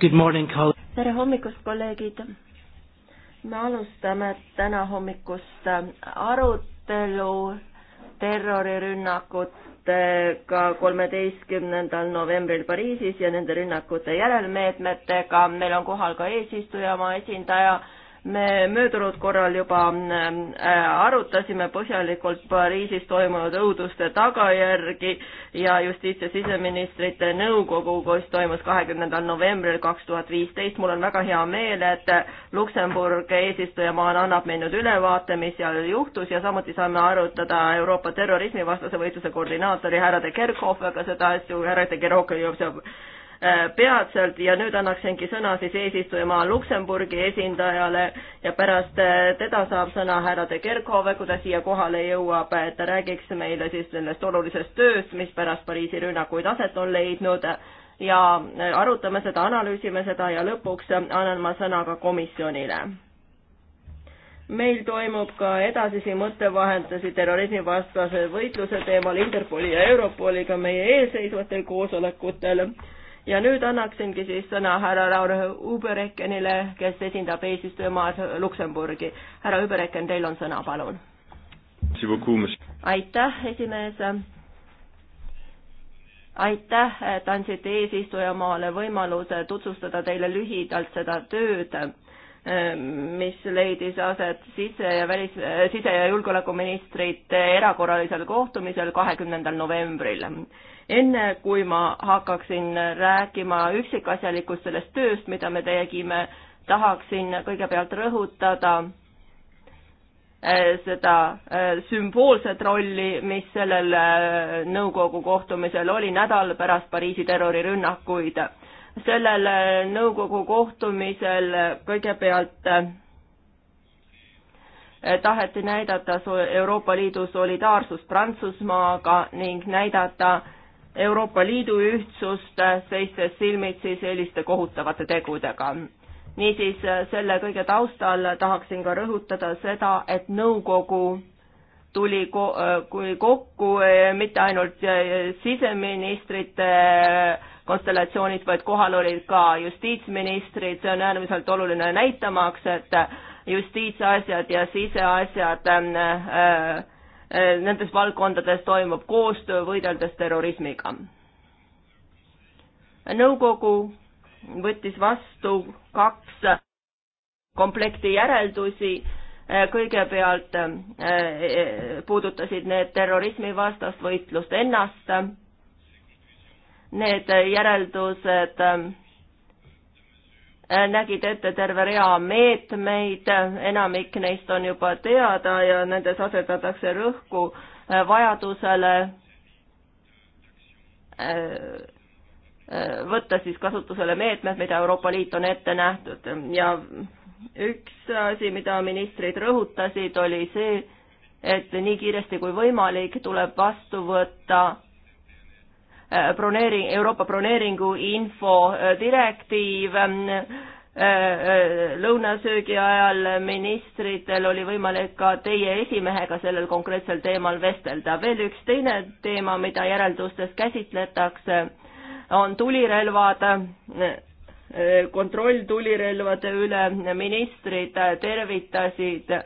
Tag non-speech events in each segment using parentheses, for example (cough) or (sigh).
tere hommikust, kolleegid! me alustame täna hommikust arutelu terrorirünnakutega kolmeteistkümnendal novembril Pariisis ja nende rünnakute järelmeetmetega. meil on kohal ka eesistujamaa esindaja me möödunud korral juba ähm, äh, arutasime põhjalikult Pariisis toimunud õuduste tagajärgi ja justiits- ja siseministrite nõukogu, kus toimus kahekümnendal novembril kaks tuhat viisteist. mul on väga hea meel, et Luksemburg eesistujamaana annab meil nüüd ülevaate, mis seal juhtus ja samuti saame arutada Euroopa terrorismivastase võitluse koordinaatori härra de Kerkhoffiga seda asju, härra de Kerkhoffi jõuab seal Äh, peatselt ja nüüd annaksingi sõna siis eesistujamaa Luksemburgi esindajale ja pärast äh, teda saab sõna härra De Kerkhove, kui ta siia kohale jõuab, et ta räägiks meile siis sellest olulisest tööst, mis pärast Pariisi rünnakuid aset on leidnud ja äh, arutame seda, analüüsime seda ja lõpuks annan ma sõna ka komisjonile meil toimub ka edasisi mõttevahendusi terrorismivastase võitluse teemal Interpoli ja Europoliga meie eelseisvatel koosolekutel ja nüüd annaksingi siis sõna härra Laur Uberekenile, kes esindab eesistujamaad Luksemburgi. härra Ubereken, teil on sõna, palun. aitäh, esimees. aitäh, et andsite eesistujamaale võimaluse tutvustada teile lühidalt seda tööd mis leidis aset sise- ja välis, sise- ja julgeolekuministrite erakorralisel kohtumisel kahekümnendal novembril enne kui ma hakkaksin rääkima üksikasjalikust sellest tööst, mida me tegime, tahaksin kõigepealt rõhutada eh, seda eh, sümboolset rolli, mis sellel eh, nõukogu kohtumisel oli nädal pärast Pariisi terrorirünnakuid. sellel nõukogu kohtumisel kõigepealt taheti näidata Euroopa Liidu solidaarsust Prantsusmaaga ning näidata, Euroopa Liidu ühtsust, seistes silmitsi selliste kohutavate tegudega. niisiis, selle kõige taustal tahaksin ka rõhutada seda, et nõukogu tuli ko-, kui kokku mitte ainult äh, siseministrite äh, konstellatsioonis, vaid kohal olid ka justiitsministrid, see on äärmiselt oluline näitamaks, et justiitsasjad ja siseasjad äh, äh Äh, nendes valdkondades toimub koostöö võideldes terrorismiga. nõukogu võttis vastu kaks komplekti järeldusi, äh, kõigepealt äh, puudutasid need terrorismivastast võitlust ennast, need järeldused Äh, nägid ette terve rea meetmeid, enamik neist on juba teada ja nendes asetatakse rõhku äh, vajadusele äh, võtta siis kasutusele meetmed, mida Euroopa Liit on ette nähtud ja üks asi, mida ministrid rõhutasid, oli see, et nii kiiresti kui võimalik tuleb vastu võtta Äh, broneering, Euroopa broneeringu infodirektiiv äh, ähm, äh, lõunasöögi ajal ministritel oli võimalik ka teie esimehega sellel konkreetsel teemal vestelda. veel üks teine teema, mida järeldustes käsitletakse, on tulirelvad, kontroll tulirelvade üle, ministrid tervitasid äh,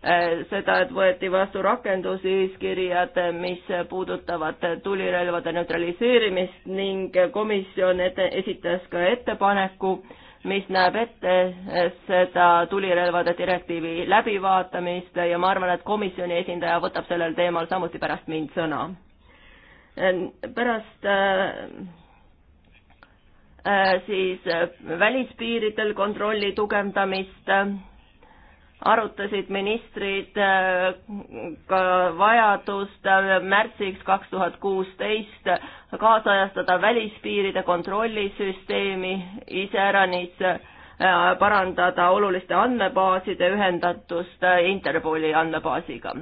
Eh, seda, et võeti vastu rakenduseeskirjad, mis puudutavad tulirelvade neutraliseerimist ning komisjon ette, esitas ka ettepaneku, mis näeb ette seda tulirelvade direktiivi läbivaatamist ja ma arvan, et komisjoni esindaja võtab sellel teemal samuti pärast mind sõna. Eh, pärast eh, siis välispiiridel kontrolli tugevdamist arutasid ministrid äh, ka vajadust äh, märtsiks kaks tuhat kuusteist kaasajastada välispiiride kontrollisüsteemi, iseäranis äh, parandada oluliste andmebaaside ühendatust Interpoli andmebaasiga.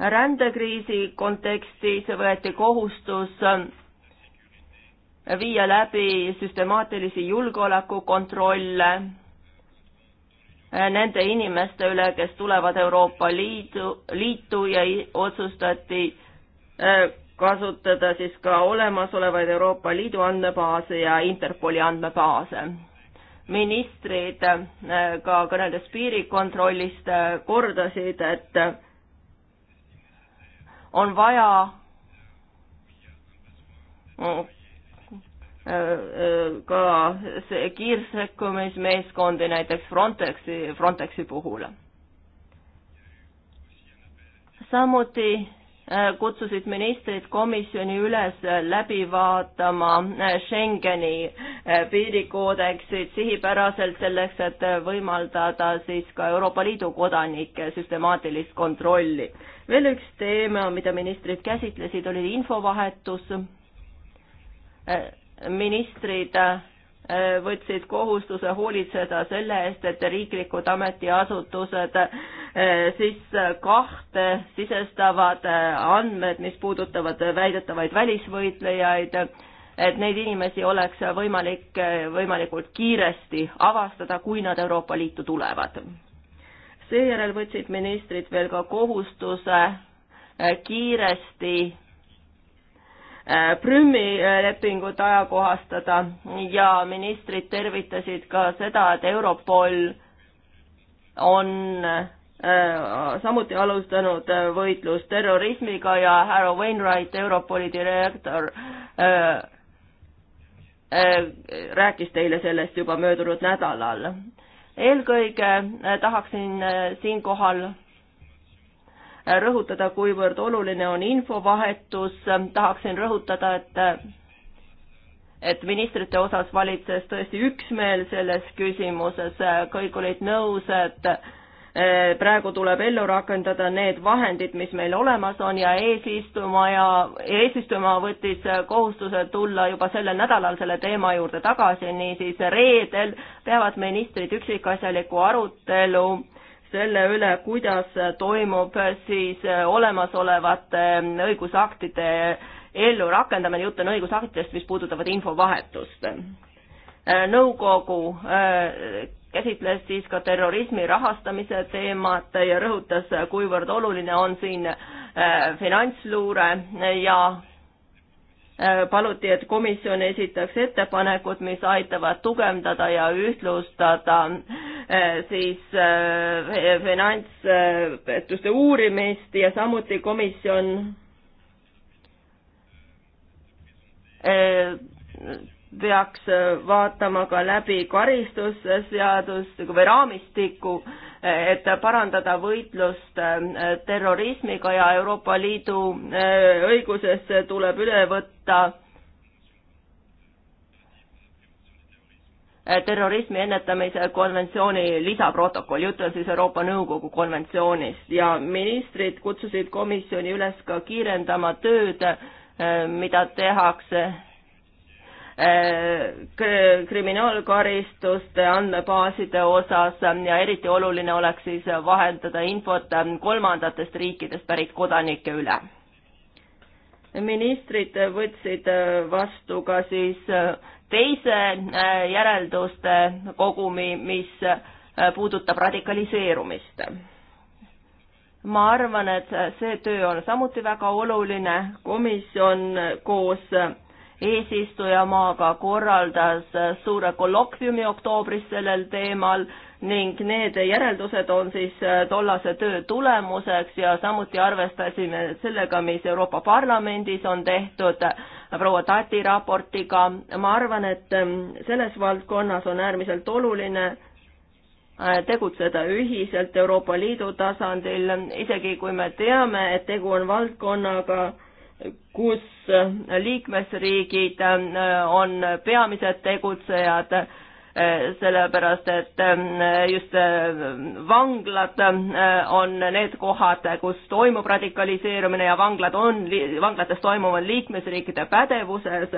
rändekriisi kontekstis võeti kohustus viia läbi süstemaatilisi julgeolekukontrolle Äh, nende inimeste üle, kes tulevad Euroopa Liidu, liitu ja otsustati äh, kasutada siis ka olemasolevaid Euroopa Liidu andmebaase ja Interpoli andmebaase. ministrid äh, ka kõneldes piirikontrollist kordasid, et on vaja Äh, ka see kiirsekkumismeeskondi näiteks Frontexi, Frontexi puhul. samuti äh, kutsusid ministrid komisjoni üles läbi vaatama äh, Schengeni piirikoodeksid sihipäraselt selleks, et võimaldada siis ka Euroopa Liidu kodanike süstemaatilist kontrolli. veel üks teema, mida ministrid käsitlesid, oli infovahetus ministrid äh, võtsid kohustuse hoolitseda selle eest, et riiklikud ametiasutused äh, siis kahte sisestavad äh, andmed, mis puudutavad väidetavaid välisvõitlejaid, et neid inimesi oleks võimalik võimalikult kiiresti avastada, kui nad Euroopa Liitu tulevad. seejärel võtsid ministrid veel ka kohustuse kiiresti Äh, Prümi äh, lepingut ajakohastada ja ministrid tervitasid ka seda, et Europol on äh, samuti alustanud võitlust terrorismiga ja Harrow Wainwright, Europoli direktor, rääkis teile sellest juba möödunud nädalal. eelkõige tahaksin siinkohal rõhutada, kuivõrd oluline on infovahetus, tahaksin rõhutada, et et ministrite osas valitses tõesti üksmeel selles küsimuses, kõik olid nõus, et eh, praegu tuleb ellu rakendada need vahendid, mis meil olemas on ja eesistuma ja eesistuma võttis kohustuse tulla juba sellel nädalal selle teema juurde tagasi, niisiis reedel peavad ministrid üksikasjaliku arutelu selle üle, kuidas toimub siis olemasolevate õigusaktide ellurakendamine, jutt on õigusaktidest, mis puudutavad infovahetust. nõukogu äh, käsitles siis ka terrorismi rahastamise teemat ja rõhutas, kuivõrd oluline on siin äh, finantsluure ja Äh, paluti, et komisjon esitaks ettepanekud, mis aitavad tugevdada ja ühtlustada äh, siis äh, finantspettuste uurimist ja samuti komisjon peaks vaatama ka läbi karistusseadust või raamistiku äh, et parandada võitlust äh, terrorismiga ja Euroopa Liidu äh, õigusesse tuleb üle võtta äh, terrorismi ennetamise konventsiooni lisaprotokoll, jutt on siis Euroopa Nõukogu konventsioonist ja ministrid kutsusid komisjoni üles ka kiirendama tööd, mida tehakse Äh, kriminaalkaristuste andmebaaside osas ähm, ja eriti oluline oleks siis vahendada infot ähm, kolmandatest riikidest pärit kodanike üle. ministrid võtsid äh, vastu ka siis äh, teise järelduste kogumi, mis puudutab radikaliseerumist. ma arvan, et see töö on samuti väga oluline, komisjon koos eesistujamaaga korraldas suure kollokviumi oktoobris sellel teemal ning need järeldused on siis äh, tollase töö tulemuseks ja samuti arvestasime sellega, mis Euroopa Parlamendis on tehtud proua Tati raportiga. ma arvan, et ähm, selles valdkonnas on äärmiselt oluline äh, tegutseda ühiselt Euroopa Liidu tasandil, isegi kui me teame, et tegu on valdkonnaga, kus äh, liikmesriigid äh, on peamised tegutsejad, äh, sellepärast et just vanglad on need kohad, kus toimub radikaliseerumine ja vanglad on, vanglates toimuv on liikmesriikide pädevuses,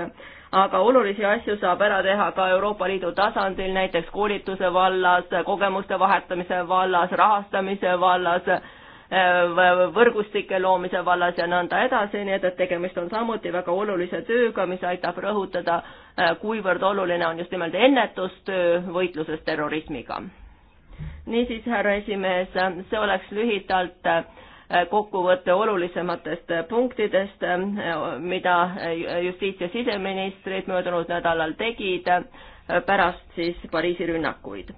aga olulisi asju saab ära teha ka Euroopa Liidu tasandil, näiteks koolituse vallas, kogemuste vahetamise vallas, rahastamise vallas võrgustike loomise vallas ja nõnda edasi, nii et, et tegemist on samuti väga olulise tööga, mis aitab rõhutada, äh, kuivõrd oluline on just nimelt ennetustöö võitluses terrorismiga. niisiis, härra esimees, see oleks lühidalt äh, kokkuvõte olulisematest äh, punktidest, mida justiits- ja siseministrid möödunud nädalal tegid pärast siis Pariisi rünnakuid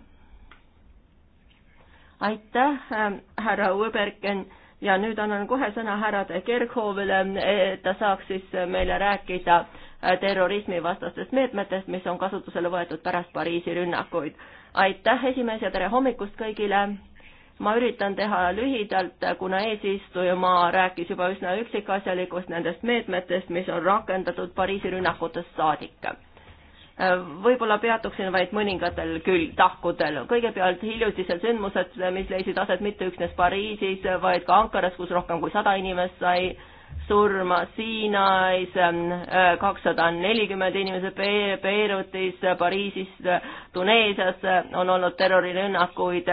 aitäh, ähm, härra Ubergen ja nüüd annan kohe sõna härra Kerkhoovile, et ta saaks siis meile rääkida äh, terrorismivastastest meetmetest, mis on kasutusele võetud pärast Pariisi rünnakuid. aitäh, esimees, ja tere hommikust kõigile! ma üritan teha lühidalt, äh, kuna eesistujamaa rääkis juba üsna üksikasjalikust nendest meetmetest, mis on rakendatud Pariisi rünnakutest saadik Äh, võib-olla peatuksin vaid mõningatel küll tahkudel. kõigepealt hiljutised sündmused, mis leidsid aset mitte üksnes Pariisis, vaid ka Ankaras, kus rohkem kui sada inimest sai surma, Siinais ähm, äh, kakssada nelikümmend inimest, Beirutis, Pariisis, Tuneesias äh, on olnud terrorirünnakuid.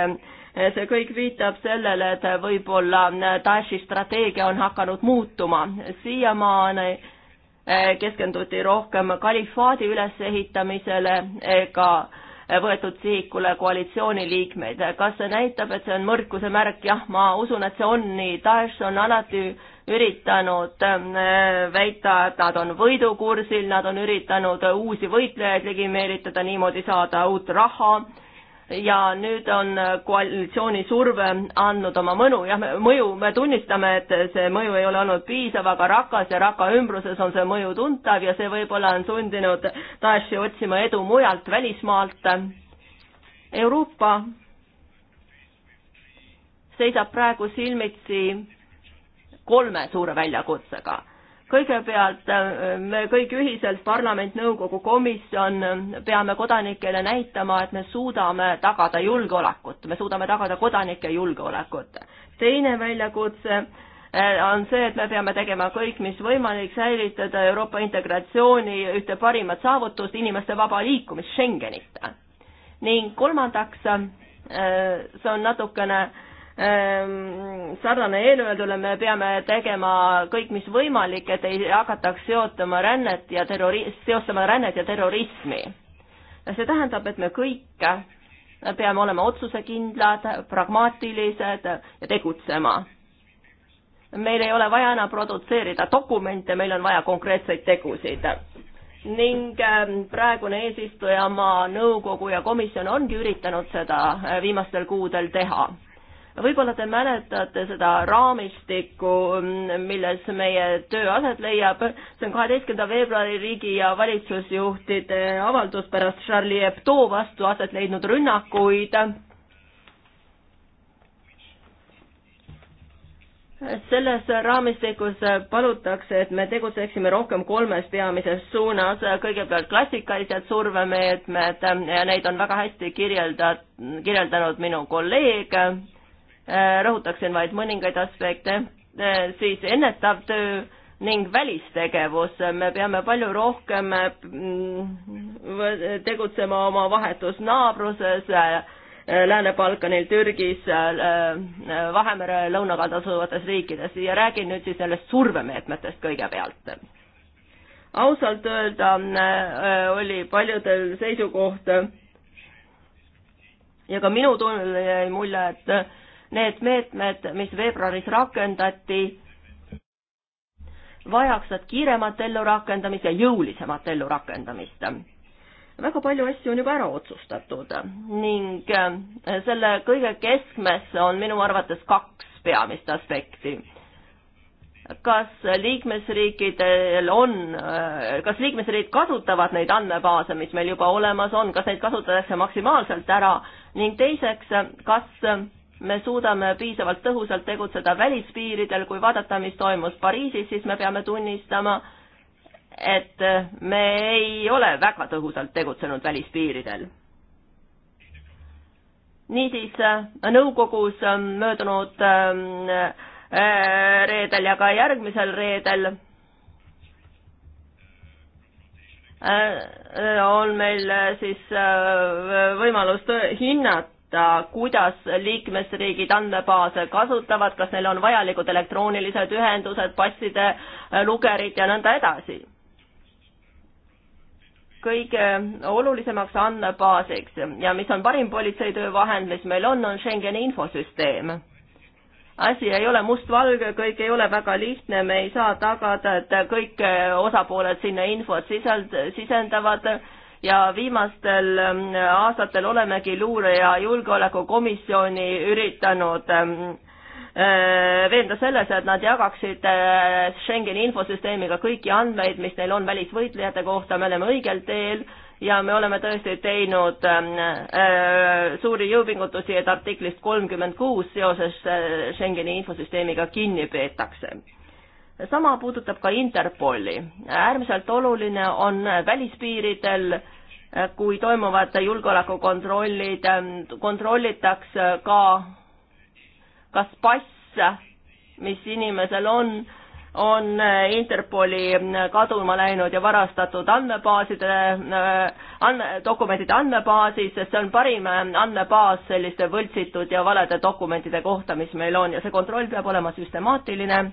see kõik viitab sellele, et võib-olla Daeshi strateegia on hakanud muutuma. siiamaani Eh, keskenduti rohkem kalifaadi ülesehitamisele ega eh, võetud sihikule koalitsiooni liikmeid. kas see näitab, et see on mõrkuse märk? jah, ma usun, et see on nii. Daesh on alati üritanud eh, väita, et nad on võidukursil, nad on üritanud uusi võitlejaid ligi meelitada, niimoodi saada uut raha ja nüüd on koalitsiooni surve andnud oma mõnu, jah, mõju, me tunnistame, et see mõju ei ole olnud piisav, aga Rakas ja Raka ümbruses on see mõju tuntav ja see võib-olla on sundinud Daeshi otsima edu mujalt, välismaalt. Euroopa seisab praegu silmitsi kolme suure väljakutsega kõigepealt äh, me kõik ühiselt, parlament, nõukogu, komisjon, peame kodanikele näitama, et me suudame tagada julgeolekut, me suudame tagada kodanike julgeolekut. teine väljakutse äh, on see, et me peame tegema kõik, mis võimalik, säilitada Euroopa integratsiooni ühte parimat saavutust, inimeste vaba liikumist Schengenit. ning kolmandaks, äh, see on natukene äh, Ehm, sarnane eelöeldule, me peame tegema kõik, mis võimalik, et ei hakataks seotama rännet ja terrori-, seostama rännet ja terrorismi. see tähendab, et me kõik peame olema otsusekindlad, pragmaatilised ja tegutsema. meil ei ole vaja enam produtseerida dokumente, meil on vaja konkreetseid tegusid ning ehm, praegune eesistujamaa, nõukogu ja komisjon ongi üritanud seda ehm, viimastel kuudel teha võib-olla te mäletate seda raamistikku, milles meie töö aset leiab, see on kaheteistkümnenda veebruari riigi ja valitsusjuhtide avaldus pärast Charlie Hebdo vastu aset leidnud rünnakuid. selles raamistikus palutakse, et me tegutseksime rohkem kolmes peamises suunas, kõigepealt klassikalised survemeetmed ja neid on väga hästi kirjelda-, kirjeldanud minu kolleeg Äh, rõhutaksin vaid mõningaid aspekte, äh, siis ennetav töö ning välistegevus, me peame palju rohkem mm, tegutsema oma vahetus naabruses, äh, Lääne-Balkanil, Türgis, Vahemere lõunakald asuvates riikides ja räägin nüüd siis sellest survemeetmetest kõigepealt. ausalt öelda oli paljudel seisukoht ja ka minu tunnel jäi mulje, et need meetmed, mis veebruaris rakendati, vajaksid kiiremat ellurakendamist ja jõulisemat ellurakendamist. väga palju asju on juba ära otsustatud ning eh, selle kõige keskmes on minu arvates kaks peamist aspekti kas liikmesriikidel on, eh, kas liikmesriigid kasutavad neid andmebaase, mis meil juba olemas on, kas neid kasutatakse maksimaalselt ära ning teiseks, kas me suudame piisavalt tõhusalt tegutseda välispiiridel, kui vaadata, mis toimus Pariisis, siis me peame tunnistama, et me ei ole väga tõhusalt tegutsenud välispiiridel. niisiis, nõukogus möödunud ähm, äh, reedel ja ka järgmisel reedel äh, äh, on meil siis võimalus hinnata, kohta, kuidas liikmesriigid andmebaase kasutavad, kas neil on vajalikud elektroonilised ühendused, passide äh, lugerid ja nõnda edasi. kõige olulisemaks andmebaasiks ja mis on parim politseitöövahend, mis meil on, on Schengeni infosüsteem asi ei ole mustvalge, kõik ei ole väga lihtne, me ei saa tagada, et kõik osapooled sinna infot sisend-, sisendavad ja viimastel ähm, aastatel olemegi luure- ja julgeolekukomisjoni üritanud ähm, äh, veenda selles, et nad jagaksid äh, Schengeni infosüsteemiga kõiki andmeid, mis neil on välisvõitlejate kohta, me oleme õigel teel ja me oleme tõesti teinud ähm, äh, suuri jõupingutusi, et artiklist kolmkümmend kuus seoses Schengeni infosüsteemiga kinni peetakse sama puudutab ka Interpoli. äärmiselt oluline on välispiiridel, kui toimuvad julgeolekukontrollid, kontrollitakse ka, kas pass, mis inimesel on, on Interpoli kaduma läinud ja varastatud andmebaaside, andme, dokumentide andmebaasis, sest see on parim andmebaas selliste võltsitud ja valede dokumentide kohta, mis meil on ja see kontroll peab olema süstemaatiline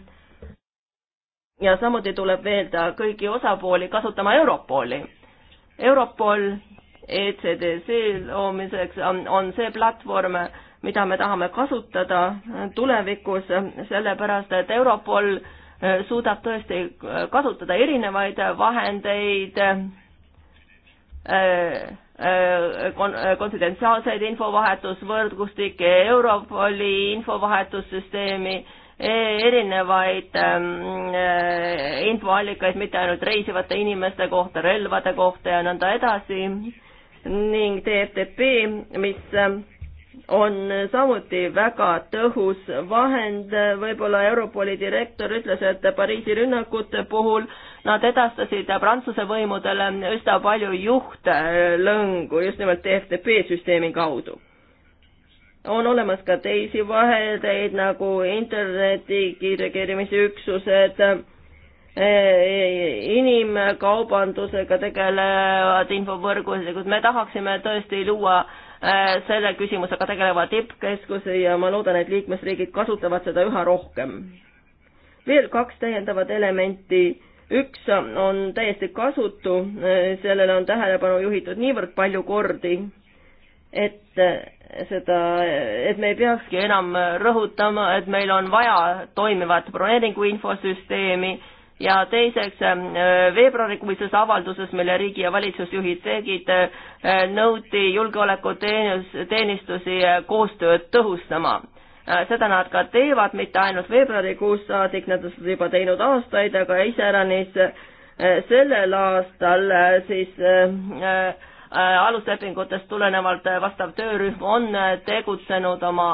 ja samuti tuleb veelda kõiki osapooli kasutama Europoli. Europol ECDC loomiseks on, on see platvorm, mida me tahame kasutada tulevikus, sellepärast et Europol e, suudab tõesti kasutada erinevaid vahendeid e, e, kon-, konfidentsiaalseid infovahetusvõrgustikke, Europoli infovahetussüsteemi E, erinevaid ähm, e, infoallikaid mitte ainult reisivate inimeste kohta, relvade kohta ja nõnda edasi ning TFTP, mis ähm, on samuti väga tõhus vahend, võib-olla Europoli direktor ütles, et Pariisi rünnakute puhul nad edastasid Prantsuse võimudele üsna palju juhtlõngu just nimelt TFTP süsteemi kaudu on olemas ka teisi vahendeid nagu interneti kiirreageerimisüksused, eh, inimkaubandusega tegelevad infovõrgustikud, me tahaksime tõesti luua eh, selle küsimusega tegeleva tippkeskuse ja ma loodan, et liikmesriigid kasutavad seda üha rohkem. veel kaks täiendavat elementi, üks on täiesti kasutu, eh, sellele on tähelepanu juhitud niivõrd palju kordi, et seda, et me ei peakski enam rõhutama, et meil on vaja toimivat broneeringu infosüsteemi ja teiseks äh, veebruarikuises avalduses, mille riigi ja valitsusjuhid tegid, äh, nõuti julgeolekuteenistusi äh, koostööd tõhustama. seda nad ka teevad, mitte ainult veebruarikuus saadik, nad on seda juba teinud aastaid, aga iseäranis sellel aastal siis äh, Äh, aluslepingutest tulenevalt äh, vastav töörühm on äh, tegutsenud oma,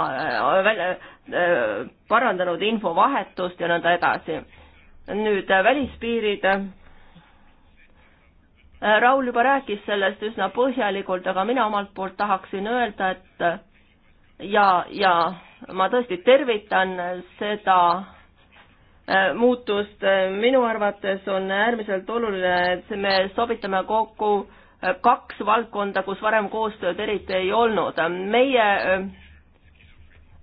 parandanud infovahetust ja nõnda edasi. nüüd välispiirid. Raul juba rääkis sellest üsna põhjalikult, aga mina omalt poolt tahaksin öelda, et ja, ja ma tõesti tervitan seda muutust, minu arvates on äärmiselt oluline, et me sobitame kokku äh, kaks valdkonda, kus varem koostööd eriti ei olnud. meie,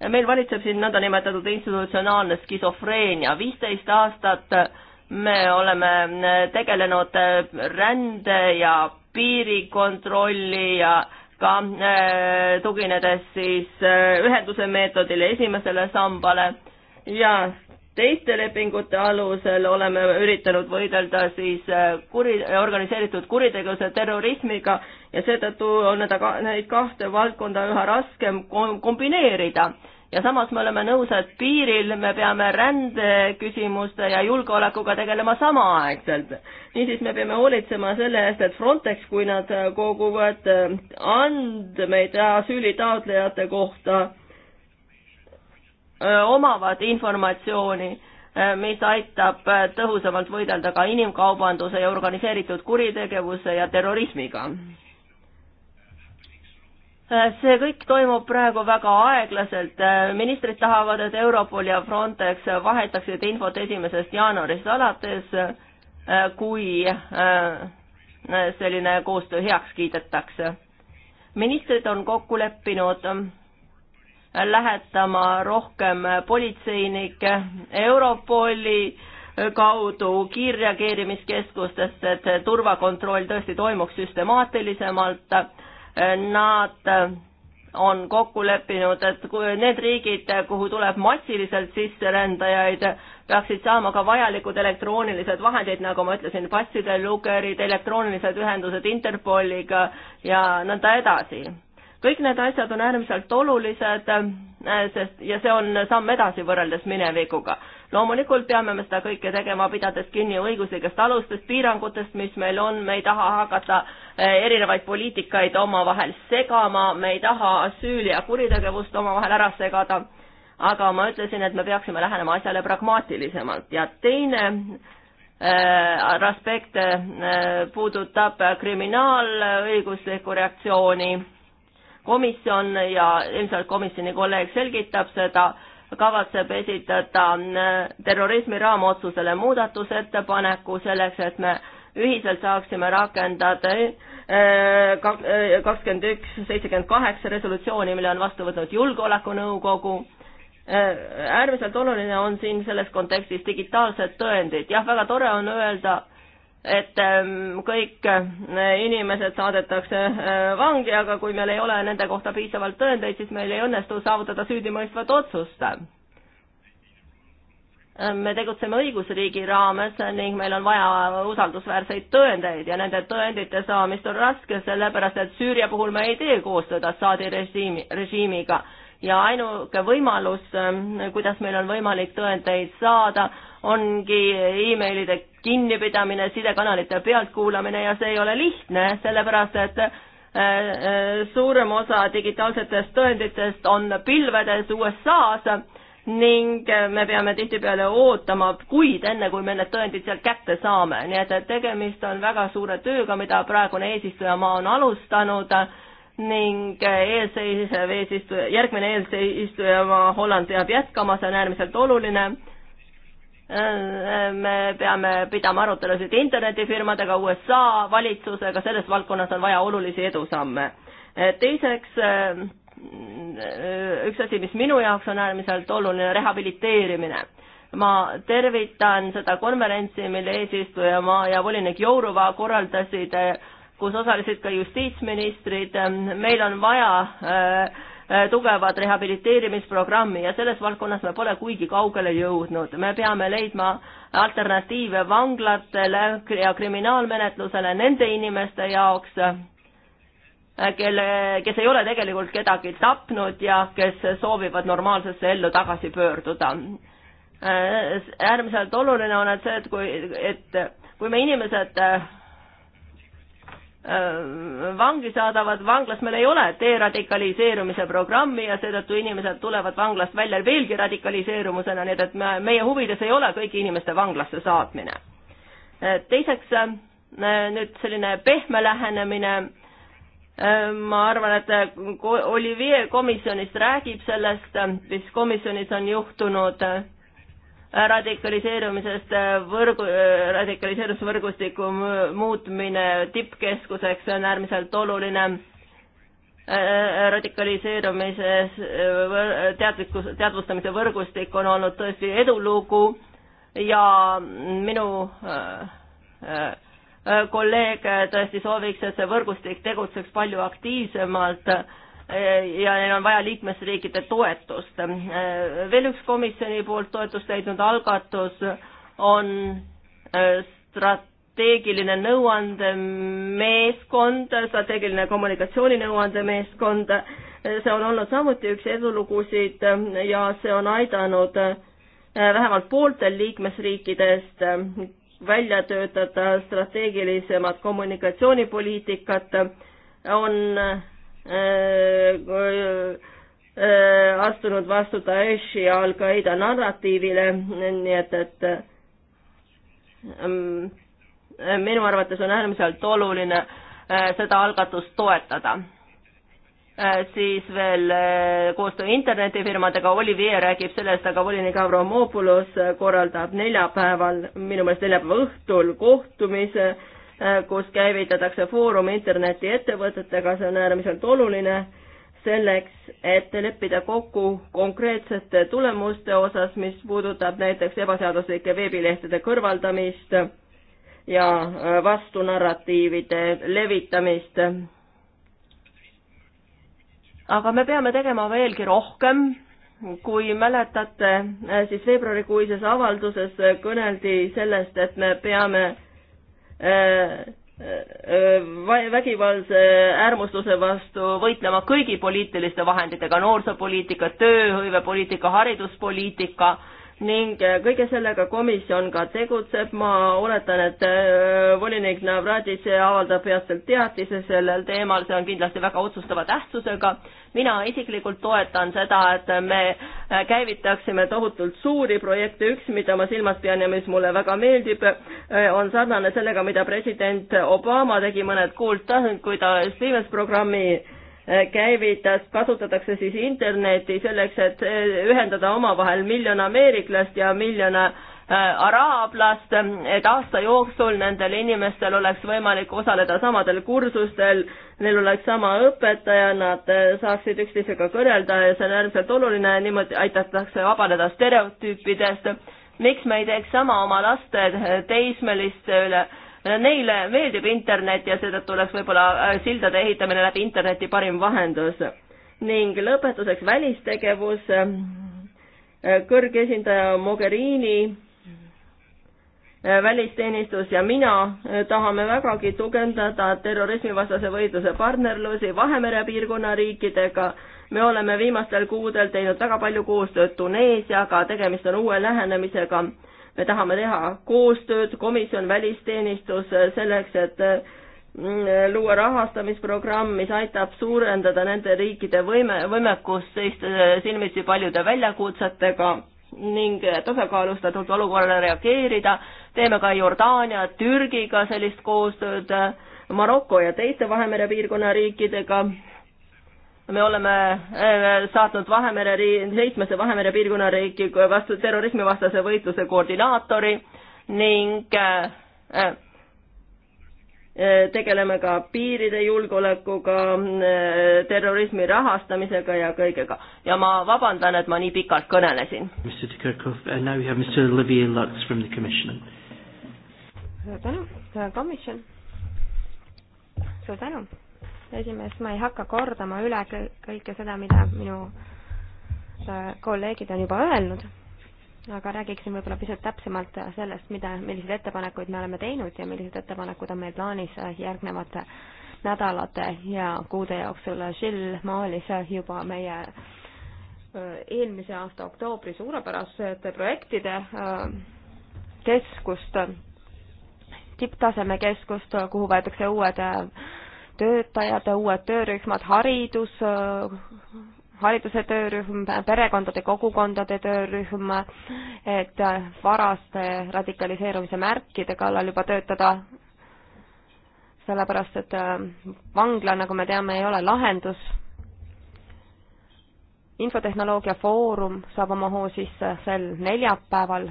äh, meil valitseb siin nõndanimetatud institutsionaalne skisofreenia, viisteist aastat me oleme tegelenud äh, rände ja piirikontrolli ja ka äh, tuginedes siis ühenduse meetodile, esimesele sambale ja teiste lepingute alusel oleme üritanud võidelda siis äh, kuri, organiseeritud kuritegevuse terrorismiga ja seetõttu on need, neid kahte valdkonda üha raskem kombineerida. ja samas me oleme nõus, et piiril me peame rändeküsimuste ja julgeolekuga tegelema samaaegselt. niisiis me peame hoolitsema selle eest, et Frontex, kui nad koguvad äh, andmeid asüülitaotlejate kohta, omavad informatsiooni, mis aitab tõhusamalt võidelda ka inimkaubanduse ja organiseeritud kuritegevuse ja terrorismiga. see kõik toimub praegu väga aeglaselt, ministrid tahavad, et Europol ja Frontex vahetaksid infot esimesest jaanuarist alates, kui selline koostöö heaks kiidetakse. ministrid on kokku leppinud lähetama rohkem politseinikke Europoli kaudu kiirreageerimiskeskustest, et turvakontroll tõesti toimuks süstemaatilisemalt. Nad on kokku leppinud, et kui need riigid, kuhu tuleb massiliselt sisserändajaid, peaksid saama ka vajalikud elektroonilised vahendid, nagu ma ütlesin, passide lugerid, elektroonilised ühendused Interpoliga ja nõnda edasi kõik need asjad on äärmiselt olulised, äh, sest, ja see on samm edasi võrreldes minevikuga. loomulikult peame me seda kõike tegema, pidades kinni õiguslikest alustest, piirangutest, mis meil on, me ei taha hakata äh, erinevaid poliitikaid omavahel segama, me ei taha asüüli ja kuritegevust omavahel ära segada, aga ma ütlesin, et me peaksime lähenema asjale pragmaatilisemalt ja teine äh, aspekt puudutab kriminaalõiguslikku reaktsiooni komisjon ja ilmselt komisjoni kolleeg selgitab seda, kavatseb esitada äh, terrorismi raamotsusele muudatusettepaneku selleks, et me ühiselt saaksime rakendada äh, äh, kakskümmend üks, seitsekümmend kaheksa resolutsiooni, mille on vastu võtnud Julgeolekunõukogu. äärmiselt oluline on siin selles kontekstis digitaalsed tõendid, jah, väga tore on öelda, et ähm, kõik äh, inimesed saadetakse äh, vangi, aga kui meil ei ole nende kohta piisavalt tõendeid, siis meil ei õnnestu saavutada süüdimõistvat otsust. Äh, me tegutseme õigusriigi raames ning meil on vaja usaldusväärseid tõendeid ja nende tõendite saamist on raske, sellepärast et Süüria puhul me ei tee koostööd Assaadi režiimi, režiimiga ja ainuke võimalus, kuidas meil on võimalik tõendeid saada, ongi emailide kinnipidamine, sidekanalite pealtkuulamine ja see ei ole lihtne, sellepärast et äh, äh, suurem osa digitaalsetest tõenditest on pilvedes USA-s ning me peame tihtipeale ootama kuid, enne kui me need tõendid sealt kätte saame, nii et, et tegemist on väga suure tööga, mida praegune eesistujamaa on alustanud ning eelseisev eesistuja, järgmine eesistujamaa Holland peab jätkama, see on äärmiselt oluline me peame pidama arutelusid internetifirmadega, USA valitsusega, selles valdkonnas on vaja olulisi edusamme. teiseks, üks asi, mis minu jaoks on äärmiselt oluline, rehabiliteerimine ma tervitan seda konverentsi, mille eesistuja ma ja volinik Jourova korraldasid, kus osalesid ka justiitsministrid, meil on vaja äh, Äh, tugevat rehabiliteerimisprogrammi ja selles valdkonnas me pole kuigi kaugele jõudnud. me peame leidma alternatiive vanglatele ja kriminaalmenetlusele nende inimeste jaoks, äh, kelle, kes ei ole tegelikult kedagi tapnud ja kes soovivad normaalsesse ellu tagasi pöörduda. Äh, äärmiselt oluline on, et see, et kui, et kui me inimesed vangi saadavad, vanglas meil ei ole deradikaliseerumise programmi ja seetõttu inimesed tulevad vanglast välja veelgi radikaliseerumusena, nii et, et me, meie huvides ei ole kõigi inimeste vanglasse saatmine. teiseks, nüüd selline pehme lähenemine, ma arvan, et Olivier komisjonist räägib sellest, mis komisjonis on juhtunud radikaliseerumisest äh, võrgu, äh, radikaliseerumisvõrgustiku muutmine tippkeskuseks on äärmiselt oluline. Äh, radikaliseerumises teadlikkus, teadvustamise võrgustik on olnud tõesti edulugu ja minu kolleeg tõesti sooviks, et see võrgustik tegutseks palju aktiivsemalt ja neil on vaja liikmesriikide toetust. veel üks komisjoni poolt toetust leidnud algatus on äh, strateegiline nõuandemeeskond, strateegiline kommunikatsiooninõuandemeeskond, see on olnud samuti üks edulugusid ja see on aidanud äh, vähemalt pooltel liikmesriikidest äh, välja töötada strateegilisemat kommunikatsioonipoliitikat, on Äh, äh, astunud vastu Daeshi ja Al-Qaeda narratiivile, nii et, et ähm, minu arvates on äärmiselt oluline äh, seda algatust toetada. siis veel koostöö internetifirmadega, Olivier räägib sellest, aga volinik Avramopoulos korraldab neljapäeval, minu meelest neljapäeva õhtul kohtumise äh, Äh, kus käivitatakse foorum internetiettevõtetega, see on äärmiselt oluline selleks, et leppida kokku konkreetsete tulemuste osas, mis puudutab näiteks ebaseaduslike veebilehtede kõrvaldamist ja äh, vastunarratiivide levitamist. aga me peame tegema veelgi rohkem kui mäletate, äh, siis veebruarikuises avalduses kõneldi sellest, et me peame vägivaldse äärmusluse vastu võitlema kõigi poliitiliste vahenditega, noorsoopoliitika, tööhõivepoliitika, hariduspoliitika äh,, ning äh, kõige sellega komisjon ka tegutseb, ma oletan, et äh, volinik Navratis avaldab peatselt teatise sellel teemal, see on kindlasti väga otsustava tähtsusega. mina isiklikult toetan seda, et me äh, käivitaksime tohutult suuri projekte, üks, mida ma silmas pean ja mis mulle väga meeldib, on sarnane sellega, mida president Obama tegi mõned kuud tagasi, kui ta Stevens programmi käivitas, kasutatakse siis Internetti selleks, et eh, ühendada omavahel miljon ameeriklast ja miljon eh, araablast, et aasta jooksul nendel inimestel oleks võimalik osaleda samadel kursustel, neil oleks sama õpetaja, nad eh, saaksid üksteisega kõnelda ja see on äärmiselt oluline, niimoodi aidatakse vabaneda stereotüüpidest. miks me ei teeks sama oma laste teismeliste üle Neile meeldib internet ja seetõttu oleks võib-olla äh, sildade ehitamine läbi interneti parim vahendus. ning lõpetuseks välistegevus. Äh, kõrge esindaja Mogherini äh, välisteenistus ja mina tahame vägagi tugevdada terrorismivastase võitluse partnerlusi Vahemere piirkonna riikidega. me oleme viimastel kuudel teinud väga palju koostööd Tuneesiaga, tegemist on uue lähenemisega me tahame teha koostööd, komisjon, välisteenistus selleks, et mm, luua rahastamisprogramm, mis aitab suurendada nende riikide võime, võimekust seista silmitsi paljude väljakutsetega ning tasakaalustatult olukorrale reageerida. teeme ka Jordaania, Türgiga sellist koostööd, Maroko ja teiste Vahemere piirkonna riikidega me oleme äh, saatnud Vahemere, seitsmese Vahemere piirkonna riiki vastu terrorismivastase võitluse koordinaatori ning äh, äh, tegeleme ka piiride julgeolekuga, terrorismi rahastamisega ja kõigega. ja ma vabandan, et ma nii pikalt kõnelesin. Uh, suur tänu, komisjon. suur tänu esimees, ma ei hakka kordama üle kõike seda, mida minu äh, kolleegid on juba öelnud, aga räägiksin võib-olla pisut täpsemalt sellest, mida, milliseid ettepanekuid me oleme teinud ja millised ettepanekud on meil plaanis äh, järgnevate nädalate ja kuude jooksul. Jill maalis äh, juba meie eelmise aasta oktoobri suurepärasete projektide keskust, tipptaseme keskust, kuhu võetakse uued töötajad, uued töörühmad, haridus, hariduse töörühm, perekondade, kogukondade töörühm, et varaste radikaliseerumise märkide kallal juba töötada, sellepärast et äh, vangla, nagu me teame, ei ole lahendus. infotehnoloogia foorum saab oma hoo sisse sel neljapäeval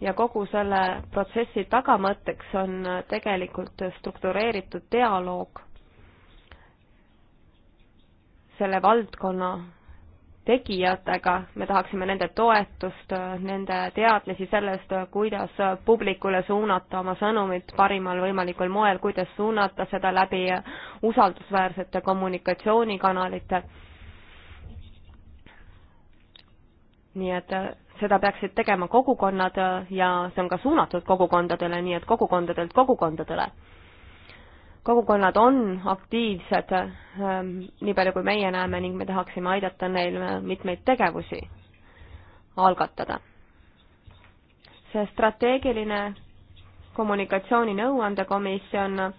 ja kogu selle protsessi tagamõtteks on tegelikult struktureeritud dialoog selle valdkonna tegijatega, me tahaksime nende toetust, nende teadmisi sellest, kuidas publikule suunata oma sõnumit parimal võimalikul moel, kuidas suunata seda läbi usaldusväärsete kommunikatsioonikanalite. nii et seda peaksid tegema kogukonnad äh, ja see on ka suunatud kogukondadele, nii et kogukondadelt kogukondadele. kogukonnad on aktiivsed, äh, nii palju kui meie näeme, ning me tahaksime aidata neil äh, mitmeid tegevusi algatada. see strateegiline kommunikatsiooni nõuandekomisjon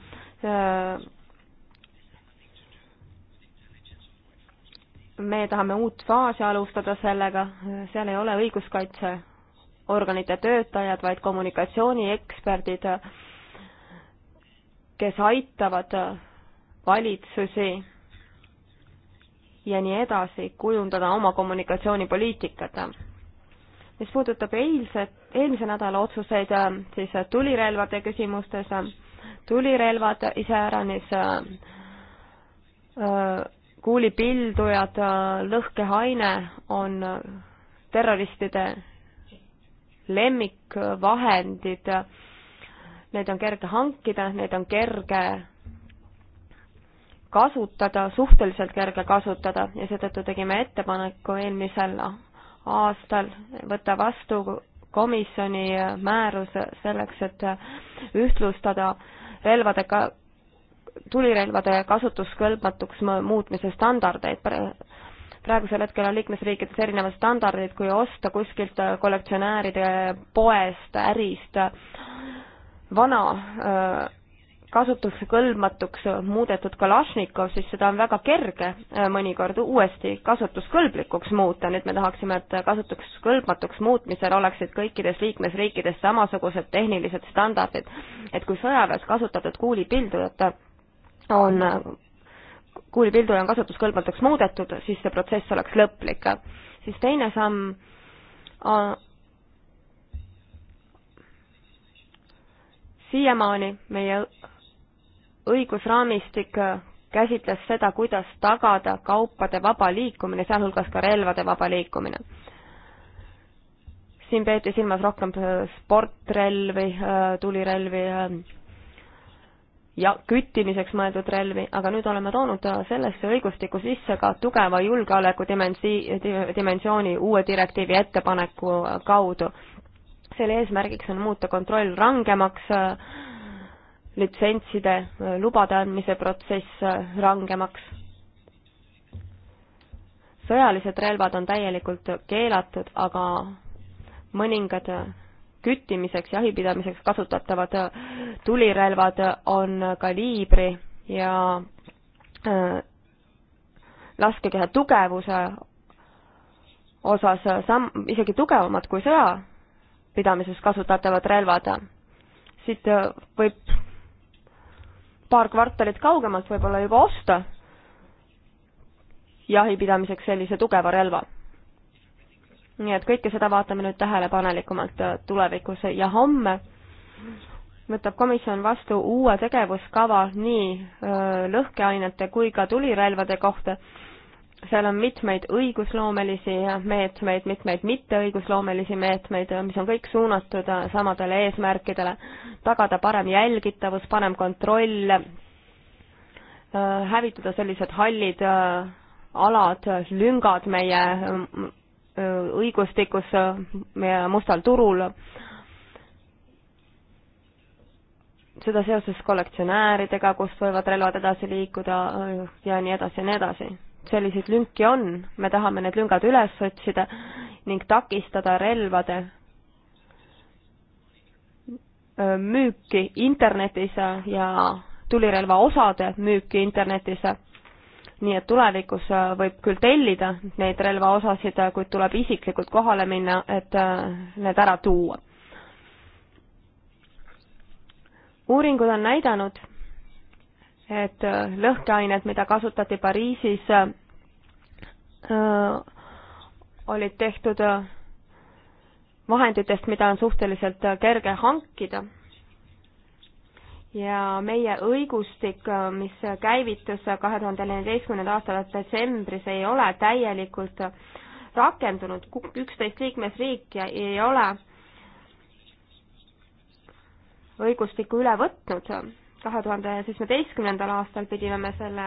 me tahame uut faasi alustada sellega, seal ei ole õiguskaitseorganite töötajad, vaid kommunikatsioonieksperdid, kes aitavad valitsusi ja nii edasi kujundada oma kommunikatsioonipoliitikat. mis puudutab eilset, eelmise nädala otsuseid, siis tulirelvade küsimustes, tulirelvad iseäranis öö, äh, kuulipildujad, lõhkehaine on terroristide lemmikvahendid. Neid on kerge hankida, neid on kerge kasutada, suhteliselt kerge kasutada ja seetõttu tegime ettepaneku eelmisel aastal võtta vastu komisjoni määrus selleks, et ühtlustada relvade ka-, tulirelvade kasutuskõlbmatuks muutmise standardeid. praegusel hetkel on liikmesriikides erinevad standardid, kui osta kuskilt äh, kollektsionääride poest, ärist äh, vana äh, kasutuskõlbmatuks muudetud Kalašnikov, siis seda on väga kerge mõnikord uuesti kasutuskõlblikuks muuta, nüüd me tahaksime, et kasutuskõlbmatuks muutmisel oleksid kõikides liikmesriikides samasugused tehnilised standardid. et kui sõjaväes kasutatud kuulipildujat on, kuulipilduja on kasutuskõlbmatuks muudetud, siis see protsess oleks lõplik. siis teine samm on siiamaani meie õigusraamistik käsitles seda, kuidas tagada kaupade vaba liikumine, sealhulgas ka relvade vaba liikumine. siin peeti silmas rohkem sportrelvi, tulirelvi, ja küttimiseks mõeldud relvi, aga nüüd oleme toonud sellesse õigustikku sisse ka tugeva julgeoleku dimensi-, dimensiooni uue direktiivi ettepaneku kaudu. selle eesmärgiks on muuta kontroll rangemaks, litsentside, lubade andmise protsess rangemaks. sõjalised relvad on täielikult keelatud, aga mõningad küttimiseks, jahipidamiseks kasutatavad äh, tulirelvad on kaliibri ja äh, laskekeha tugevuse osas äh, samm, isegi tugevamad kui sõjapidamises kasutatavad relvad. siit võib paar kvartalit kaugemalt võib-olla juba osta jahipidamiseks sellise tugeva relva nii et kõike seda vaatame nüüd tähelepanelikumalt äh, tulevikus ja homme võtab komisjon vastu uue tegevuskava nii äh, lõhkeainete kui ka tulirelvade kohta. seal on mitmeid õigusloomelisi meetmeid, mitmeid mitteõigusloomelisi meetmeid, äh, mis on kõik suunatud samadele eesmärkidele, tagada parem jälgitavus, parem kontroll, hävitada sellised hallid alad, lüngad meie Äh, õigustikus ja äh, mustal turul. seda seoses kollektsionääridega, kust võivad relvad edasi liikuda äh, ja nii edasi ja nii edasi. selliseid lünki on, me tahame need lüngad üles otsida ning takistada relvade müüki internetis ja tulirelva osade müüki internetis nii et tulevikus äh, võib küll tellida neid relvaosasid, äh, kuid tuleb isiklikult kohale minna, et äh, need ära tuua. uuringud on näidanud, et lõhkeained, mida kasutati Pariisis, olid tehtud vahenditest, mida on suhteliselt kerge hankida ja meie õigustik, mis käivitus kahe tuhande neljateistkümnenda aasta detsembris, ei ole täielikult rakendunud, üksteist liikmesriiki ei ole õigustikku üle võtnud. kahe tuhande seitsmeteistkümnendal aastal pidime me selle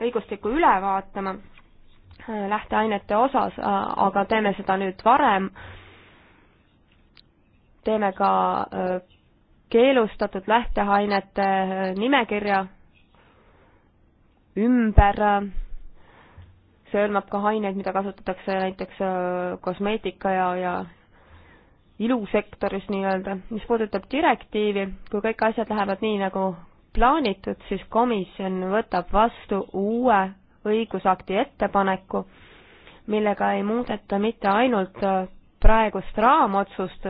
õigustiku üle vaatama äh, lähteainete osas, äh, aga teeme seda nüüd varem. teeme ka äh, keelustatud lähteainete äh, nimekirja ümber. see hõlmab ka aineid, mida kasutatakse näiteks äh, kosmeetika ja, ja ilusektoris nii-öelda. mis puudutab direktiivi, kui kõik asjad lähevad nii, nagu plaanitud, siis komisjon võtab vastu uue õigusakti ettepaneku, millega ei muudeta mitte ainult äh, praegust raamotsust,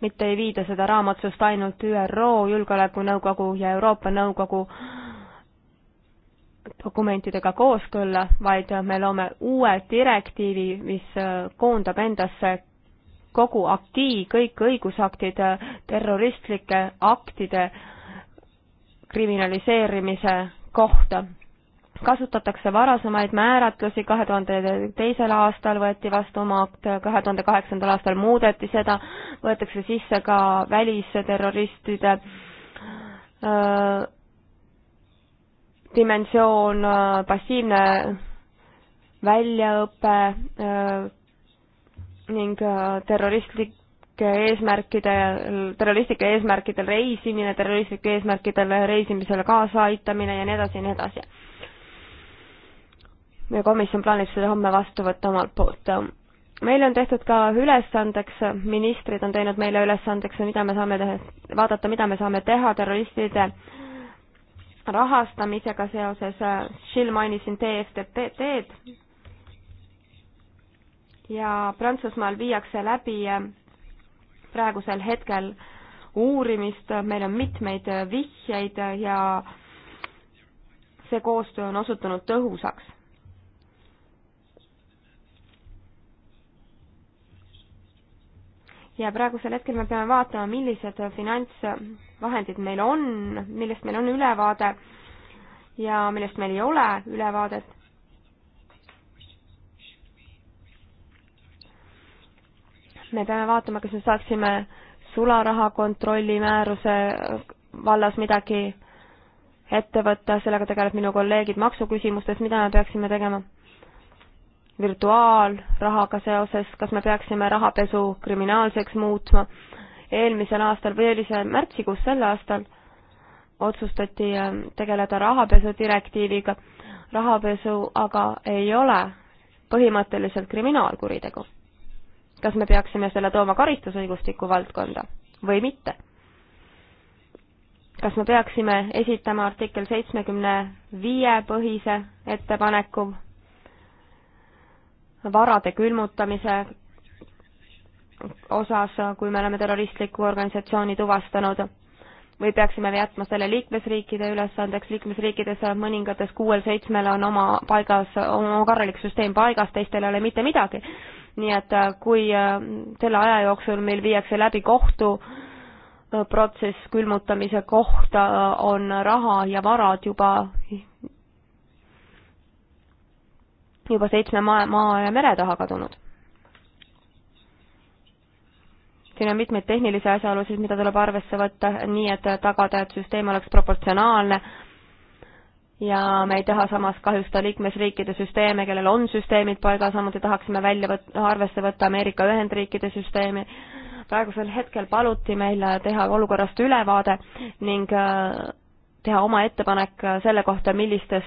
mitte ei viida seda raamotsust ainult ÜRO Julgeolekunõukogu ja Euroopa Nõukogu dokumentidega kooskõlla, vaid me loome uue direktiivi, mis äh, koondab endasse kogu akti, kõik õigusaktid äh, terroristlike aktide kriminaliseerimise kohta kasutatakse varasemaid määratlusi, kahe tuhande teisel aastal võeti vastu oma akt, kahe tuhande kaheksandal aastal muudeti seda, võetakse sisse ka välisterroristide äh, dimensioon äh,, passiivne väljaõpe äh, ning terroristlik eesmärkidel, terroristlike eesmärkidel reisimine, terroristlike eesmärkidel reisimisele kaasa aitamine ja nii edasi ja nii edasi ja komisjon plaanib selle homme vastu võtta omalt poolt. meile on tehtud ka ülesandeks, ministrid on teinud meile ülesandeks, mida me saame teha, vaadata, mida me saame teha terroristide rahastamisega seoses, Jill mainisin TFTP-d ja Prantsusmaal viiakse läbi praegusel hetkel uurimist, meil on mitmeid vihjeid ja see koostöö on osutunud tõhusaks ja praegusel hetkel me peame vaatama, millised finantsvahendid meil on, millest meil on ülevaade ja millest meil ei ole ülevaadet. me peame vaatama, kas me saaksime sularaha kontrolli määruse vallas midagi ette võtta, sellega tegelevad minu kolleegid maksuküsimustes, mida me peaksime tegema virtuaalrahaga seoses, kas me peaksime rahapesu kriminaalseks muutma. eelmisel aastal või oli see märtsikuus sel aastal, otsustati äh, tegeleda rahapesu direktiiviga. rahapesu aga ei ole põhimõtteliselt kriminaalkuritegu. kas me peaksime selle tooma karistusõigustiku valdkonda või mitte? kas me peaksime esitama artikkel seitsmekümne viie põhise ettepaneku varade külmutamise osas, kui me oleme terroristliku organisatsiooni tuvastanud, või peaksime jätma selle liikmesriikide ülesandeks, liikmesriikides mõningates kuuel-seitsmel on oma paigas, oma korralik süsteem paigas, teistel ei ole mitte midagi. nii et äh, kui äh, selle aja jooksul meil viiakse läbi kohtu äh, protsess külmutamise kohta, on raha ja varad juba juba seitsme maa, maa ja mere taha kadunud. siin on mitmeid tehnilisi asjaolusid, mida tuleb arvesse võtta, nii et tagada, et süsteem oleks proportsionaalne ja me ei taha samas kahjustada liikmesriikide süsteeme, kellel on süsteemid paigas, samuti tahaksime välja võt-, arvesse võtta Ameerika Ühendriikide süsteemi. praegusel hetkel paluti meil teha olukorrast ülevaade ning äh, teha oma ettepanek selle kohta, millistes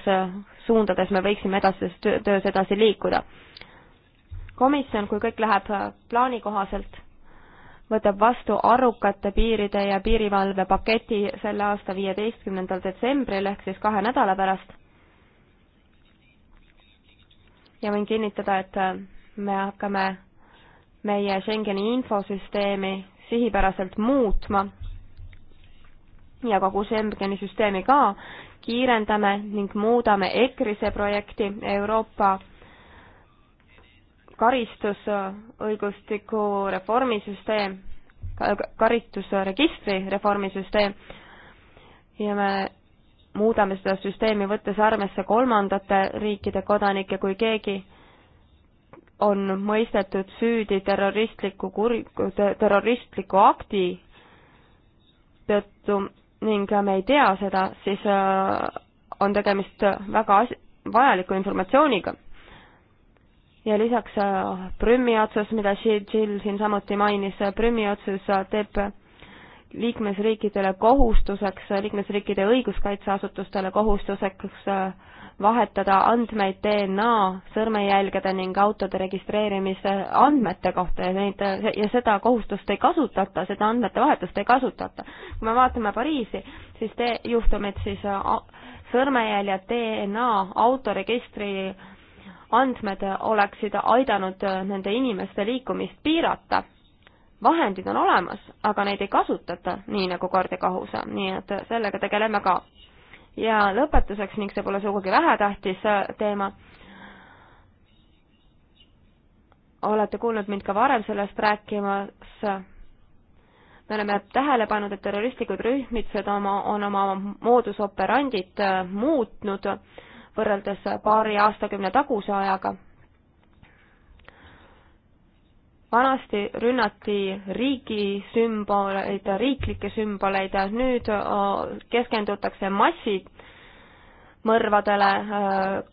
suundades me võiksime edasises töös edasi liikuda. komisjon, kui kõik läheb äh, plaani kohaselt, võtab vastu arukate piiride ja piirivalve paketi selle aasta viieteistkümnendal detsembril ehk siis kahe nädala pärast. ja võin kinnitada, et äh, me hakkame meie Schengeni infosüsteemi sihipäraselt muutma ja kogu Schengeni süsteemi ka kiirendame ning muudame EKRISE projekti Euroopa karistusõigustiku reformisüsteem, karistusregistri reformisüsteem ja me muudame seda süsteemi, võttes arvesse kolmandate riikide kodanikke, kui keegi on mõistetud süüdi terroristliku kur-, terroristliku akti tõttu ning me ei tea seda, siis äh, on tegemist väga as-, vajaliku informatsiooniga. ja lisaks äh, Prümi otsus, mida Jill siin samuti mainis, äh, Prümi otsus teeb liikmesriikidele kohustuseks, liikmesriikide õiguskaitseasutustele kohustuseks äh, vahetada andmeid DNA, sõrmejälgede ning autode registreerimise andmete kohta ja neid, ja seda kohustust ei kasutata, seda andmete vahetust ei kasutata. kui me vaatame Pariisi, siis te-, juhtumid siis sõrmejäljed, DNA, autoregistri andmed oleksid aidanud nende inimeste liikumist piirata vahendid on olemas, aga neid ei kasutata nii nagu kord ja kohus on, nii et sellega tegeleme ka ja lõpetuseks, ning see pole sugugi vähetähtis äh, teema, olete kuulnud mind ka varem sellest rääkimas, me oleme tähele pannud, et terroristlikud rühmitused oma, on oma moodus operandit äh, muutnud võrreldes paari aastakümne taguse ajaga vanasti rünnati riigi sümboleid, riiklikke sümboleid, nüüd äh, keskendutakse massimõrvadele, äh,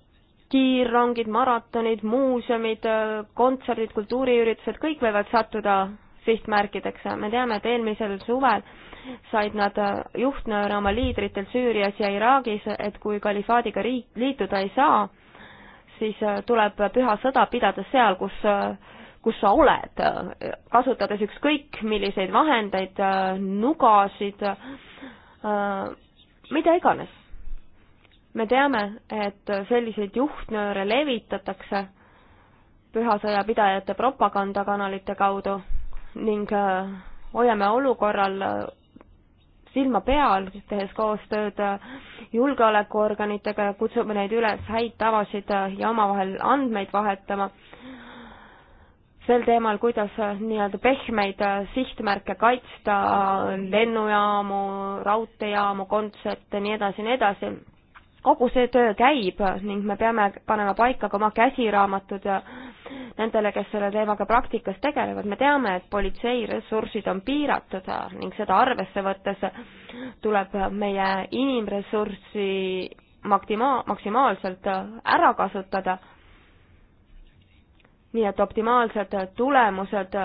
kiirrongid, maratonid, muuseumid, äh, kontserdid, kultuuriüritused, kõik võivad sattuda sihtmärkideks. me teame, et eelmisel suvel said nad juhtnööre oma liidritel Süürias ja Iraagis, et kui kalifaadiga riik liituda ei saa, siis tuleb püha sõda pidada seal, kus kus sa oled, kasutades ükskõik milliseid vahendeid, nugasid, mida iganes. me teame, et selliseid juhtnööre levitatakse püha sõja pidajate propagandakanalite kaudu ning hoiame olukorral silma peal, tehes koostööd julgeolekuorganitega ja kutsume neid üles häid tavasid ja omavahel andmeid vahetama sel teemal, kuidas äh, nii-öelda pehmeid äh, sihtmärke kaitsta, lennujaamu, raudteejaamu, kontserte, nii edasi, nii edasi. kogu see töö käib ning me peame panema paika ka oma käsiraamatud äh, nendele, kes selle teemaga praktikas tegelevad. me teame, et politsei ressursid on piiratud ning seda arvesse võttes tuleb meie inimressurssi maktima-, maksimaalselt ära kasutada nii et optimaalsed tulemused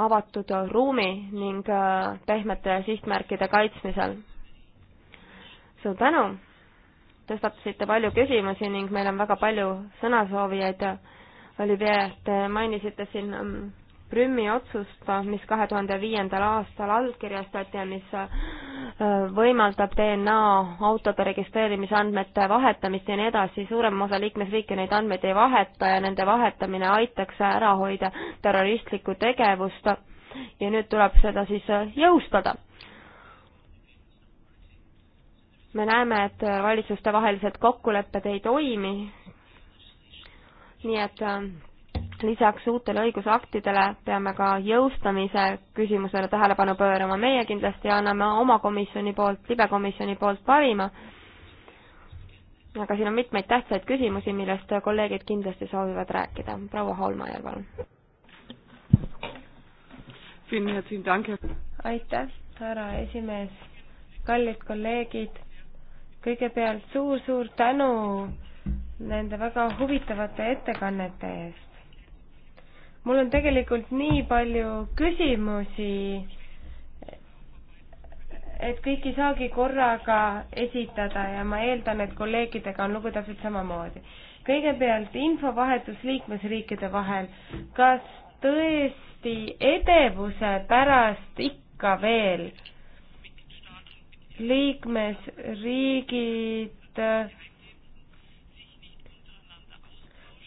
avatud ruumi ning äh, pehmete sihtmärkide kaitsmisel. suur tänu, tõstatasite palju küsimusi ning meil on väga palju sõnasoovijaid. Olivier, te mainisite siin mm, Prümi otsust, mis kahe tuhande viiendal aastal allkirjastati ja mis äh, Äh, võimaldab DNA autode registreerimise andmete vahetamist ja nii edasi, suurem osa liikmesriike neid andmeid ei vaheta ja nende vahetamine aitaks ära hoida terroristlikku tegevust ja nüüd tuleb seda siis äh, jõustada. me näeme, et valitsustevahelised kokkulepped ei toimi, nii et äh, lisaks uutele õigusaktidele peame ka jõustamise küsimusele tähelepanu pöörama. meie kindlasti anname oma komisjoni poolt, libekomisjoni poolt parima. aga siin on mitmeid tähtsaid küsimusi, millest kolleegid kindlasti soovivad rääkida. proua Holmajärv, palun. aitäh, härra esimees. kallid kolleegid, kõigepealt suur-suur tänu nende väga huvitavate ettekannete eest mul on tegelikult nii palju küsimusi, et kõiki saagi korraga esitada ja ma eeldan, et kolleegidega on lugu täpselt samamoodi. kõigepealt infovahetus liikmesriikide vahel. kas tõesti edevuse pärast ikka veel liikmesriigid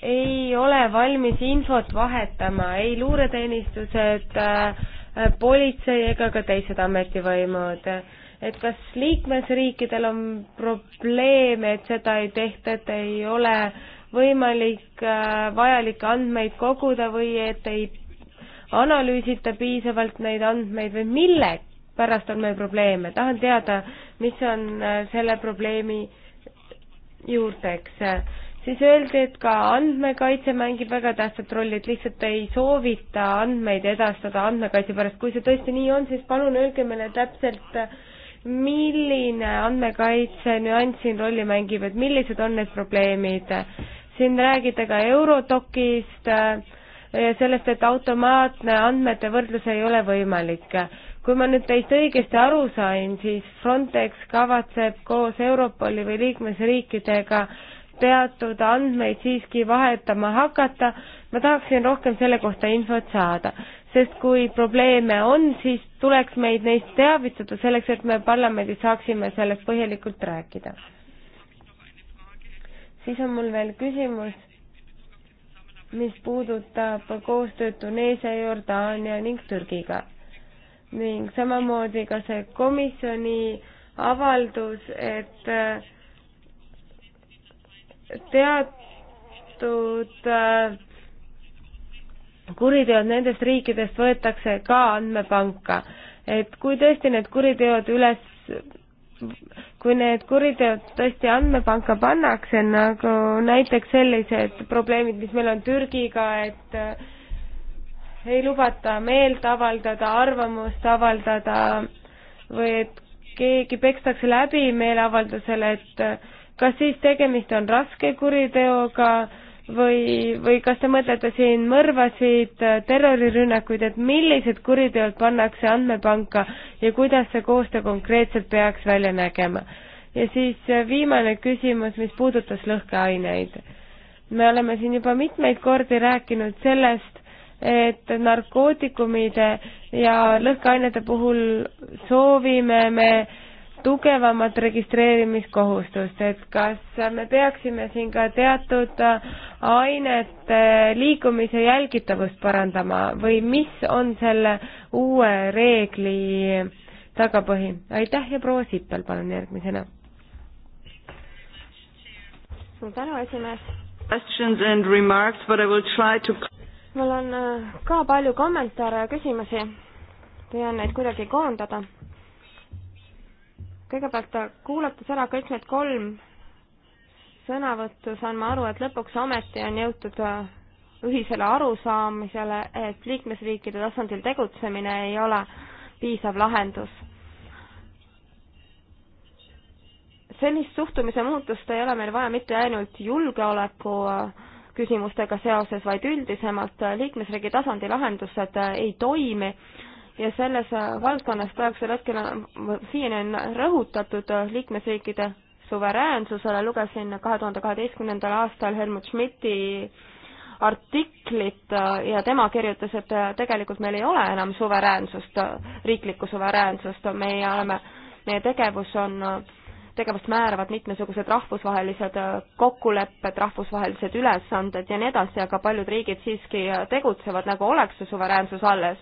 ei ole valmis infot vahetama, ei luureteenistused, äh, politsei ega ka teised ametivõimud. et kas liikmesriikidel on probleeme, et seda ei tehta, et ei ole võimalik äh, vajalikke andmeid koguda või et ei analüüsita piisavalt neid andmeid või mille pärast on meil probleeme, tahan teada, mis on äh, selle probleemi juurteks siis öeldi, et ka andmekaitse mängib väga tähtsat rolli, et lihtsalt ei soovita andmeid edastada andmekaitse pärast. kui see tõesti nii on, siis palun öelge meile täpselt, milline andmekaitse nüanss siin rolli mängib, et millised on need probleemid. siin räägite ka Eurotokist ja sellest, et automaatne andmete võrdlus ei ole võimalik kui ma nüüd teist õigesti aru sain, siis Frontex kavatseb koos Europoli või liikmesriikidega äh, teatud andmeid siiski vahetama hakata, ma tahaksin rohkem selle kohta infot saada, sest kui probleeme on, siis tuleks meid neist teavitada selleks, et me parlamendis saaksime sellest põhjalikult rääkida. siis on mul veel küsimus, mis puudutab koostööd Tuneesia, Jordaania ning Türgiga ning samamoodi ka see komisjoni avaldus, et äh, teatud äh, kuriteod nendest riikidest võetakse ka andmepanka. et kui tõesti need kuriteod üles, kui need kuriteod tõesti andmepanka pannakse, nagu näiteks sellised probleemid, mis meil on Türgiga, et äh, ei lubata meelt avaldada, arvamust avaldada või et keegi pekstakse läbi meeleavaldusel, et äh, kas siis tegemist on raske kuriteoga või, või kas te mõtlete siin mõrvasid, terrorirünnakuid, et millised kuriteod pannakse andmepanka ja kuidas see koostöö konkreetselt peaks välja nägema? ja siis äh, viimane küsimus, mis puudutas lõhkeaineid. me oleme siin juba mitmeid kordi rääkinud sellest, et narkootikumide ja lõhkeainete puhul soovime me äh, tugevamat registreerimiskohustust, et kas me peaksime siin ka teatud äh, ainete liikumise jälgitavust parandama või mis on selle uue reegli tagapõhi? aitäh ja proua Sippel, palun järgmisena. suur tänu, esimees. Questions and remarks, but I will try to mul on äh, ka palju kommentaare ja küsimusi. püüan neid kuidagi koondada kõigepealt äh, kuulates ära kõik need kolm sõnavõttu, saan ma aru, et lõpuks ometi on jõutud äh, ühisele arusaamisele, et liikmesriikide tasandil tegutsemine ei ole piisav lahendus. sellist suhtumise muutust ei ole meil vaja mitte ainult julgeoleku äh, küsimustega seoses, vaid üldisemalt liikmesriigi tasandi lahendused ei toimi ja selles äh, valdkonnas praegusel hetkel on, siiani on rõhutatud äh, liikmesriikide suveräänsusele, lugesin kahe tuhande kaheteistkümnendal aastal Helmut Schmidti artiklit äh, ja tema kirjutas, et tegelikult meil ei ole enam suveräänsust, riiklikku suveräänsust, meie oleme, meie tegevus on, tegevust määravad mitmesugused rahvusvahelised kokkulepped, rahvusvahelised ülesanded ja nii edasi, aga paljud riigid siiski tegutsevad, nagu oleks see suveräänsus alles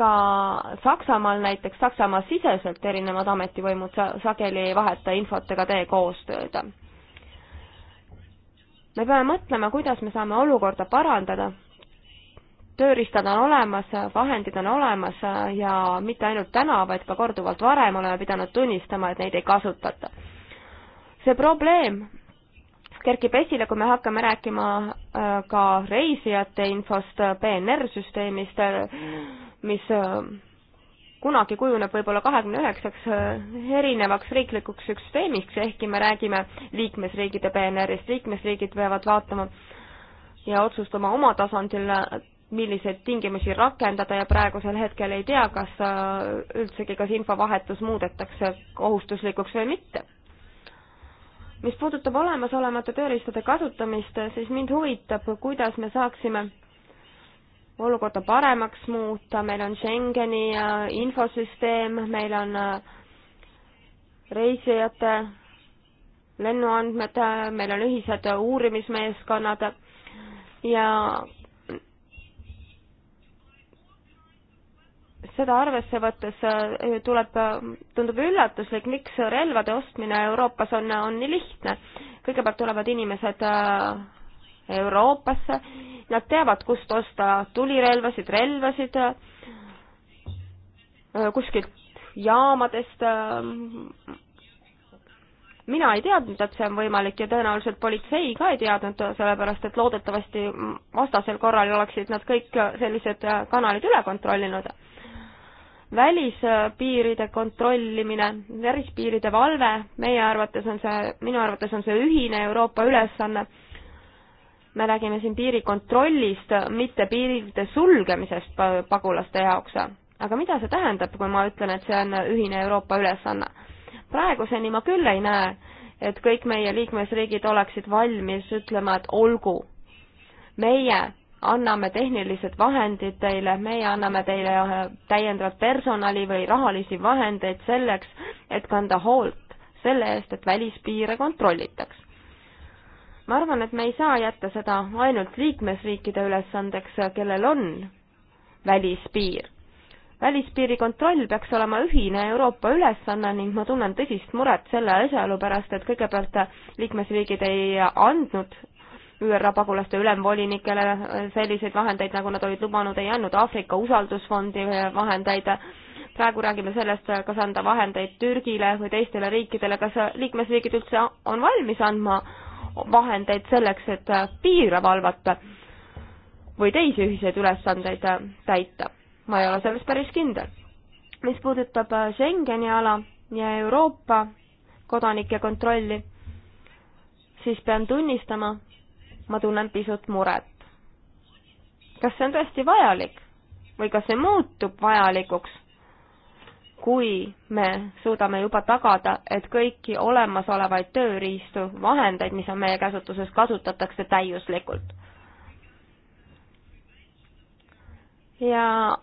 ka Saksamaal näiteks, Saksamaa siseselt erinevad ametivõimud sageli ei vaheta infot ega tee koostööd. me peame mõtlema, kuidas me saame olukorda parandada. tööriistad on olemas, vahendid on olemas ja mitte ainult täna, vaid ka korduvalt varem oleme pidanud tunnistama, et neid ei kasutata. see probleem kerkib esile, kui me hakkame rääkima äh, ka reisijate infost, PNR-süsteemist, mis äh, kunagi kujuneb võib-olla kahekümne üheksaks äh, erinevaks riiklikuks süsteemiks, ehkki me räägime liikmesriigide PNR-ist, liikmesriigid peavad vaatama ja otsustama oma tasandil, milliseid tingimusi rakendada ja praegusel hetkel ei tea, kas äh, üldsegi, kas infovahetus muudetakse kohustuslikuks või mitte. mis puudutab olemasolevate tööriistade kasutamist, siis mind huvitab, kuidas me saaksime olukorda paremaks muuta, meil on Schengeni äh, infosüsteem, meil on äh, reisijate lennuandmed, äh, meil on ühised uurimismeeskonnad ja seda arvesse võttes tuleb, tundub üllatuslik, miks relvade ostmine Euroopas on, on nii lihtne. kõigepealt tulevad inimesed Euroopasse. Nad teavad, kust osta tulirelvasid, relvasid, äh, kuskilt jaamadest. Äh. mina ei teadnud, et see on võimalik ja tõenäoliselt politsei ka ei teadnud, sellepärast et loodetavasti vastasel korral oleksid nad kõik sellised kanalid üle kontrollinud välispiiride kontrollimine, välispiiride valve, meie arvates on see, minu arvates on see ühine Euroopa ülesanne me räägime siin piirikontrollist, mitte piiride sulgemisest pagulaste jaoks. aga mida see tähendab, kui ma ütlen, et see on ühine Euroopa ülesanne? praeguseni ma küll ei näe, et kõik meie liikmesriigid oleksid valmis ütlema, et olgu, meie anname tehnilised vahendid teile, meie anname teile äh, täiendavat personali või rahalisi vahendeid selleks, et kanda hoolt selle eest, et välispiire kontrollitaks ma arvan, et me ei saa jätta seda ainult liikmesriikide ülesandeks, kellel on välispiir. välispiiri kontroll peaks olema ühine Euroopa ülesanne ning ma tunnen tõsist muret selle asjaolu pärast, et kõigepealt liikmesriigid ei andnud ÜRO pagulaste ülemvolinikele selliseid vahendeid, nagu nad olid lubanud, ei andnud Aafrika usaldusfondi vahendeid, praegu räägime sellest, kas anda vahendeid Türgile või teistele riikidele, kas liikmesriigid üldse on valmis andma vahendeid selleks, et piire valvata või teisi ühiseid ülesandeid täita. ma ei ole selles päris kindel. mis puudutab Schengeni ala ja Euroopa kodanike kontrolli, siis pean tunnistama, ma tunnen pisut muret. kas see on tõesti vajalik või kas see muutub vajalikuks? kui me suudame juba tagada, et kõiki olemasolevaid tööriistu, vahendeid, mis on meie käsutuses, kasutatakse täiuslikult. ja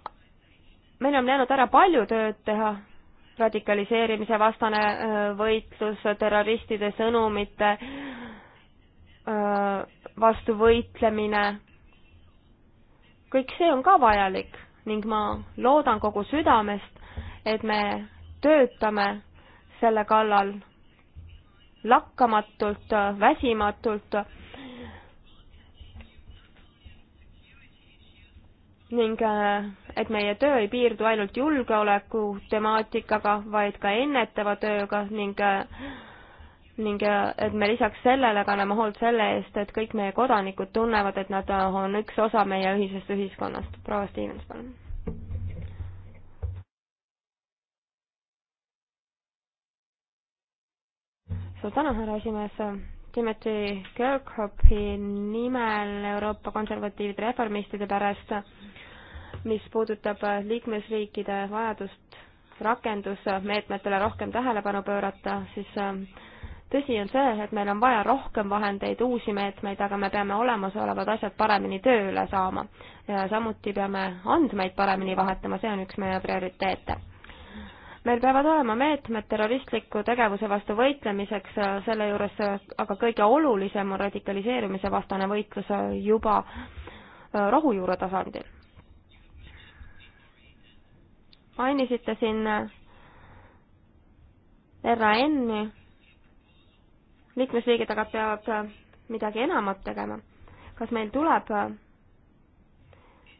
meil on jäänud ära palju tööd teha, radikaliseerimise vastane äh, võitlus, terroristide sõnumite äh, vastu võitlemine, kõik see on ka vajalik ning ma loodan kogu südamest, et me töötame selle kallal lakkamatult, väsimatult ning äh, et meie töö ei piirdu ainult julgeoleku temaatikaga, vaid ka ennetava tööga ning äh, ning äh, et me lisaks sellele kanname hoolt selle eest, et kõik meie kodanikud tunnevad, et nad on üks osa meie ühisest ühiskonnast. proua Stevens, palun suur tänu, härra esimees. Timothy Kirkhopi nimel Euroopa konservatiivide reformistide pärast, mis puudutab liikmesriikide vajadust rakendusmeetmetele rohkem tähelepanu pöörata, siis äh, tõsi on see, et meil on vaja rohkem vahendeid, uusi meetmeid, aga me peame olemasolevad asjad paremini tööle saama. ja samuti peame andmeid paremini vahetama, see on üks meie prioriteete meil peavad olema meetmed terroristliku tegevuse vastu võitlemiseks, äh, selle juures äh, aga kõige olulisem on radikaliseerumise vastane võitlus äh, juba rohujuure tasandil. mainisite siin RAN-i, liikmesriigid aga peavad midagi enamat tegema. kas meil tuleb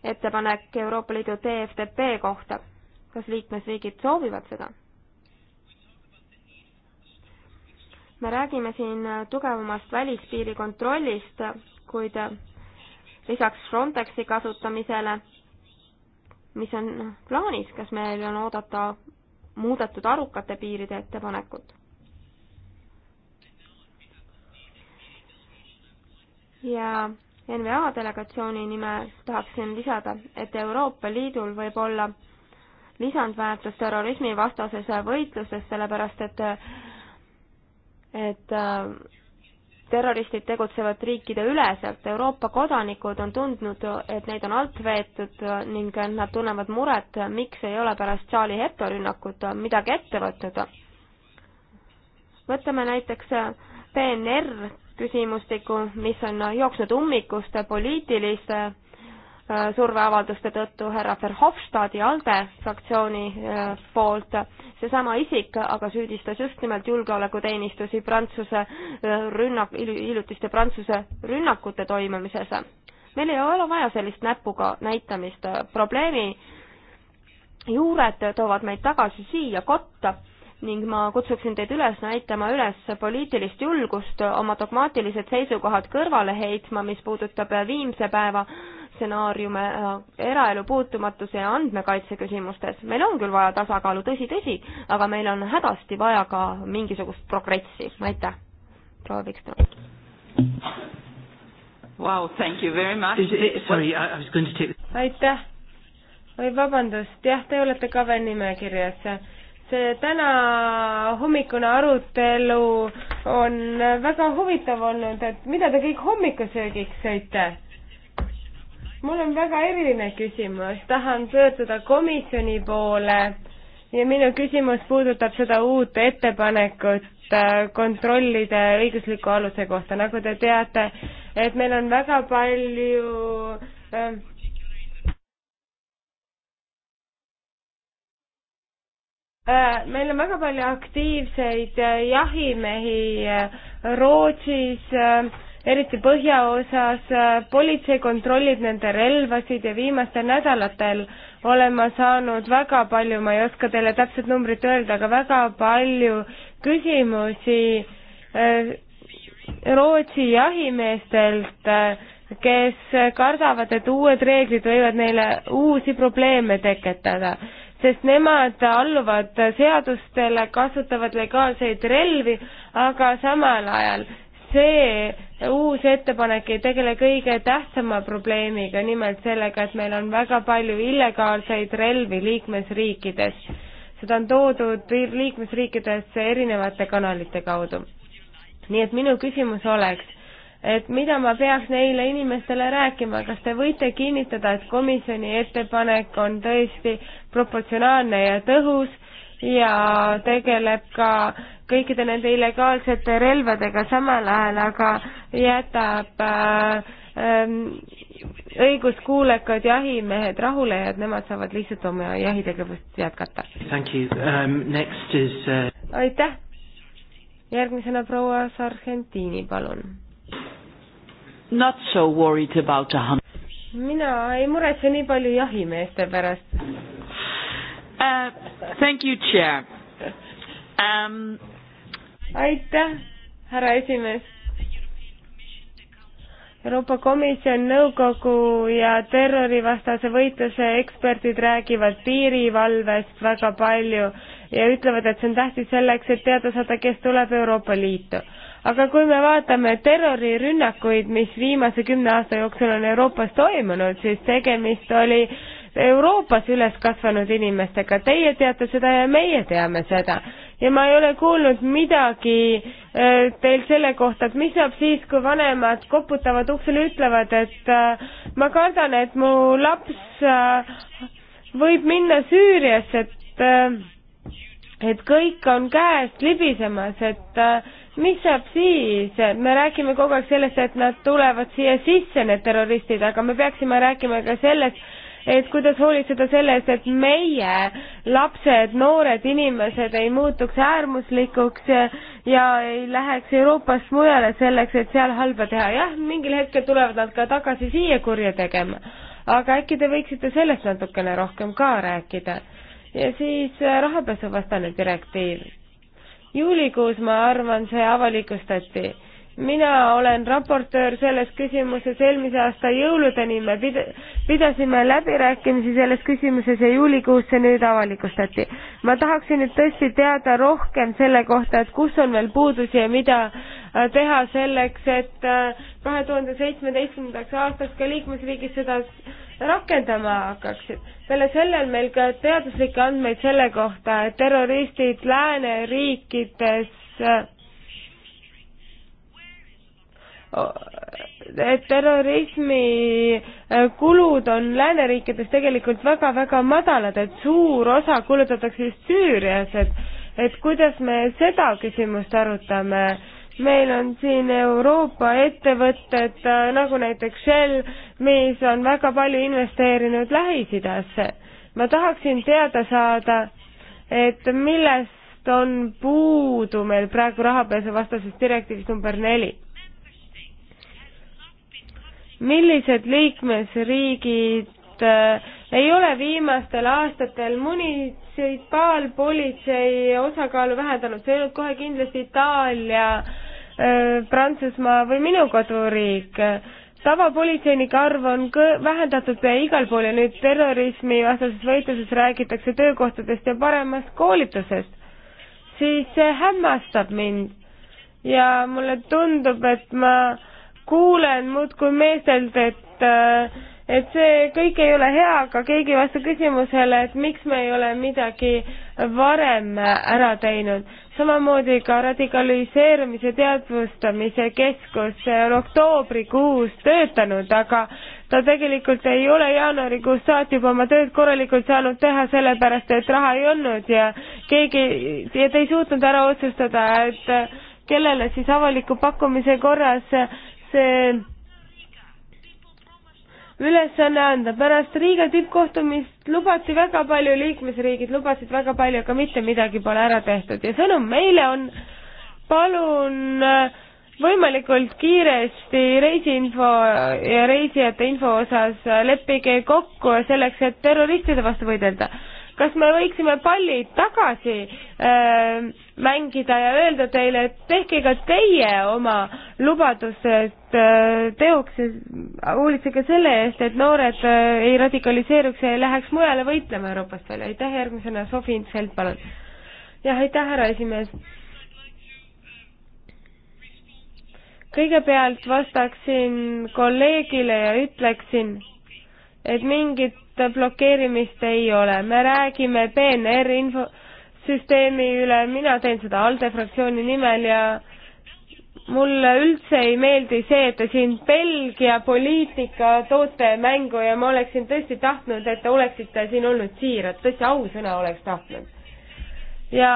ettepanek Euroopa Liidu TFTP kohta? kas liikmesriigid soovivad seda? me räägime siin tugevamast välispiiri kontrollist, kuid lisaks Frontexi kasutamisele, mis on plaanis, kas meil on oodata muudetud arukate piiride ettepanekut? ja NVA delegatsiooni nimel tahaksin lisada, et Euroopa Liidul võib olla lisandväärtus terrorismivastases võitluses, sellepärast et, et äh, terroristid tegutsevad riikide üleselt, Euroopa kodanikud on tundnud, et neid on alt veetud ning nad tunnevad muret, miks ei ole pärast Charlie Hebdo rünnakut midagi ette võtnud. võtame näiteks äh, PNR küsimustiku, mis on jooksnud ummikuste poliitiliste Äh, surveavalduste tõttu härra Verhofstadti ALDE fraktsiooni äh, poolt. seesama isik aga süüdistas just nimelt julgeolekuteenistusi Prantsuse äh, rünnak, hiljutiste Prantsuse rünnakute toimumises. meil ei ole vaja sellist näpuga näitamist, probleemi juured toovad meid tagasi siia kotta ning ma kutsuksin teid üles näitama üles poliitilist julgust, oma dogmaatilised seisukohad kõrvale heitma, mis puudutab viimse päeva äh, stsenaariume äh, eraelu puutumatuse ja andmekaitse küsimustes. meil on küll vaja tasakaalu, tõsi, tõsi, aga meil on hädasti vaja ka mingisugust progressi, aitäh. proua Vikström. Wow, thank you very much. It, sorry, I was going to take... aitäh oi vabandust, jah, te olete ka veel nimekirjas. see täna hommikune arutelu on väga huvitav olnud, et mida te kõik hommikusöögiks sõite? mul on väga eriline küsimus, tahan pöörduda komisjoni poole ja minu küsimus puudutab seda uut ettepanekut äh, kontrollide õigusliku aluse kohta, nagu te teate, et meil on väga palju äh, äh meil on väga palju aktiivseid äh, jahimehi Rootsis äh,, eriti põhjaosas. Äh, politsei kontrollib nende relvasid ja viimastel nädalatel olen ma saanud väga palju, ma ei oska teile täpset numbrit öelda, aga väga palju küsimusi äh, Rootsi jahimeestelt, äh, kes kardavad, et uued reeglid võivad neile uusi probleeme tekitada sest nemad alluvad seadustele, kasutavad legaalseid relvi, aga samal ajal see uus ettepanek ei tegele kõige tähtsama probleemiga, nimelt sellega, et meil on väga palju illegaalseid relvi liikmesriikides. seda on toodud liikmesriikidesse erinevate kanalite kaudu. nii et minu küsimus oleks, et mida ma peaks neile inimestele rääkima, kas te võite kinnitada, et komisjoni ettepanek on tõesti proportsionaalne ja tõhus ja tegeleb ka äh, kõikide nende illegaalsete relvadega samal ajal, aga jätab äh, äh, õiguskuulekad jahimehed rahule ja et nemad saavad lihtsalt oma jahitegevust jätkata. Um, is, uh... aitäh! järgmisena proua Sargentini, palun. Not so worried about a hun-. mina ei muretse nii palju jahimeeste pärast uh,. Thank you, chair um, aitäh, härra esimees. Euroopa Komisjon, nõukogu ja terrorivastase võitluse eksperdid räägivad piirivalvest väga palju ja ütlevad, et see on tähtis selleks, et teada saada, kes tuleb Euroopa Liitu aga kui me vaatame terrorirünnakuid, mis viimase kümne aasta jooksul on Euroopas toimunud, siis tegemist oli Euroopas üles kasvanud inimestega, teie teate seda ja meie teame seda. ja ma ei ole kuulnud midagi äh, teil selle kohta, et mis saab siis, kui vanemad koputavad uksele, ütlevad, et äh, ma kardan, et mu laps äh, võib minna Süüriasse, et et kõik on käest libisemas, et mis saab siis, me räägime kogu aeg sellest, et nad tulevad siia sisse, need terroristid, aga me peaksime rääkima ka sellest, et kuidas hoolitseda selle eest, et meie lapsed, noored inimesed ei muutuks äärmuslikuks ja ei läheks Euroopast mujale selleks, et seal halba teha. jah, mingil hetkel tulevad nad ka tagasi siia kurja tegema. aga äkki te võiksite sellest natukene rohkem ka rääkida? ja siis äh, rahapesuvastane direktiiv juulikuus, ma arvan, see avalikustati mina olen raportöör selles küsimuses, eelmise aasta jõuludeni me pid-, pidasime läbirääkimisi selles küsimuses ja juulikuus see nüüd avalikustati. ma tahaksin nüüd tõesti teada rohkem selle kohta, et kus on veel puudusi ja mida äh, teha selleks, et äh, kahe tuhande seitsmeteistkümnendaks aastaks ka liikmesriigis seda rakendama hakkaksid. peale selle on meil ka teaduslikke andmeid selle kohta, et terroristid lääneriikides äh, Äh, et terrorismi äh, kulud on lääneriikides tegelikult väga-väga madalad, et suur osa kulutatakse just Süürias, et et kuidas me seda küsimust arutame meil on siin Euroopa ettevõtted äh, nagu näiteks Shell, mis on väga palju investeerinud Lähis-Idasse. ma tahaksin teada saada, et millest on puudu meil praegu rahapesuvastases direktiivis number neli? millised liikmesriigid äh, ei ole viimastel aastatel munitsipaalpolitsei osakaalu vähendanud, see ei olnud kohe kindlasti Itaalia, äh, Prantsusmaa või minu koduriik tavapolitseinike arv on kõ-, vähendatud igal pool ja nüüd terrorismivastases võitluses räägitakse töökohtadest ja paremast koolitusest, siis see hämmastab mind. ja mulle tundub, et ma kuulen muudkui meestelt, et äh, et see kõik ei ole hea, aga keegi ei vasta küsimusele, et miks me ei ole midagi varem ära teinud. samamoodi ka radikaliseerumise teadvustamise keskus, see on oktoobrikuus töötanud, aga ta tegelikult ei ole jaanuarikuust saati juba oma tööd korralikult saanud teha, sellepärast et raha ei olnud ja keegi, ja ta ei suutnud ära otsustada, et kellele siis avaliku pakkumise korras see ülesanne anda. pärast Riiga tippkohtumist lubati väga palju, liikmesriigid lubasid väga palju, aga mitte midagi pole ära tehtud ja sõnum meile on, palun äh, võimalikult kiiresti reisiinfo ja reisijate info osas äh, leppige kokku selleks, et terroristide vastu võidelda kas me võiksime pallid tagasi äh, mängida ja öelda teile, et tehke ka teie oma lubadused äh, teoks ja hoolitsege selle eest, et noored äh, ei radikaliseeruks ja ei läheks mujale võitlema Euroopast välja. aitäh, järgmisena Sofi Intselt, palun. jah, aitäh, härra esimees kõigepealt vastaksin kolleegile ja ütleksin, et mingit blokeerimist ei ole, me räägime PNR infosüsteemi üle, mina teen seda ALDE fraktsiooni nimel ja mulle üldse ei meeldi see, et te siin Belgia poliitika toote mängu ja ma oleksin tõesti tahtnud, et te oleksite siin olnud siirad, tõesti ausõna oleks tahtnud. ja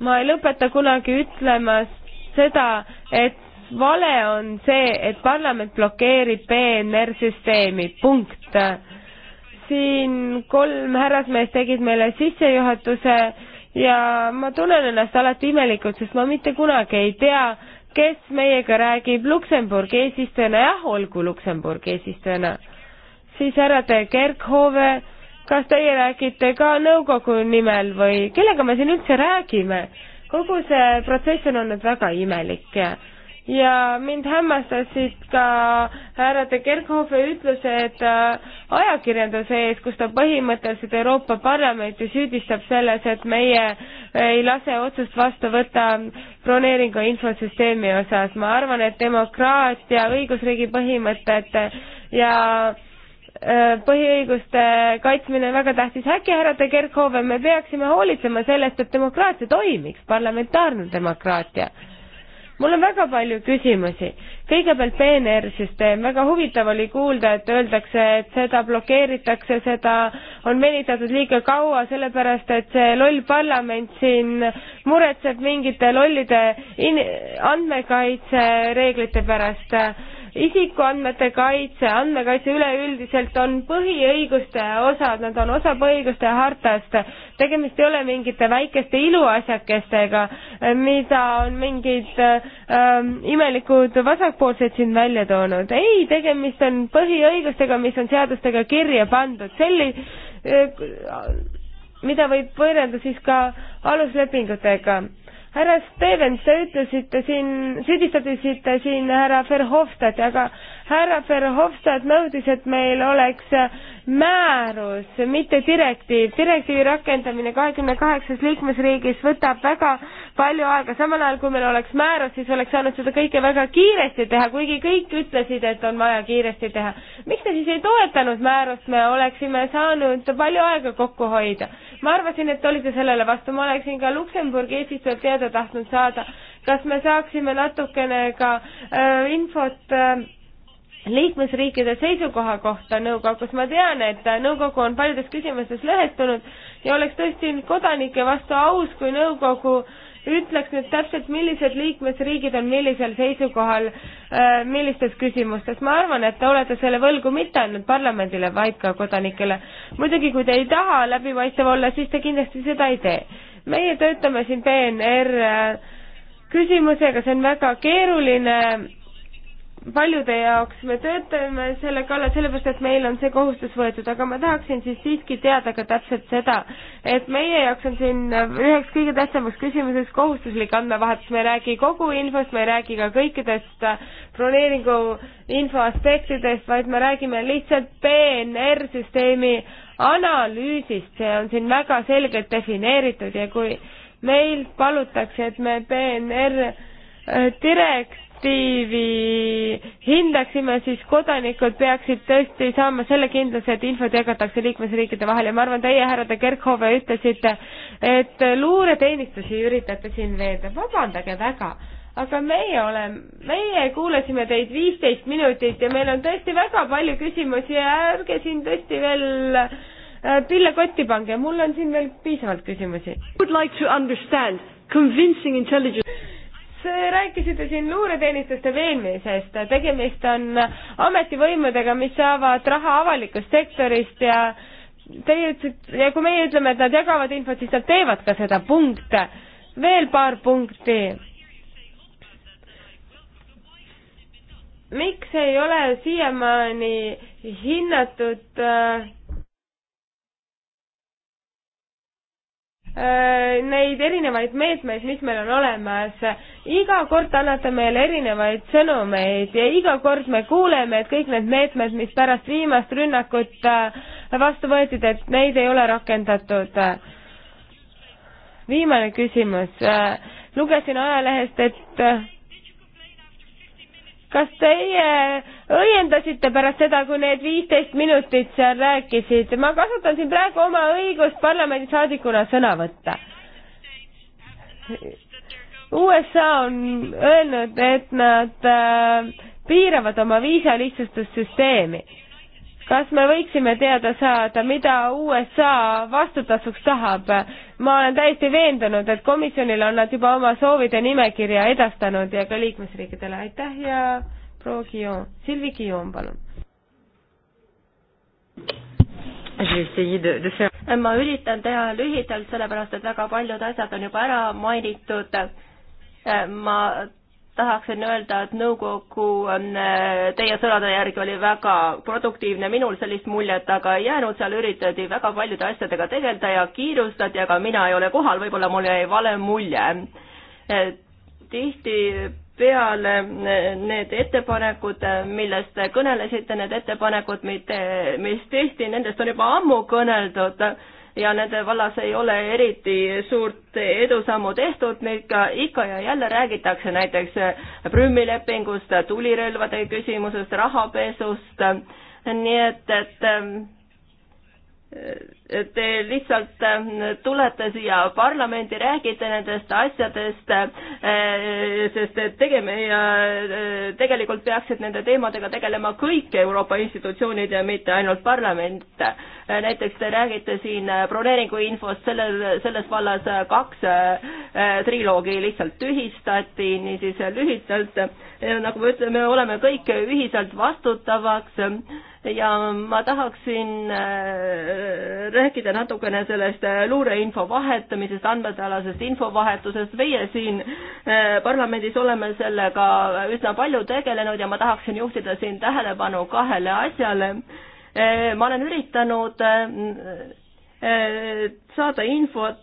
ma ei lõpeta kunagi ütlemas seda, et vale on see, et parlament blokeerib PNR-süsteemi, punkt siin kolm härrasmeest tegid meile sissejuhatuse ja ma tunnen ennast alati imelikult, sest ma mitte kunagi ei tea, kes meiega räägib Luksemburgi eesistujana, jah, olgu Luksemburgi eesistujana. siis härra De Kerkhove, kas teie räägite ka nõukogu nimel või kellega me siin üldse räägime? kogu see protsess on olnud väga imelik ja ja mind hämmastasid ka härra de Kerkhoffi ütlused äh, ajakirjanduse ees, kus ta põhimõtteliselt Euroopa Parlamenti süüdistab selles, et meie ei lase otsust vastu võtta broneeringu infosüsteemi osas. ma arvan, et demokraatia, õigusriigi põhimõtted ja äh, põhiõiguste kaitsmine on väga tähtis. äkki, härra de Kerkhove, me peaksime hoolitsema sellest, et demokraatia toimiks, parlamentaarne demokraatia mul on väga palju küsimusi. kõigepealt PNR-süsteem, väga huvitav oli kuulda, et öeldakse, et seda blokeeritakse, seda on venitatud liiga kaua, sellepärast et see loll parlament siin muretseb mingite lollide in-, andmekaitsereeglite pärast isikuandmete kaitse, andmekaitse üleüldiselt on põhiõiguste osad, nad on osa põhiõiguste hartast. tegemist ei ole mingite väikeste iluasjakestega, mida on mingid ähm, imelikud vasakpoolsed siin välja toonud. ei, tegemist on põhiõigustega, mis on seadustega kirja pandud, selli- äh,, mida võib võrrelda siis ka aluslepingutega härra Stevens, te ütlesite siin, süüdistasite siin härra Verhofstadti, aga härra Verhofstadt nõudis, et meil oleks määrus, mitte direktiiv. direktiivi rakendamine kahekümne kaheksas liikmesriigis võtab väga palju aega, samal ajal kui meil oleks määrus, siis oleks saanud seda kõike väga kiiresti teha, kuigi kõik ütlesid, et on vaja kiiresti teha. miks te siis ei toetanud määrust, me oleksime saanud palju aega kokku hoida. ma arvasin, et olite sellele vastu, ma oleksin ka Luksemburgi eesistujalt teada tahtnud saada, kas me saaksime natukene ka äh, infot äh, liikmesriikide seisukoha kohta nõukogus, ma tean, et nõukogu on paljudes küsimustes lõhestunud ja oleks tõesti kodanike vastu aus, kui nõukogu ütleks nüüd täpselt, millised liikmesriigid on millisel seisukohal, äh, millistes küsimustes. ma arvan, et te olete selle võlgu mitte ainult parlamendile, vaid ka kodanikele. muidugi, kui te ei taha läbipaistev olla, siis te kindlasti seda ei tee. meie töötame siin PNR äh, küsimusega, see on väga keeruline paljude jaoks me töötame selle kallal, sellepärast et meil on see kohustus võetud, aga ma tahaksin siis siiski teada ka täpselt seda, et meie jaoks on siin üheks kõige tähtsamaks küsimuseks kohustuslik andmevahetus, me ei räägi kogu infost, me ei räägi ka kõikidest broneeringu info aspektidest, vaid me räägime lihtsalt PNR-süsteemi analüüsist, see on siin väga selgelt defineeritud ja kui meil palutakse, et me PNR äh, direkt direktiivi hindaksime, siis kodanikud peaksid tõesti saama selle kindluse, et infot jagatakse liikmesriikide vahel ja ma arvan, teie, härra de Kerkhove, ütlesite, et luureteenistusi üritate siin veenda, vabandage väga aga meie oleme, meie kuulasime teid viisteist minutit ja meil on tõesti väga palju küsimusi ja ärge siin tõesti veel äh, pille kotti pange, mul on siin veel piisavalt küsimusi. Would like to understand convincing intelligence rääkisite siin luureteenistuste veenmisest, tegemist on ametivõimudega, mis saavad raha avalikust sektorist ja teie ütlesite ja kui meie ütleme, et nad jagavad infot, siis nad teevad ka seda, punkt. veel paar punkti. miks ei ole siiamaani hinnatud äh, Äh, neid erinevaid meetmeid, mis meil on olemas. iga kord annate meile erinevaid sõnumeid ja iga kord me kuuleme, et kõik need meetmed, mis pärast viimast rünnakut äh, vastu võetud, et neid ei ole rakendatud. viimane küsimus. Äh, lugesin ajalehest, et kas teie õiendasite pärast seda, kui need viisteist minutit seal rääkisid. ma kasutan siin praegu oma õigust parlamendisaadikuna sõna võtta. USA on öelnud, et nad äh, piiravad oma viisalihtsustussüsteemi. kas me võiksime teada saada, mida USA vastutasuks tahab? ma olen täiesti veendunud, et komisjonile on nad juba oma soovide nimekirja edastanud ja ka liikmesriikidele. aitäh ja proua Guillaume, Sylvie Guillaume, palun. ma üritan teha lühidalt, sellepärast et väga paljud asjad on juba ära mainitud. ma tahaksin öelda, et nõukogu on ähm, teie sõnade järgi oli väga produktiivne, minul sellist muljet aga ei jäänud, seal üritati väga paljude asjadega tegeleda ja kiirustati, aga mina ei ole kohal, võib-olla mul jäi vale mulje. tihti peale need ettepanekud, millest te kõnelesite, need ettepanekud, mis tehti, nendest on juba ammu kõneldud ja nende vallas ei ole eriti suurt edusammu tehtud, ikka, ikka ja jälle räägitakse näiteks prümmilepingust, tulirelvade küsimusest, rahapesust, nii et, et te lihtsalt äh, tulete siia parlamendi, räägite nendest asjadest, äh, sest et tegeme ja äh, tegelikult peaksid nende teemadega tegelema kõik Euroopa institutsioonid ja mitte ainult parlament. näiteks te räägite siin broneeringu infost, sellel, selles vallas kaks triloogi lihtsalt tühistati, niisiis lühidalt, nagu me ütleme, oleme kõik ühiselt vastutavaks ja ma tahaksin rääkida natukene sellest äh, luureinfo vahetamisest, andmetealasest infovahetusest. meie siin äh, parlamendis oleme sellega üsna palju tegelenud ja ma tahaksin juhtida siin tähelepanu kahele asjale. Äh, ma olen üritanud saada infot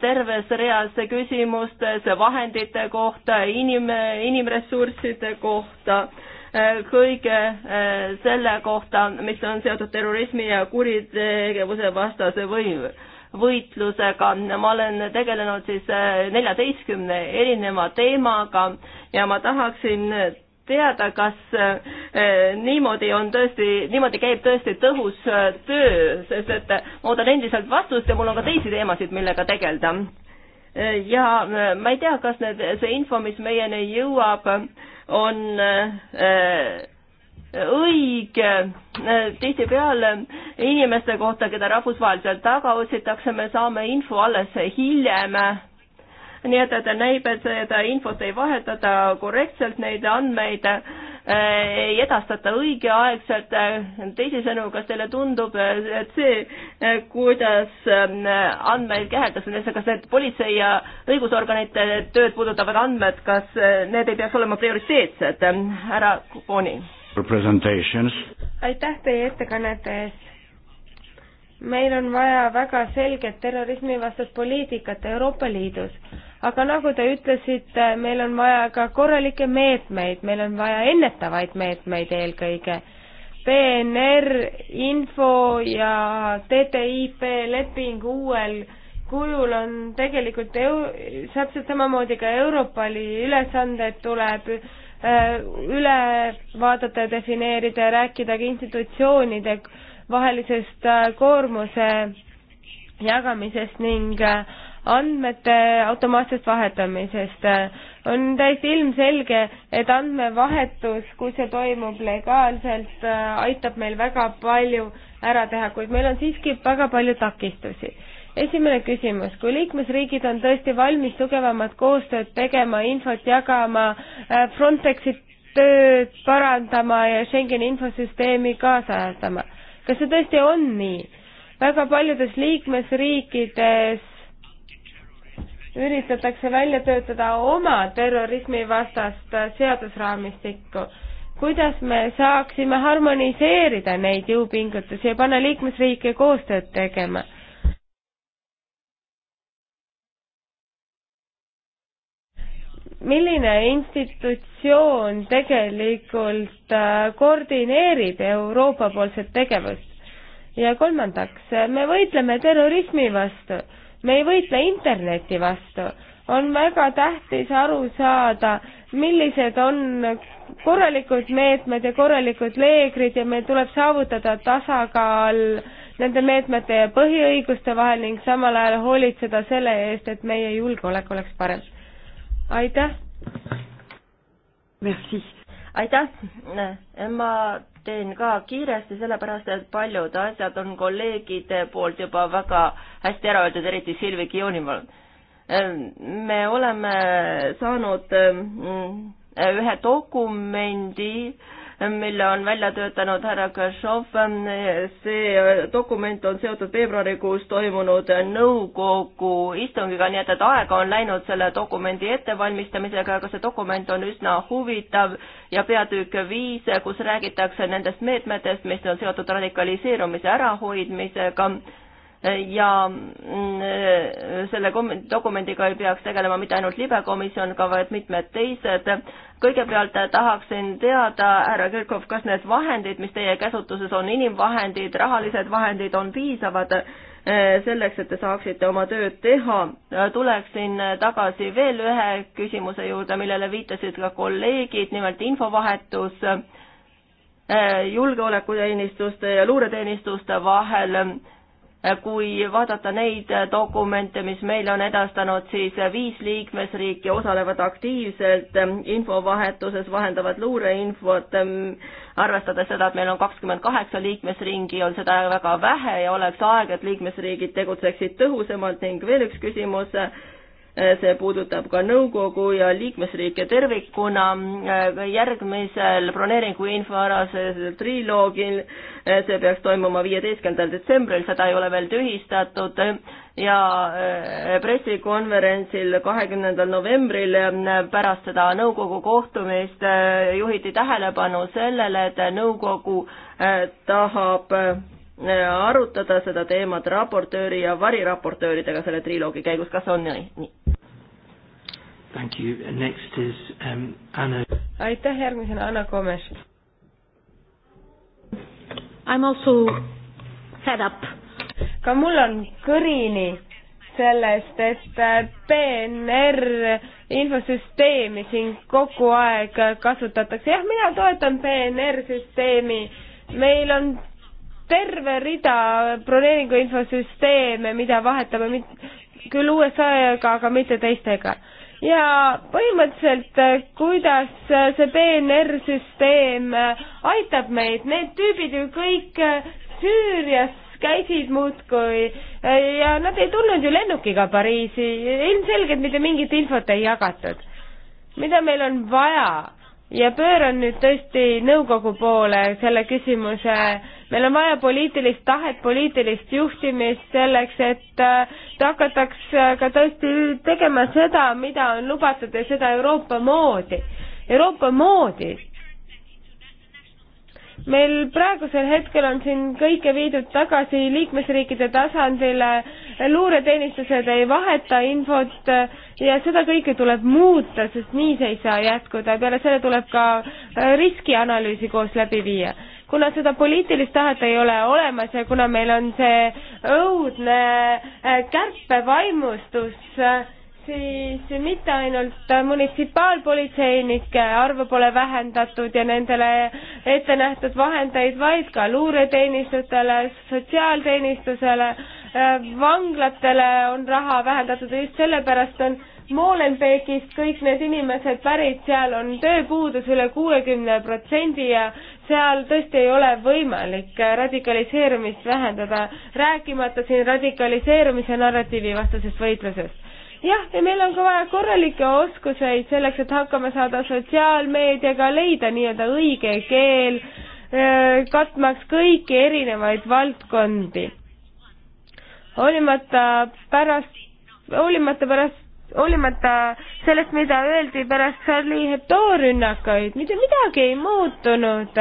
terves reas küsimustes vahendite kohta, inim, inimressursside kohta Äh, kõige äh, selle kohta, mis on seotud terrorismi ja kuritegevuse vastase võim võitlusega, ma olen tegelenud siis äh, neljateistkümne erineva teemaga ja ma tahaksin teada, kas niimoodi on tõesti, niimoodi käib tõesti tõhus töö, sest et ma ootan endiselt vastust ja mul on ka teisi teemasid, millega tegeleda. ja ma ei tea, kas need, see info, mis meieni jõuab, on äh, õige äh, tihtipeale inimeste kohta, keda rahvusvaheliselt taga otsitakse, me saame info alles hiljem. nii et, et näib, et seda infot ei vahetata korrektselt, neid andmeid ei edastata õigeaegselt. Eh, teisisõnu, kas teile tundub, eh, et see, eh, kuidas andmeid käheldakse, kas need politsei ja õigusorganite tööd puudutavad andmed, kas need ei peaks olema prioriteetsed? härra Kuponi. aitäh teie ettekannete eest meil on vaja väga selget terrorismivastast poliitikat Euroopa Liidus. aga nagu te ütlesite, meil on vaja ka korralikke meetmeid, meil on vaja ennetavaid meetmeid eelkõige. PNR, info ja TTIP leping uuel kujul on tegelikult eu-, täpselt samamoodi ka Europoli ülesanded tuleb äh, üle vaadata ja defineerida ja rääkida ka institutsioonide vahelisest äh, koormuse jagamisest ning äh, andmete automaatsest vahetamisest. on täiesti ilmselge, et andmevahetus, kui see toimub legaalselt, äh, aitab meil väga palju ära teha, kuid meil on siiski väga palju takistusi esimene küsimus, kui liikmesriigid on tõesti valmis tugevamat koostööd tegema, infot jagama, Frontexi tööd parandama ja Schengeni infosüsteemi kaasajastama kas see tõesti on nii? väga paljudes liikmesriikides üritatakse välja töötada oma terrorismivastast seadusraamistikku. kuidas me saaksime harmoniseerida neid jõupingutusi ja panna liikmesriike koostööd tegema? milline institutsioon tegelikult äh, koordineerib Euroopa poolset tegevust? ja kolmandaks, me võitleme terrorismi vastu, me ei võitle interneti vastu. on väga tähtis aru saada, millised on korralikud meetmed ja korralikud leegrid ja meil tuleb saavutada tasakaal nende meetmete ja põhiõiguste vahel ning samal ajal hoolitseda selle eest, et meie julgeolek oleks parem aitäh. Merci. aitäh, ma teen ka kiiresti, sellepärast et paljud asjad on kolleegide poolt juba väga hästi ära öeldud, eriti Silvi Kionimaal. me oleme saanud mm, ühe dokumendi äh, mille on välja töötanud härra Kašov. see dokument on seotud veebruarikuus toimunud nõukogu istungiga, nii et, et aega on läinud selle dokumendi ettevalmistamisega, aga see dokument on üsna huvitav ja peatükk viis, kus räägitakse nendest meetmetest, mis on seotud radikaliseerumise ärahoidmisega ja mm, selle dokumendiga ei peaks tegelema mitte ainult libekomisjon, aga vaid mitmed teised. kõigepealt tahaksin teada, härra Kirkhoff, kas need vahendid, mis teie käsutuses on, inimvahendid, rahalised vahendid, on piisavad eh, selleks, et te saaksite oma tööd teha. tuleksin tagasi veel ühe küsimuse juurde, millele viitasid ka kolleegid, nimelt infovahetus eh, julgeolekuteenistuste ja luureteenistuste vahel kui vaadata neid dokumente, mis meile on edastanud, siis viis liikmesriiki osalevad aktiivselt infovahetuses, vahendavad luureinfot, arvestades seda, et meil on kakskümmend kaheksa liikmesringi, on seda väga vähe ja oleks aeg, et liikmesriigid tegutseksid tõhusamalt ning veel üks küsimus, Eh, see puudutab ka nõukogu ja liikmesriike tervikuna. Eh, järgmisel broneeringu infoalasel triloogil, eh, see peaks toimuma viieteistkümnendal detsembril, seda ei ole veel tühistatud ja pressikonverentsil kahekümnendal novembril pärast seda nõukogu kohtumist juhiti tähelepanu sellele, et nõukogu tahab arutada seda teemat raportööri ja variraportööridega selle triloogi käigus, kas on nii, nii.? Thank you. Next is um, Anna. aitäh, järgmisena Anna Komes. I m also fed up. ka mul on kõrini sellest, et äh, PNR infosüsteemi siin kogu aeg kasutatakse. jah, mina toetan PNR süsteemi. meil on terve rida broneeringu infosüsteeme, mida vahetame küll USA-ga, aga mitte teistega. ja põhimõtteliselt, eh, kuidas eh, see PNR-süsteem eh, aitab meid, need tüübid ju kõik Süürias käisid muudkui ja nad ei tulnud ju lennukiga Pariisi, ilmselgelt mitte mingit infot ei jagatud. mida meil on vaja? ja pööran nüüd tõesti nõukogu poole selle küsimuse. meil on vaja poliitilist tahet, poliitilist juhtimist selleks, et äh, hakataks äh, ka tõesti tegema seda, mida on lubatud ja seda Euroopa moodi. Euroopa moodi meil praegusel hetkel on siin kõike viidud tagasi liikmesriikide tasandile, luureteenistused ei vaheta infot ja seda kõike tuleb muuta, sest nii see ei saa jätkuda, peale selle tuleb ka äh, riskianalüüsi koos läbi viia. kuna seda poliitilist tahet ei ole olemas ja kuna meil on see õudne äh, kärpevaimustus, äh, siis mitte ainult munitsipaalpolitseinike arvu pole vähendatud ja nendele ette nähtud vahendeid, vaid ka luureteenistujatele, sotsiaalteenistusele, äh, vanglatele on raha vähendatud ja just sellepärast on Molenbeekist kõik need inimesed pärit, seal on tööpuudus üle kuuekümne protsendi ja seal tõesti ei ole võimalik radikaliseerumist vähendada, rääkimata siin radikaliseerumise narratiivi vastasest võitlusest jah, ja meil on ka vaja korralikke oskuseid selleks, et hakkama saada sotsiaalmeediaga, leida nii-öelda õige keel, katmaks kõiki erinevaid valdkondi. hoolimata pärast, hoolimata pärast hoolimata sellest, mida öeldi pärast Charlie Hebdo rünnakuid, mitte midagi ei muutunud.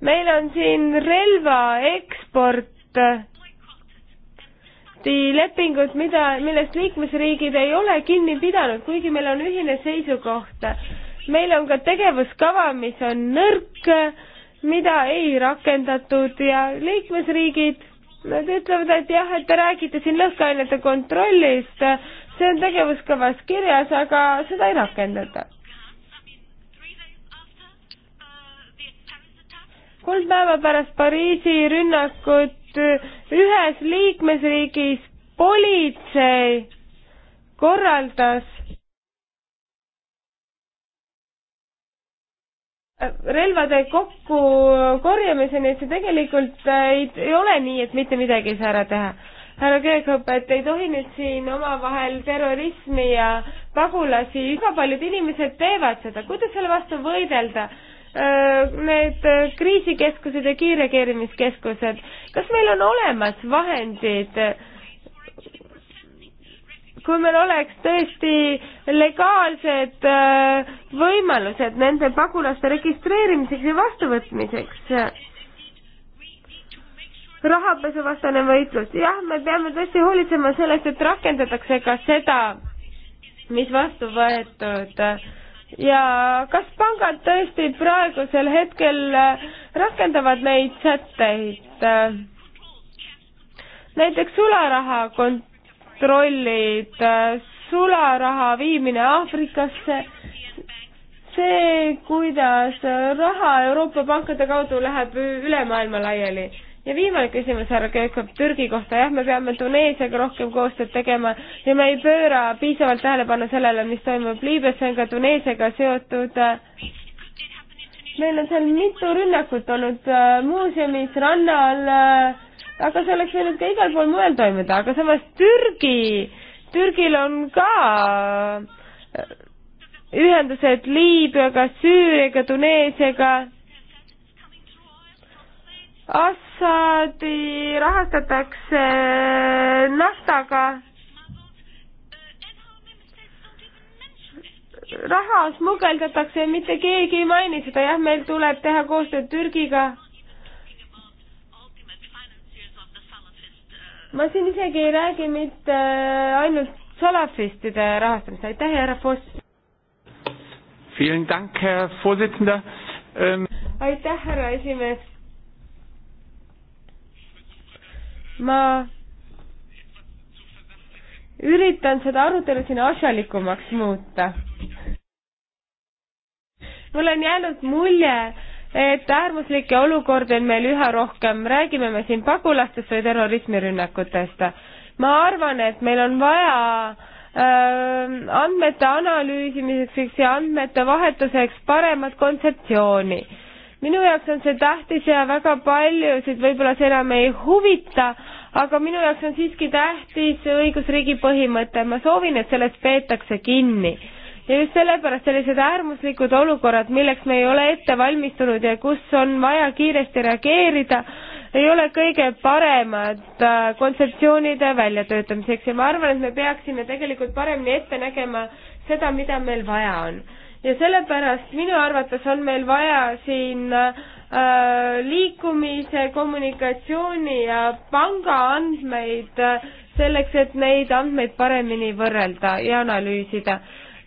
meil on siin relvaeksport lepingut, mida, millest liikmesriigid ei ole kinni pidanud, kuigi meil on ühine seisukoht. meil on ka tegevuskava, mis on nõrk, mida ei rakendatud ja liikmesriigid, nad ütlevad, et jah, et te räägite siin lõhkeainete kontrollist, see on tegevuskavas kirjas, aga seda ei rakendata kolm päeva pärast Pariisi rünnakut ühes liikmesriigis politsei korraldas relvade kokkukorjamise, nii et see tegelikult äh, ei, ei ole nii, et mitte midagi ei saa ära teha. härra Kööghopp, et ei tohi nüüd siin omavahel terrorismi ja pagulasi, väga paljud inimesed teevad seda, kuidas selle vastu võidelda? Äh, need äh, kriisikeskused ja kiirreageerimiskeskused, kas meil on olemas vahendid, kui meil oleks tõesti legaalsed äh, võimalused nende pagulaste registreerimiseks ja vastuvõtmiseks? rahapesuvastane võitlus, jah, me peame tõesti hoolitsema sellest, et rakendatakse ka seda, mis vastu võetud äh, ja kas pangad tõesti praegusel hetkel äh, rakendavad neid sätteid? Äh, näiteks sularaha kontrollid, äh, sularaha viimine Aafrikasse, see, kuidas raha Euroopa pankade kaudu läheb üle maailma laiali ja viimane küsimus, härra Köökop, Türgi kohta, jah, me peame Tuneesiaga rohkem koostööd tegema ja me ei pööra piisavalt tähelepanu sellele, mis toimub Liibüas, see on ka Tuneesiaga seotud. meil on seal mitu rünnakut olnud äh, muuseumis, rannal, äh, aga see oleks võinud ka igal pool mujal toimuda, aga samas Türgi, Türgil on ka äh, ühendused Liibüaga, Süüriaga, Tuneesiaga As-, Assaadi rahastatakse naftaga. raha smugeldatakse ja mitte keegi ei maini seda, jah, meil tuleb teha koostööd Türgiga. ma siin isegi ei räägi mitte äh, ainult salafistide rahastamist, aitäh, härra Foss. Ähm, aitäh, härra esimees ma üritan seda arutelu siin asjalikumaks muuta. mul on jäänud mulje, et äärmuslikke olukordi on meil üha rohkem, räägime me siin pagulastest või terrorismirünnakutest. ma arvan, et meil on vaja äh, andmete analüüsimiseks ja andmete vahetuseks paremat kontseptsiooni minu jaoks on see tähtis ja väga paljusid võib-olla see enam ei huvita, aga minu jaoks on siiski tähtis õigusriigi põhimõte, ma soovin, et sellest peetakse kinni. ja just sellepärast sellised äärmuslikud olukorrad, milleks me ei ole ette valmistunud ja kus on vaja kiiresti reageerida, ei ole kõige paremad äh, kontseptsioonide väljatöötamiseks ja ma arvan, et me peaksime tegelikult paremini ette nägema seda, mida meil vaja on ja sellepärast minu arvates on meil vaja siin äh, liikumise, kommunikatsiooni ja pangaandmeid äh, selleks, et neid andmeid paremini võrrelda ja analüüsida.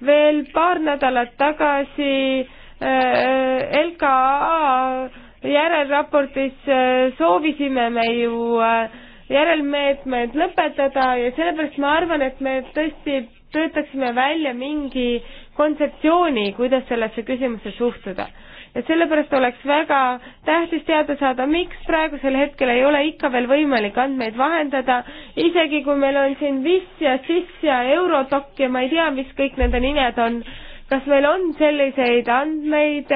veel paar nädalat tagasi äh, LKA järelraportis äh, soovisime me ju äh, järelmeetmed lõpetada ja sellepärast ma arvan, et me tõesti töötaksime välja mingi kontseptsiooni, kuidas sellesse küsimusse suhtuda. ja sellepärast oleks väga tähtis teada saada, miks praegusel hetkel ei ole ikka veel võimalik andmeid vahendada, isegi kui meil on siin VIS ja SIS ja Eurodoc ja ma ei tea, mis kõik nende nimed on, kas meil on selliseid andmeid,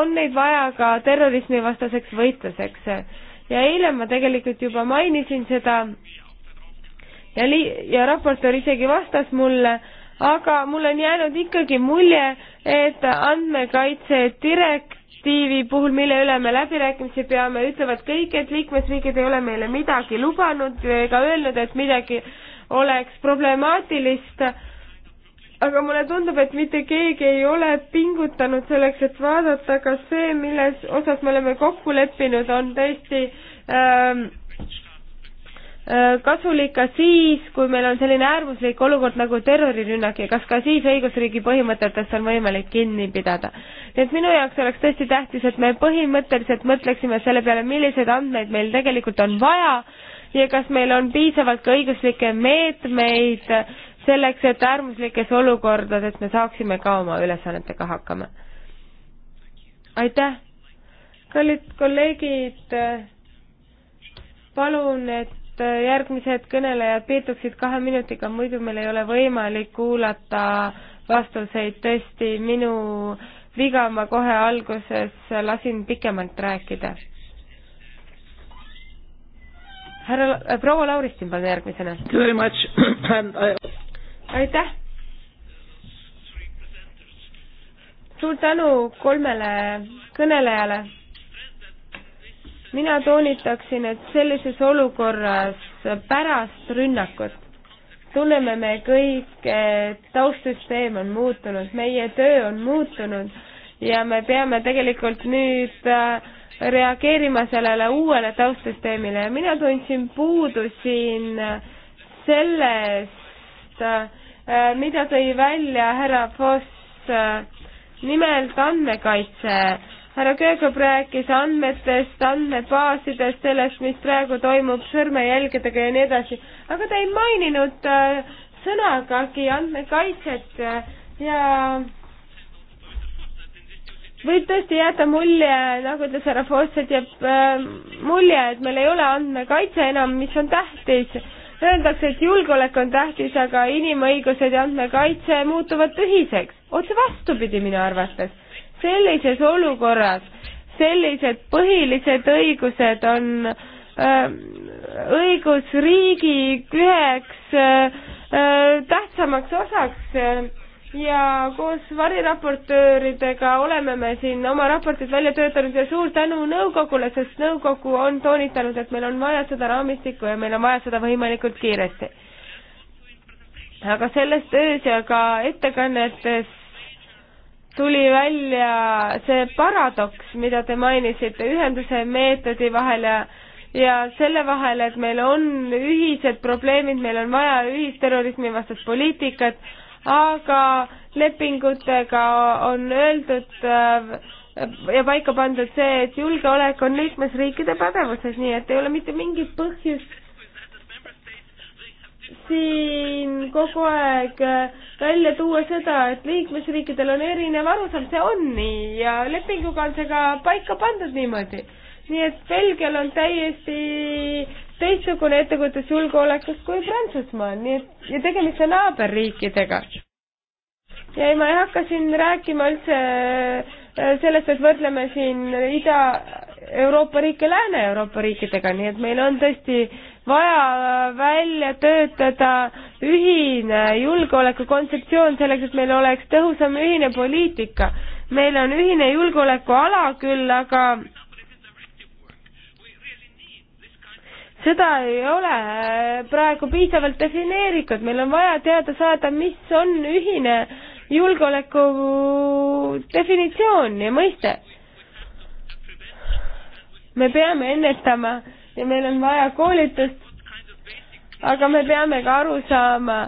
on neid vaja ka terrorismivastaseks võitluseks? ja eile ma tegelikult juba mainisin seda, ja li-, ja raportöör isegi vastas mulle, aga mul on jäänud ikkagi mulje, et andmekaitse direktiivi puhul, mille üle me läbirääkimisi peame, ütlevad kõik, et liikmesriigid ei ole meile midagi lubanud ega öelnud, et midagi oleks problemaatilist aga mulle tundub, et mitte keegi ei ole pingutanud selleks, et vaadata, kas see, milles osas me oleme kokku leppinud, on tõesti ähm, Äh, kasulik ka siis, kui meil on selline äärmuslik olukord nagu terrorirünnak ja kas ka siis õigusriigi põhimõtetest on võimalik kinni pidada. nii et minu jaoks oleks tõesti tähtis, et me põhimõtteliselt mõtleksime selle peale, milliseid andmeid meil tegelikult on vaja ja kas meil on piisavalt ka õiguslikke meetmeid selleks, et äärmuslikes olukordades me saaksime ka oma ülesannetega hakkama. aitäh! kallid kolleegid, palun, et et äh, järgmised kõnelejad piirduksid kahe minutiga, muidu meil ei ole võimalik kuulata vastuseid, tõesti minu viga, ma kohe alguses lasin pikemalt rääkida. härra, äh, proua Lauristin, palun järgmisena. (clears throat) Um, aitäh! suur tänu kolmele kõnelejale mina toonitaksin, et sellises olukorras pärast rünnakut tunneme me kõik, et taustsüsteem on muutunud, meie töö on muutunud ja me peame tegelikult nüüd äh, reageerima sellele uuele taustsüsteemile ja mina tundsin puudu siin sellest, äh, mida tõi välja härra Foss, äh, nimelt andmekaitse härra Köögop rääkis andmetest, andmebaasidest, sellest, mis praegu toimub sõrmejälgedega ja nii edasi, aga ta ei maininud äh, sõnagagi andmekaitset äh, ja võib tõesti jääda mulje, nagu ütles härra Foss, et jääb äh, mulje, et meil ei ole andmekaitse enam, mis on tähtis. Öeldakse, et julgeolek on tähtis, aga inimõigused ja andmekaitse muutuvad tühiseks. otse vastupidi minu arvates sellises olukorras sellised põhilised õigused on äh, õigusriigi üheks äh, äh tähtsamaks osaks äh, ja koos variraportööridega oleme me siin oma raportid välja töötanud ja suur tänu nõukogule, sest nõukogu on toonitanud, et meil on vaja seda raamistikku ja meil on vaja seda võimalikult kiiresti. aga selles töös ja ka ettekannetes tuli välja see paradoks, mida te mainisite ühenduse meetodi vahel ja ja selle vahel, et meil on ühised probleemid, meil on vaja ühisterrorismi vastast poliitikat, aga lepingutega on öeldud äh, ja paika pandud see, et julgeolek on liikmesriikide pädevuses, nii et ei ole mitte mingit põhjust siin kogu aeg äh, välja tuua seda, et liikmesriikidel on erinev arusaam, see on nii ja lepinguga on see ka paika pandud niimoodi. nii et Belgial on täiesti teistsugune ettekujutus julgeolekust kui Prantsusmaal, nii et ja tegemist on naaberriikidega. ja ei, ma ei hakka siin rääkima üldse äh, sellest, et võrdleme siin ida, Euroopa riike Lääne-Euroopa riikidega, nii et meil on tõesti vaja välja töötada ühine julgeolekukontseptsioon selleks, et meil oleks tõhusam ühine poliitika. meil on ühine julgeolekuala küll, aga seda ei ole praegu piisavalt defineeritud, meil on vaja teada saada, mis on ühine julgeoleku definitsioon ja mõiste me peame ennetama ja meil on vaja koolitust, aga me peame ka aru saama,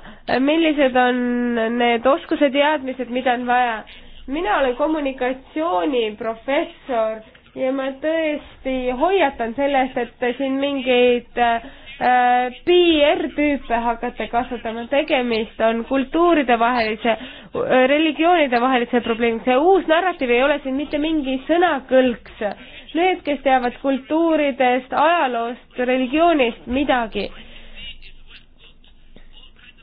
millised on need oskused, teadmised, mida on vaja. mina olen kommunikatsiooniprofessor ja ma tõesti hoiatan selle eest, et te siin mingeid äh, PR-tüüpe hakkate kasvatama, tegemist on kultuuridevahelise, religioonidevahelise probleemiga, see uus narratiiv ei ole siin mitte mingi sõnakõlks Need, kes teavad kultuuridest, ajaloost, religioonist midagi.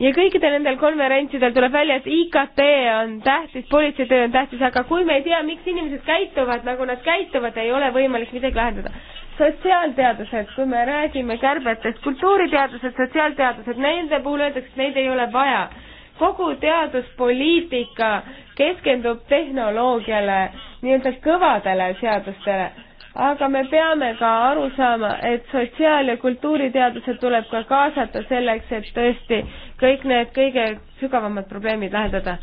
ja kõikidel nendel konverentsidel tuleb välja, et IKT on tähtis, politseitöö on tähtis, aga kui me ei tea, miks inimesed käituvad, nagu nad käituvad, ei ole võimalik midagi lahendada sotsiaalteadused, kui me räägime kärbetest, kultuuriteadused, sotsiaalteadused, nende puhul öeldakse, et neid ei ole vaja. kogu teaduspoliitika keskendub tehnoloogiale, nii-öelda kõvadele seadustele aga me peame ka aru saama, et sotsiaal- ja kultuuriteadused tuleb ka kaasata selleks, et tõesti kõik need kõige sügavamad probleemid lahendada.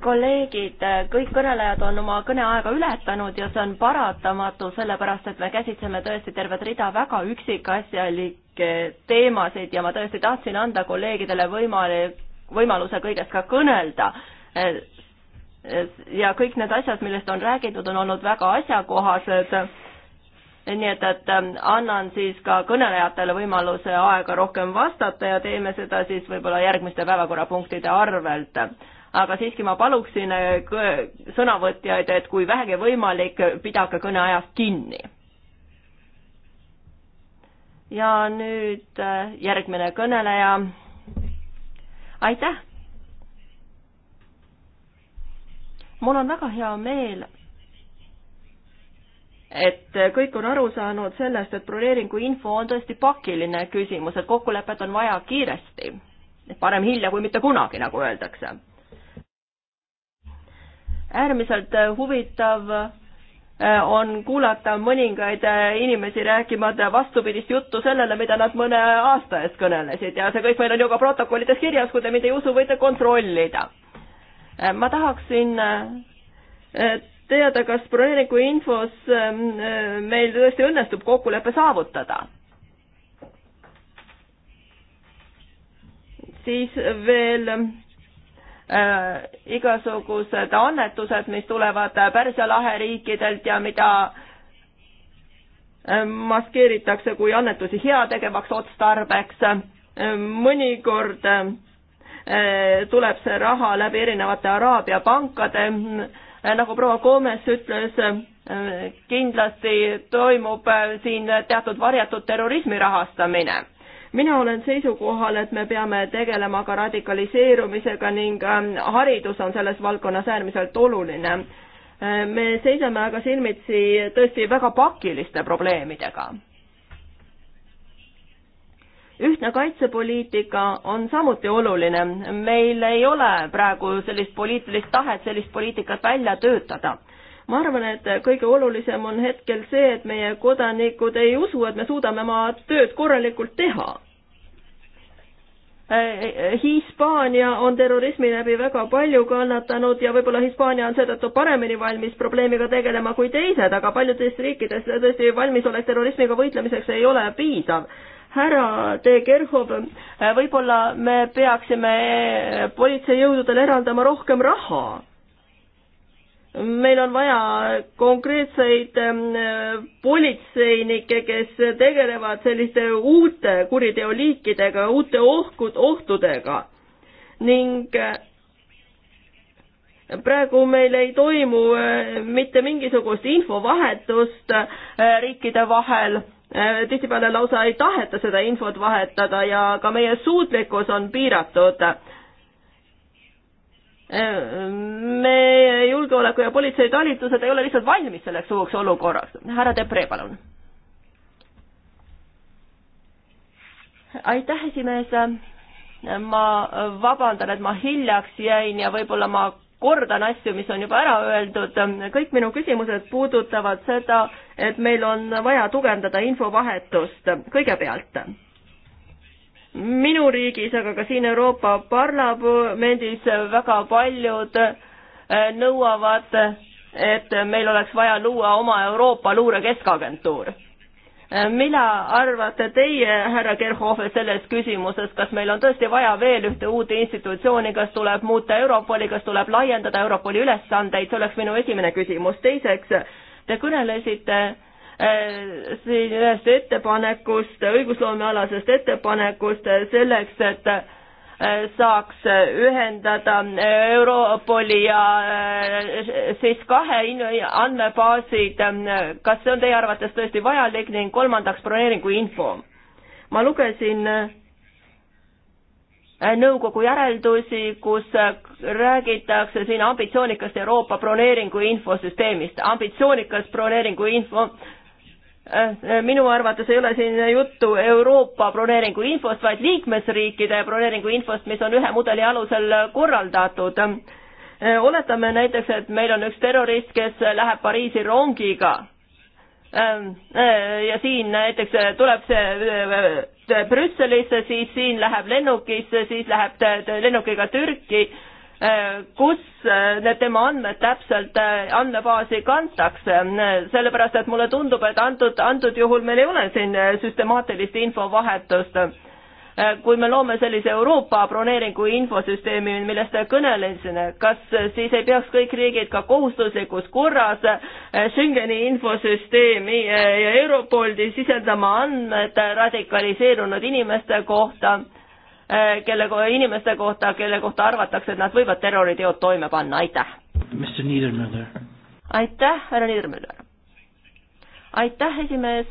kolleegid, kõik kõnelejad on oma kõneaega ületanud ja see on paratamatu, sellepärast et me käsitleme tõesti tervet rida väga üksikasjalikke teemasid ja ma tõesti tahtsin anda kolleegidele võimalik, võimaluse kõigest ka kõnelda ja kõik need asjad, millest on räägitud, on olnud väga asjakohased. nii et, et ähm, annan siis ka kõnelejatele võimaluse aega rohkem vastata ja teeme seda siis võib-olla järgmiste päevakorrapunktide arvelt. aga siiski ma paluksin äh, sõnavõtjaid, et kui vähegi võimalik, pidage kõneajast kinni. ja nüüd äh, järgmine kõneleja. aitäh mul on väga hea meel, et kõik on aru saanud sellest, et broneeringu info on tõesti pakiline küsimus, et kokkulepet on vaja kiiresti. parem hilja kui mitte kunagi, nagu öeldakse. äärmiselt huvitav eh, on kuulata mõningaid eh, inimesi rääkivad vastupidist juttu sellele, mida nad mõne aasta eest kõnelesid ja see kõik meil on ju ka protokollides kirjas, kui te mind ei usu, võite kontrollida ma tahaksin äh, teada, kas broneeringu infos ähm, äh, meil tõesti õnnestub kokkulepe saavutada. siis veel äh, igasugused annetused, mis tulevad äh, Pärsia lahe riikidelt ja mida maskeeritakse kui annetusi heategevaks otstarbeks. mõnikord äh, Äh, tuleb see raha läbi erinevate Araabia pankade, äh, nagu proua Gomes ütles, äh, kindlasti toimub siin teatud varjatud terrorismi rahastamine. mina olen seisukohal, et me peame tegelema ka radikaliseerumisega ning haridus on selles valdkonnas äärmiselt oluline. me seisame aga silmitsi tõesti väga pakiliste probleemidega ühtne kaitsepoliitika on samuti oluline. meil ei ole praegu sellist poliitilist tahet sellist poliitikat välja töötada. ma arvan, et kõige olulisem on hetkel see, et meie kodanikud ei usu, et me suudame oma tööd korralikult teha. Äh, äh, Hispaania on terrorismi läbi väga palju kannatanud ja võib-olla Hispaania on seetõttu paremini valmis probleemiga tegelema kui teised, aga paljudes riikides tõesti valmisolek terrorismiga võitlemiseks ei ole piisav härra De Kerhov, äh, võib-olla me peaksime politseijõududele eraldama rohkem raha meil on vaja konkreetseid ähm, politseinikke, kes tegelevad selliste uute kuriteoliikidega, uute ohkud, ohtudega ning äh, praegu meil ei toimu äh, mitte mingisugust infovahetust riikide vahel Äh, tihtipeale lausa ei taheta seda infot vahetada ja ka meie suutlikkus on piiratud. Äh, meie julgeoleku ja politseitalitused ei ole lihtsalt valmis selleks uueks olukorraks. härra Depre, palun. aitäh, esimees. ma vabandan, et ma hiljaks jäin ja võib-olla ma kordan asju, mis on juba ära öeldud, kõik minu küsimused puudutavad seda, et meil on vaja tugevdada infovahetust kõigepealt. minu riigis, aga ka siin Euroopa Parlamendis väga paljud eh, nõuavad, et meil oleks vaja luua oma Euroopa luure keskagentuur Äh, mida arvate teie, härra Kerhoff, selles küsimuses, kas meil on tõesti vaja veel ühte uut institutsiooni, kas tuleb muuta Europoli, kas tuleb laiendada Europoli ülesandeid, see oleks minu esimene küsimus. teiseks, te kõnelesite äh, siin ühest ettepanekust, õigusloomealasest ettepanekust selleks, et saaks ühendada Europoli ja eh, siis kahe andmebaasid, kas see on teie arvates tõesti vajalik ning kolmandaks broneeringu info? ma lugesin eh, nõukogu järeldusi, kus eh, räägitakse siin ambitsioonikast Euroopa broneeringu infosüsteemist. ambitsioonikas broneeringu info Äh, minu arvates ei ole siin juttu Euroopa broneeringu infost, vaid liikmesriikide broneeringu infost, mis on ühe mudeli alusel korraldatud. Äh, oletame näiteks, et meil on üks terrorist, kes läheb Pariisi rongiga. Ähm, äh, ja siin näiteks tuleb see Brüsselisse, siis siin läheb lennukisse, siis läheb lennukiga Türki Äh, kus äh, need tema andmed täpselt äh, andmebaasi kantakse, sellepärast et mulle tundub, et antud, antud juhul meil ei ole siin süstemaatilist infovahetust. kui me loome sellise Euroopa broneeringu infosüsteemi, millest te kõnelesite, kas siis ei peaks kõik riigid ka kohustuslikus korras Schengeni infosüsteemi ja Europoli sisendama andmed radikaliseerunud inimeste kohta? Äh, kelle, inimeste kohta, kelle kohta arvatakse, et nad võivad terroriteod toime panna, aitäh. aitäh, härra Niedermüller. aitäh, esimees.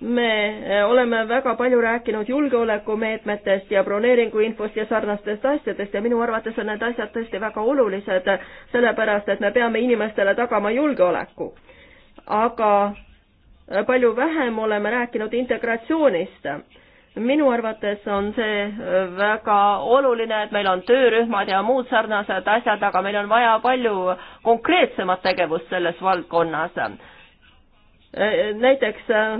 me äh, oleme väga palju rääkinud julgeolekumeetmetest ja broneeringuinfost ja sarnastest asjadest ja minu arvates on need asjad tõesti väga olulised, sellepärast et me peame inimestele tagama julgeoleku. aga palju vähem oleme rääkinud integratsioonist minu arvates on see äh, väga oluline, et meil on töörühmad ja muud sarnased asjad, aga meil on vaja palju konkreetsemat tegevust selles valdkonnas. Äh, näiteks äh,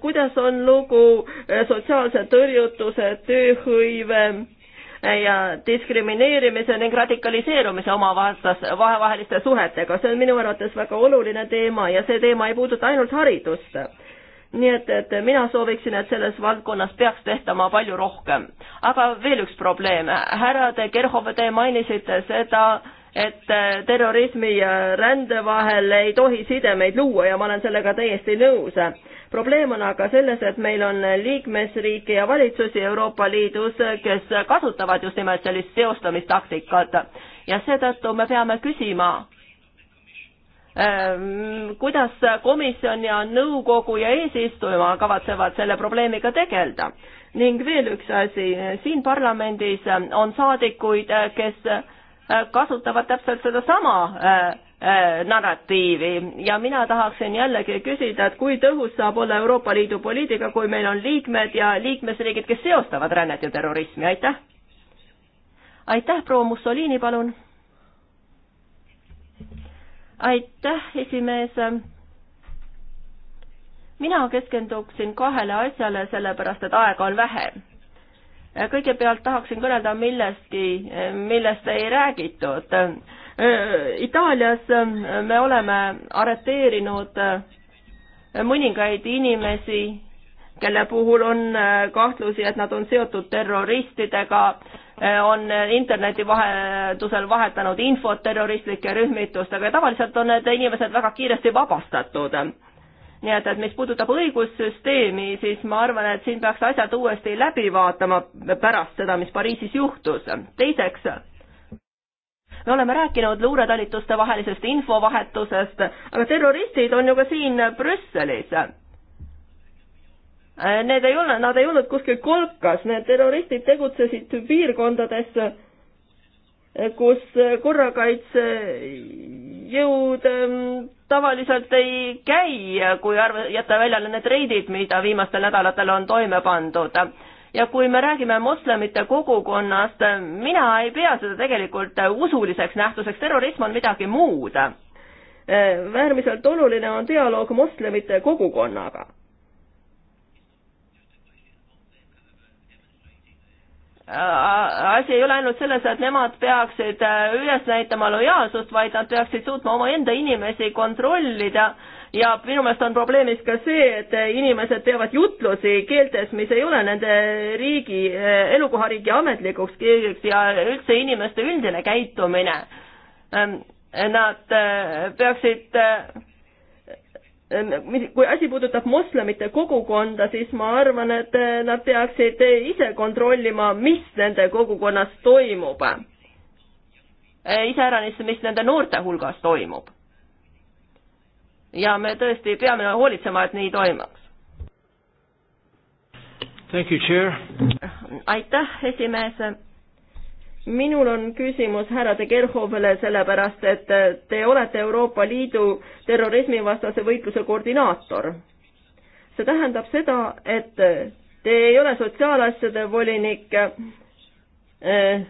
kuidas on lugu sotsiaalse tõrjutuse, tööhõive ja diskrimineerimise ning radikaliseerumise omavaheliste, vahevaheliste suhetega, see on minu arvates väga oluline teema ja see teema ei puuduta ainult haridust nii et, et mina sooviksin, et selles valdkonnas peaks tehtama palju rohkem. aga veel üks probleem, härra De Kerhov, te mainisite seda, et terrorismi ja rände vahel ei tohi sidemeid luua ja ma olen sellega täiesti nõus. probleem on aga selles, et meil on liikmesriike ja valitsusi Euroopa Liidus, kes kasutavad just nimelt sellist seostamistaktikat ja seetõttu me peame küsima, Ähm, kuidas komisjon ja nõukogu ja eesistuja kavatsevad selle probleemiga tegeleda. ning veel üks asi, siin parlamendis on saadikuid, kes äh, kasutavad täpselt sedasama äh, äh, narratiivi ja mina tahaksin jällegi küsida, et kui tõhus saab olla Euroopa Liidu poliitika, kui meil on liikmed ja liikmesriigid, kes seostavad rännet ja terrorismi, aitäh! aitäh, proua Mussolini, palun! aitäh, esimees. mina keskenduksin kahele asjale, sellepärast et aega on vähe. kõigepealt tahaksin kõnelda millestki, millest ei räägitud. Itaalias me oleme arreteerinud mõningaid inimesi, kelle puhul on kahtlusi, et nad on seotud terroristidega on interneti vahetusel vahetanud infot terroristlike rühmitustega ja tavaliselt on need inimesed väga kiiresti vabastatud. nii et, et mis puudutab õigussüsteemi, siis ma arvan, et siin peaks asjad uuesti läbi vaatama pärast seda, mis Pariisis juhtus. teiseks, me oleme rääkinud luuretalituste vahelisest infovahetusest, aga terroristid on ju ka siin Brüsselis Äh, need ei ole, nad ei olnud kuskil kolkas, need terroristid tegutsesid piirkondades, äh, kus äh, korrakaitsejõud ähm, tavaliselt ei käi, kui arve, jätta väljale need reidid, mida viimastel nädalatel on toime pandud ja kui me räägime moslemite kogukonnast, mina ei pea seda tegelikult usuliseks nähtuseks, terrorism on midagi muud. äärmiselt oluline on dialoog moslemite kogukonnaga. Äh, asi ei ole ainult selles, et nemad peaksid äh, üles näitama lojaalsust, vaid nad peaksid suutma omaenda inimesi kontrollida ja minu meelest on probleemiks ka see, et äh, inimesed peavad jutlusi keeltes, mis ei ole nende riigi, elukohariigi ametlikuks keeleks ja üldse inimeste üldine käitumine. Ähm, nad peaksid Äh, kui asi puudutab moslemite kogukonda, siis ma arvan, et äh, nad peaksid äh, ise kontrollima, mis nende kogukonnas toimub. iseäranis, mis nende noorte hulgas toimub. ja me tõesti peame hoolitsema, et nii toimuks. aitäh, esimees minul on küsimus härra de Gerhovele, sellepärast et te olete Euroopa Liidu terrorismivastase võitluse koordinaator. see tähendab seda, et te ei ole sotsiaalasjade volinik, eh,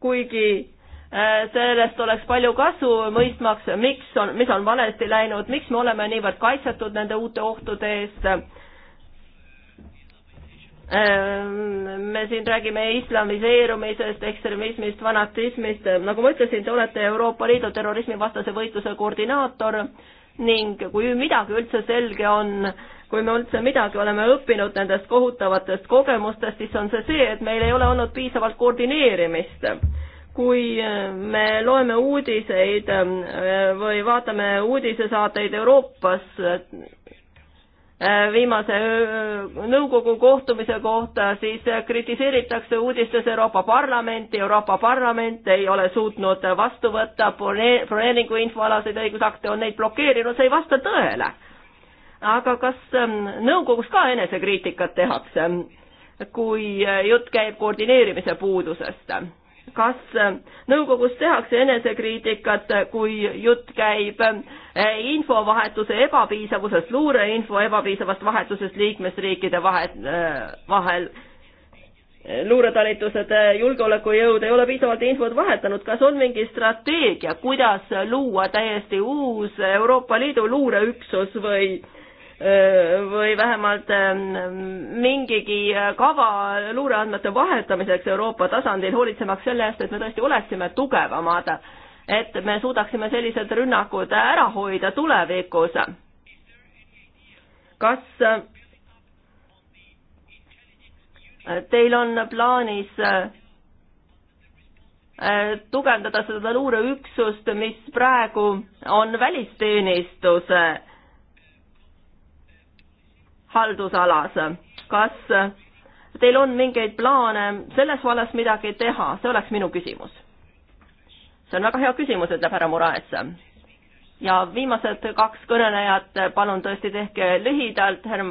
kuigi eh, sellest oleks palju kasu, mõistmaks, miks on, mis on valesti läinud, miks me oleme niivõrd kaitsetud nende uute ohtude eest Ehm, me siin räägime islamiseerumisest, ekstremismist, fanatismist, nagu ma ütlesin, te olete Euroopa Liidu terrorismivastase võitluse koordinaator ning kui midagi üldse selge on, kui me üldse midagi oleme õppinud nendest kohutavatest kogemustest, siis on see see, et meil ei ole olnud piisavalt koordineerimist. kui ehm, me loeme uudiseid ehm, või vaatame uudisesaateid Euroopas, Äh, viimase äh, nõukogu kohtumise kohta, siis äh, kritiseeritakse uudistes Euroopa Parlamenti, Euroopa Parlament ei ole suutnud vastu võtta broneeringu infoalaseid õigusakte, on neid blokeerinud, see ei vasta tõele. aga kas ähm, nõukogus ka enesekriitikat tehakse, kui jutt käib koordineerimise puudusest? kas nõukogus tehakse enesekriitikat, kui jutt käib äh, Eh, infovahetuse ebapiisavusest, luureinfo ebapiisavast vahetusest liikmesriikide vahet, eh, vahel. Eh, luuretalitused, julgeolekujõud ei ole piisavalt infot vahetanud, kas on mingi strateegia, kuidas luua täiesti uus Euroopa Liidu luureüksus või või vähemalt mingigi kava luureandmete vahetamiseks Euroopa tasandil, hoolitsemaks selle eest, et me tõesti oleksime tugevamad et me suudaksime sellised rünnakud ära hoida tulevikus. kas teil on plaanis äh, tugevdada seda luureüksust, mis praegu on välisteenistuse haldusalas. kas teil on mingeid plaane selles vallas midagi teha, see oleks minu küsimus see on väga hea küsimus, ütleb härra Muraes. ja viimased kaks kõnelejat, palun tõesti tehke lühidalt, härra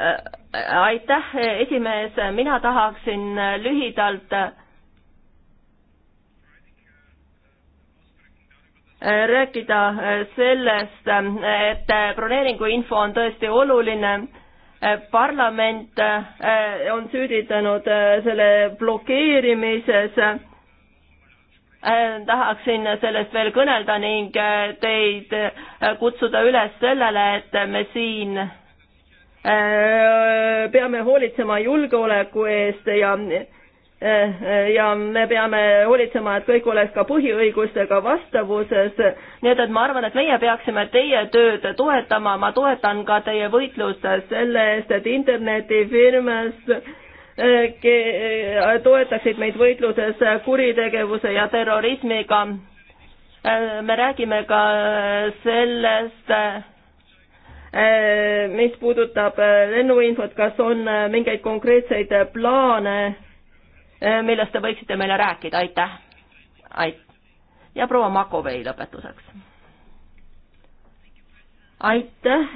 äh, äh, aitäh, esimees, mina tahaksin lühidalt rääkida äh, sellest, äh, et äh, broneeringuinfo on tõesti oluline. parlament on süüditanud selle blokeerimises. tahaksin sellest veel kõnelda ning teid kutsuda üles sellele, et me siin peame hoolitsema julgeoleku eest ja Eh, ja me peame hoolitsema, et kõik oleks ka põhiõigustega vastavuses. nii et, et ma arvan, et meie peaksime teie tööd toetama, ma toetan ka teie võitlust selle eest, et internetifirmas eh, eh, toetaksid meid võitluses kuritegevuse ja terrorismiga. me räägime ka sellest, mis puudutab lennuinfot, kas on mingeid konkreetseid plaane Äh, millest te võiksite meile rääkida, aitäh! ait-. ja proua Makovei lõpetuseks. aitäh,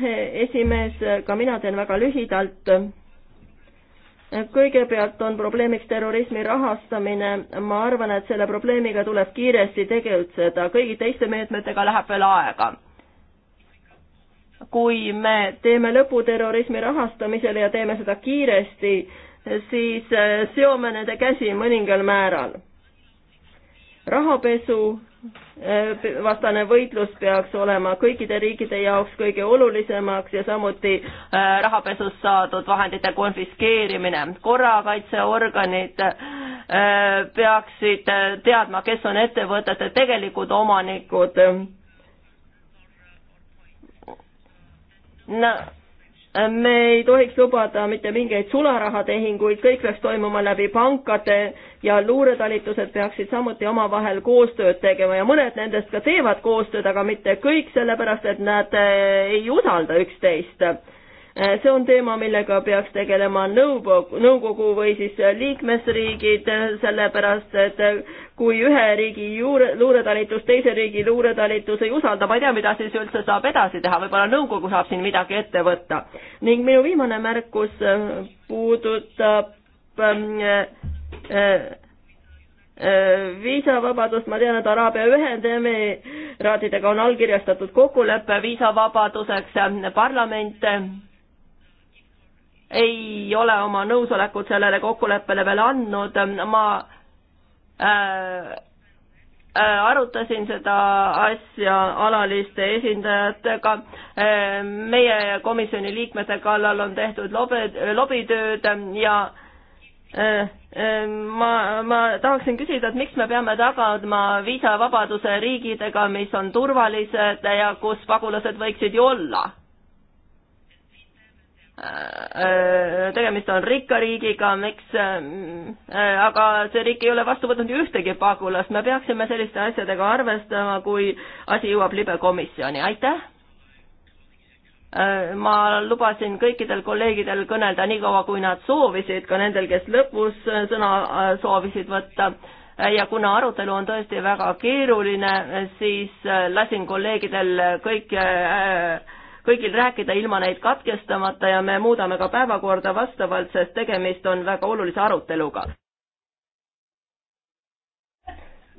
esimees, ka mina teen väga lühidalt. kõigepealt on probleemiks terrorismi rahastamine, ma arvan, et selle probleemiga tuleb kiiresti tegutseda, kõigi teiste meetmetega läheb veel aega kui me teeme lõpu terrorismi rahastamisele ja teeme seda kiiresti, siis äh, seome nende käsi mõningal määral. rahapesu äh, vastane võitlus peaks olema kõikide riikide jaoks kõige olulisemaks ja samuti äh, rahapesust saadud vahendite konfiskeerimine. korrakaitseorganid peaksid teadma, kes on ettevõtete tegelikud omanikud no me ei tohiks lubada mitte mingeid sularahatehinguid, kõik peaks toimuma läbi pankade ja luuretalitused peaksid samuti omavahel koostööd tegema ja mõned nendest ka teevad koostööd, aga mitte kõik, sellepärast et nad eh, ei usalda üksteist Äh, see on teema, millega peaks tegelema nõukogu, nõukogu või siis äh, liikmesriigid, äh, sellepärast et kui ühe riigi juure, luuretalitus teise riigi luuretalitus ei usalda, ma ei tea, mida siis üldse saab edasi teha, võib-olla nõukogu saab siin midagi ette võtta. ning minu viimane märkus puudutab ähm, äh, äh, viisavabadust, ma tean, et Araabia Ühendemiraatidega on allkirjastatud kokkulepe viisavabaduseks, parlament ei ole oma nõusolekut sellele kokkuleppele veel andnud, ma äh, äh arutasin seda asja alaliste esindajatega. Äh, meie komisjoni liikmete kallal on tehtud lobi, lobitööd ja äh, ma, ma tahaksin küsida, et miks me peame tagama viisavabaduse riigidega, mis on turvalised ja kus pagulased võiksid ju olla Äh, äh, tegemist on rikka riigiga, miks, äh, aga see riik ei ole vastu võtnud ju ühtegi pagulast, me peaksime selliste asjadega arvestama, kui asi jõuab libekomisjoni, aitäh! ma lubasin kõikidel kolleegidel kõnelda nii kaua, kui nad soovisid, ka nendel, kes lõpus sõna soovisid võtta ja kuna arutelu on tõesti väga keeruline, siis lasin kolleegidel kõik äh, kõigil rääkida ilma neid katkestamata ja me muudame ka päevakorda vastavalt, sest tegemist on väga olulise aruteluga.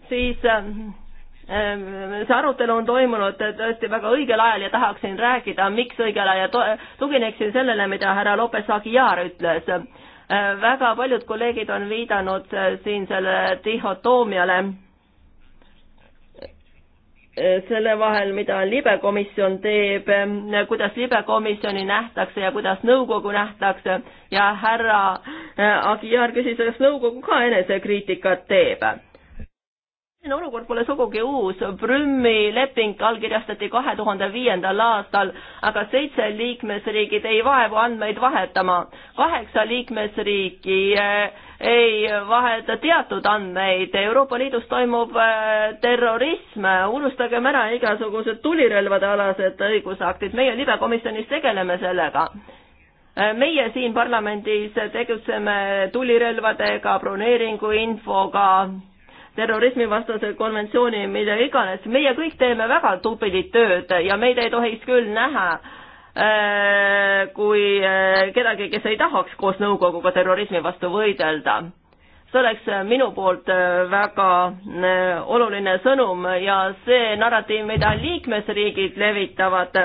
siis äh, äh, see arutelu on toimunud tõesti väga õigel ajal ja tahaksin rääkida, miks õigel ajal ja tugineksin sellele, mida härra Lopez Aguiar ütles. Äh, väga paljud kolleegid on viidanud siin selle dihhotoomiale Äh, selle vahel, mida libekomisjon teeb, äh, kuidas libekomisjoni nähtakse ja kuidas nõukogu nähtakse ja härra äh, Agiar küsis, kas nõukogu ka enesekriitikat teeb. selline olukord pole sugugi uus, Prümmi leping allkirjastati kahe tuhande viiendal aastal, aga seitse liikmesriigid ei vaevu andmeid vahetama, kaheksa liikmesriiki äh, ei vahelda teatud andmeid. Euroopa Liidus toimub äh, terrorism, unustagem ära igasugused tulirelvade alased õigusaktid, meie libekomisjonis tegeleme sellega. Äh, meie siin parlamendis tegutseme tulirelvadega, broneeringuinfoga, terrorismivastase konventsiooni, mida iganes, meie kõik teeme väga tublit tööd ja meid ei tohiks küll näha Äh, kui äh, kedagi, kes ei tahaks koos nõukoguga terrorismi vastu võidelda. see oleks äh, minu poolt väga oluline sõnum ja see narratiiv, mida liikmesriigid levitavad,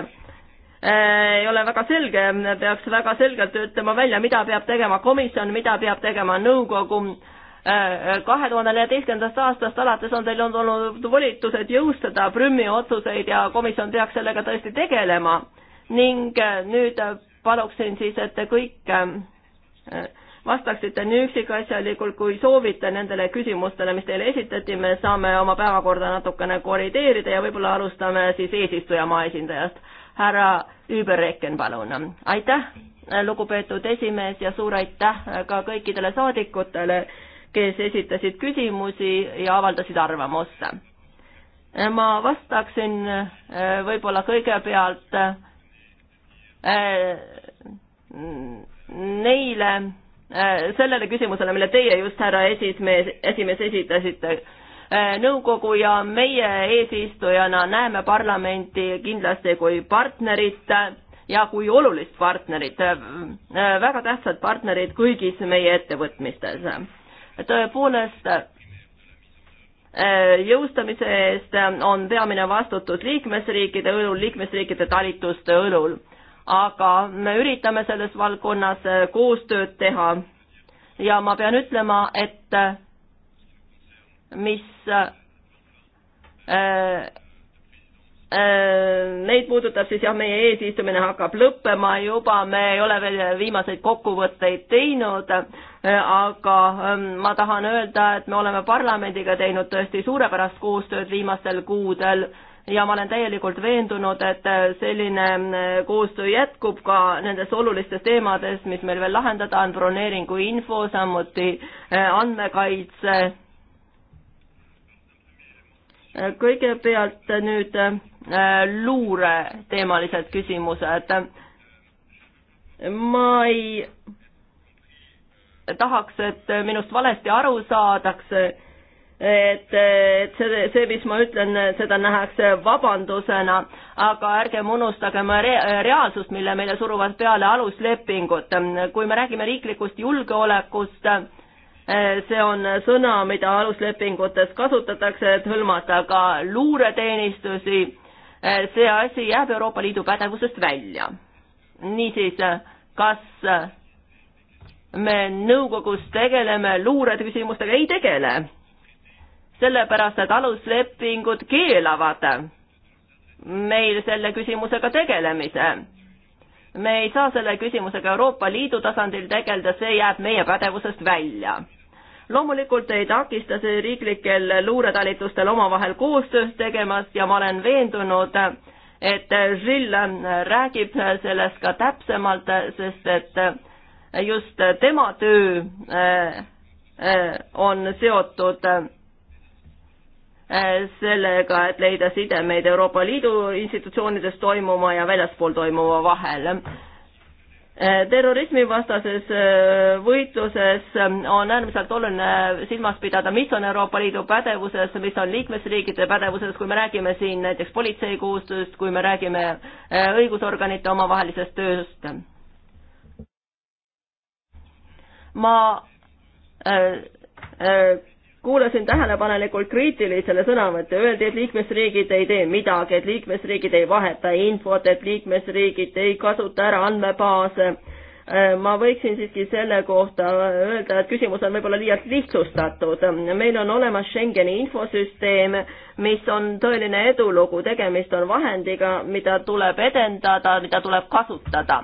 ei ole väga selge, peaks väga selgelt ütlema välja, mida peab tegema komisjon, mida peab tegema nõukogu kahe tuhande neljateistkümnendast aastast alates on teil olnud volitused jõustada Prümi otsuseid ja komisjon peaks sellega tõesti tegelema ning äh, nüüd äh, paluksin siis, et te kõik äh, vastaksite nii üksikasjalikult, kui soovite nendele küsimustele, mis teile esitati, me saame oma päevakorda natukene korrigeerida ja võib-olla alustame siis eesistujamaa esindajast. härra Üüber-Rekken, palun. aitäh, lugupeetud esimees ja suur aitäh ka kõikidele saadikutele, kes esitasid küsimusi ja avaldasid arvamust. ma vastaksin võib-olla kõigepealt Äh, neile, äh, sellele küsimusele, mille teie just, härra esimees, esimees esitasite. Äh, nõukogu ja meie eesistujana näeme parlamenti kindlasti kui partnerit ja kui olulist partnerit, väga tähtsat partnerit kõigis meie ettevõtmistes. tõepoolest, jõustamise eest on peamine vastutus liikmesriikide õlul, liikmesriikide talituste õlul aga me üritame selles valdkonnas äh, koostööd teha. ja ma pean ütlema, et äh, mis äh, Neid äh, puudutab siis jah, meie eesistumine hakkab lõppema juba, me ei ole veel viimaseid kokkuvõtteid teinud, aga ähm, ma tahan öelda, et me oleme parlamendiga teinud tõesti suurepärast koostööd viimastel kuudel ja ma olen täielikult veendunud, et äh, selline äh, koostöö jätkub ka nendes olulistes teemades, mis meil veel lahendada on, broneeringu info, samuti äh, andmekaitse. kõigepealt nüüd luureteemalised küsimused. ma ei tahaks, et minust valesti aru saadakse et, et see, see, mis ma ütlen, seda nähakse vabandusena, aga ärgem unustagem re, reaalsust, mille meile suruvad peale aluslepingud. kui me räägime riiklikust julgeolekust, see on sõna, mida aluslepingutes kasutatakse, et hõlmata ka luureteenistusi, see asi jääb Euroopa Liidu pädevusest välja. niisiis, kas me nõukogus tegeleme luureküsimustega, ei tegele sellepärast et aluslepingud keelavad meil selle küsimusega tegelemise. me ei saa selle küsimusega Euroopa Liidu tasandil tegeleda, see jääb meie pädevusest välja loomulikult ei takista see riiklikel luuretalitustel omavahel koostööd tegemas ja ma olen veendunud, et Žill räägib sellest ka täpsemalt, sest et just tema töö äh, äh, on seotud Äh, sellega, et leida sidemeid Euroopa Liidu institutsioonides toimuma ja väljaspool toimuva vahel. Äh, terrorismivastases äh, võitluses on äärmiselt oluline silmas pidada, mis on Euroopa Liidu pädevuses, mis on liikmesriikide pädevuses, kui me räägime siin näiteks politseikoostööst, kui me räägime õigusorganite omavahelisest tööst. ma äh, äh, kuulasin tähelepanelikult kriitilisele sõnavõtte, öeldi, et liikmesriigid ei tee midagi, et liikmesriigid ei vaheta infot, et liikmesriigid ei kasuta ära andmebaase. Äh, ma võiksin siiski selle kohta öelda, et küsimus on võib-olla liialt lihtsustatud. meil on olemas Schengeni infosüsteem, mis on tõeline edulugu, tegemist on vahendiga, mida tuleb edendada, mida tuleb kasutada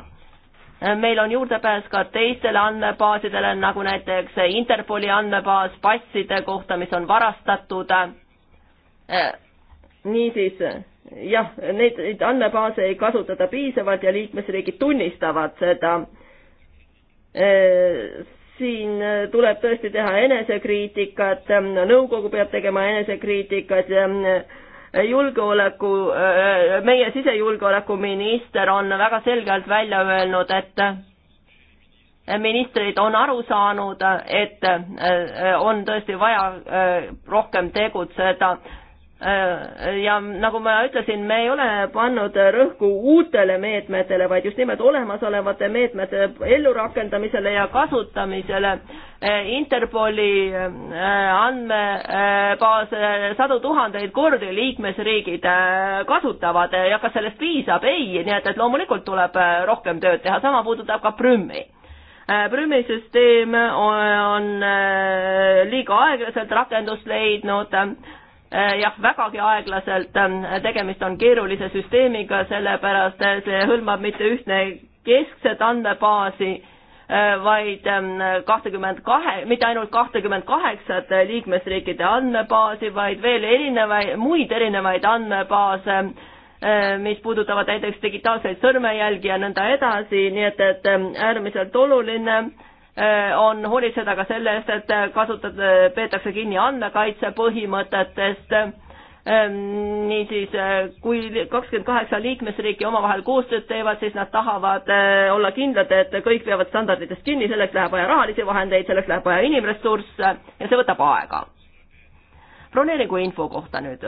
meil on juurdepääs ka teistele andmebaasidele, nagu näiteks Interpoli andmebaas passide kohta, mis on varastatud. Äh, niisiis, jah, neid, neid andmebaase ei kasutata piisavalt ja liikmesriigid tunnistavad seda. Äh, siin tuleb tõesti teha enesekriitikat, nõukogu peab tegema enesekriitikat Eh, julgeoleku, eh, eh, meie sisejulgeolekuminister on väga selgelt välja öelnud, et ministrid on aru saanud, et on tõesti vaja rohkem tegutseda. Äh, ja nagu ma ütlesin, me ei ole pannud rõhku uutele meetmetele, vaid just nimelt olemasolevate meetmete ellurakendamisele ja kasutamisele. Äh, Interpoli äh, andmebaas sadu tuhandeid kordi liikmesriigid kasutavad ja kas sellest piisab? ei, nii et, et loomulikult tuleb rohkem tööd teha, sama puudutab ka Prümmi Prümi süsteem on liiga aeglaselt rakendust leidnud Äh, jah, vägagi aeglaselt, ähm, tegemist on keerulise süsteemiga, sellepärast see hõlmab mitte ühtne keskset andmebaasi, äh, vaid ähm, kahtekümmend kahe, mitte ainult kahtekümmend kaheksat liikmesriikide andmebaasi, vaid veel erinevaid, muid erinevaid andmebaase, äh, mis puudutavad näiteks digitaalseid sõrmejälgi ja nõnda edasi, nii et, et ähm, äärmiselt oluline Äh, on hoolitseda ka selle eest, et kasutada, peetakse kinni andmekaitse põhimõtetest, ähm, niisiis äh, kui kakskümmend kaheksa liikmesriiki omavahel koostööd teevad, siis nad tahavad äh, olla kindlad, et kõik peavad standarditest kinni, selleks läheb vaja rahalisi vahendeid, selleks läheb vaja inimressursse ja see võtab aega. broneeringu info kohta nüüd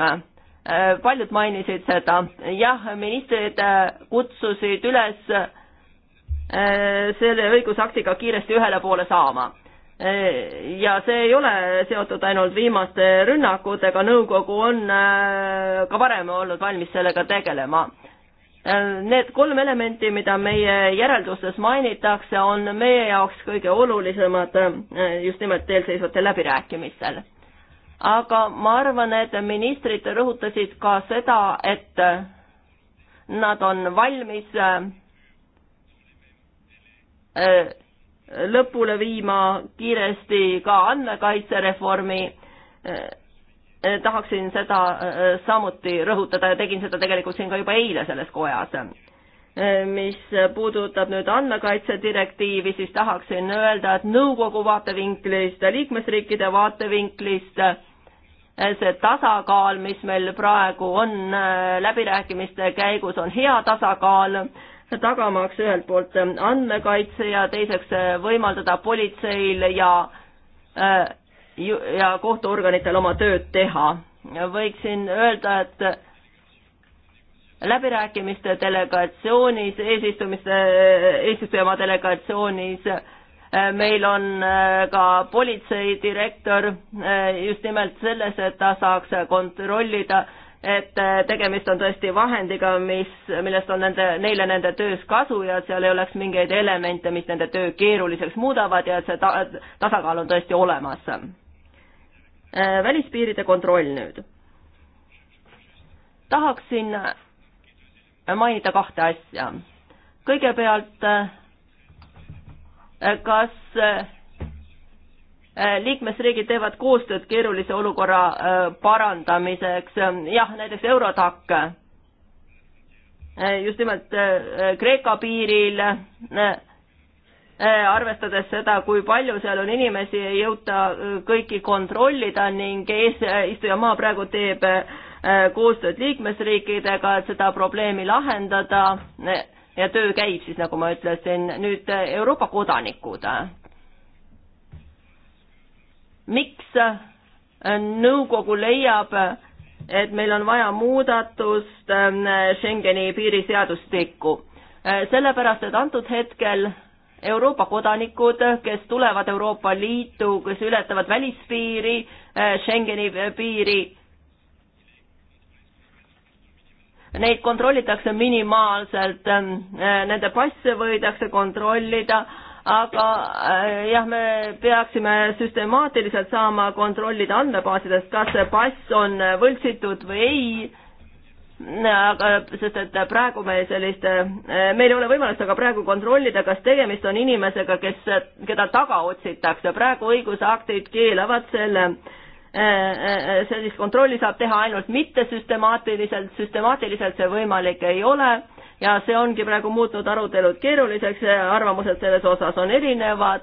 paljud mainisid seda, jah, ministrid kutsusid üles Äh, selle õigusaktiga kiiresti ühele poole saama. Äh, ja see ei ole seotud ainult viimaste rünnakutega, nõukogu on äh, ka varem olnud valmis sellega tegelema. Need kolm elementi, mida meie järeldustes mainitakse, on meie jaoks kõige olulisemad just nimelt eelseisvatel läbirääkimistel. aga ma arvan, et ministrid rõhutasid ka seda, et nad on valmis Äh, lõpule viima kiiresti ka andmekaitsereformi. Äh, äh, tahaksin seda samuti rõhutada ja tegin seda tegelikult siin ka juba eile selles kojas. mis puudutab nüüd andmekaitse direktiivi, siis tahaksin öelda, et nõukogu vaatevinklist, liikmesriikide vaatevinklist see tasakaal, mis meil praegu on läbirääkimiste käigus, on hea tasakaal tagamaks ühelt poolt ähm, andmekaitse ja teiseks äh, võimaldada politseil ja, äh, ja kohtuorganitel oma tööd teha. võiksin öelda, et äh, läbirääkimiste delegatsioonis, eesistumiste, eesistujamaa delegatsioonis meil on ka politseidirektor just nimelt selles, et ta saaks kontrollida äh, et äh, tegemist on tõesti vahendiga, mis, millest on nende, neile nende töös kasu ja et seal ei oleks mingeid elemente, mis nende töö keeruliseks muudavad ja et see ta, tasakaal on tõesti olemas. Äh, välispiiride kontroll nüüd. tahaksin mainida kahte asja. kõigepealt, äh, kas Äh, liikmesriigid teevad koostööd keerulise olukorra äh, parandamiseks, jah, näiteks Eurotac, äh, just nimelt Kreeka piiril, arvestades seda, kui palju seal on inimesi, ei jõuta kõiki kontrollida ning eesistujamaa praegu teeb koostööd liikmesriikidega, et seda probleemi lahendada ja töö käib siis, nagu ma ütlesin, nüüd Euroopa kodanikud miks äh, nõukogu leiab, et meil on vaja muudatust äh, Schengeni piiriseadustikku. Äh, sellepärast, et antud hetkel Euroopa kodanikud, kes tulevad Euroopa Liitu, kes ületavad välispiiri, Schengeni piiri, neid kontrollitakse minimaalselt, nende passe võidakse kontrollida aga äh, jah, me peaksime süstemaatiliselt saama kontrollida andmebaasidest, kas see pass on võltsitud või ei, aga sest et praegu me sellist, äh, meil ei ole võimalust aga praegu kontrollida, kas tegemist on inimesega, kes, keda taga otsitakse, praegu õigusaktid keelavad selle äh, sellist kontrolli saab teha ainult mittesüstemaatiliselt, süstemaatiliselt see võimalik ei ole ja see ongi praegu muutnud arutelud keeruliseks, arvamused selles osas on erinevad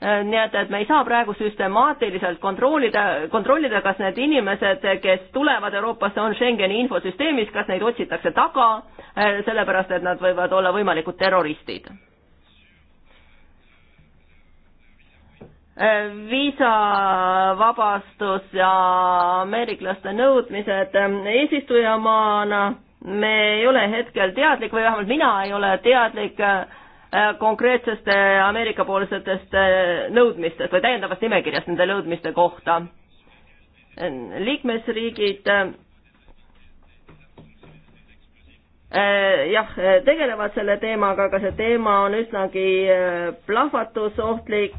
nii et, et me ei saa praegu süstemaatiliselt kontrollida, kontrollida, kas need inimesed, kes tulevad Euroopasse, on Schengeni infosüsteemis, kas neid otsitakse taga, sellepärast et nad võivad olla võimalikud terroristid. viisavabastus ja ameeriklaste nõudmised eesistujamaana me ei ole hetkel teadlik või vähemalt mina ei ole teadlik äh, konkreetsest äh, Ameerika-poolsetest äh, nõudmistest või täiendavast nimekirjast nende nõudmiste kohta. liikmesriigid jah, tegelevad selle teemaga, aga see teema on üsnagi plahvatusohtlik.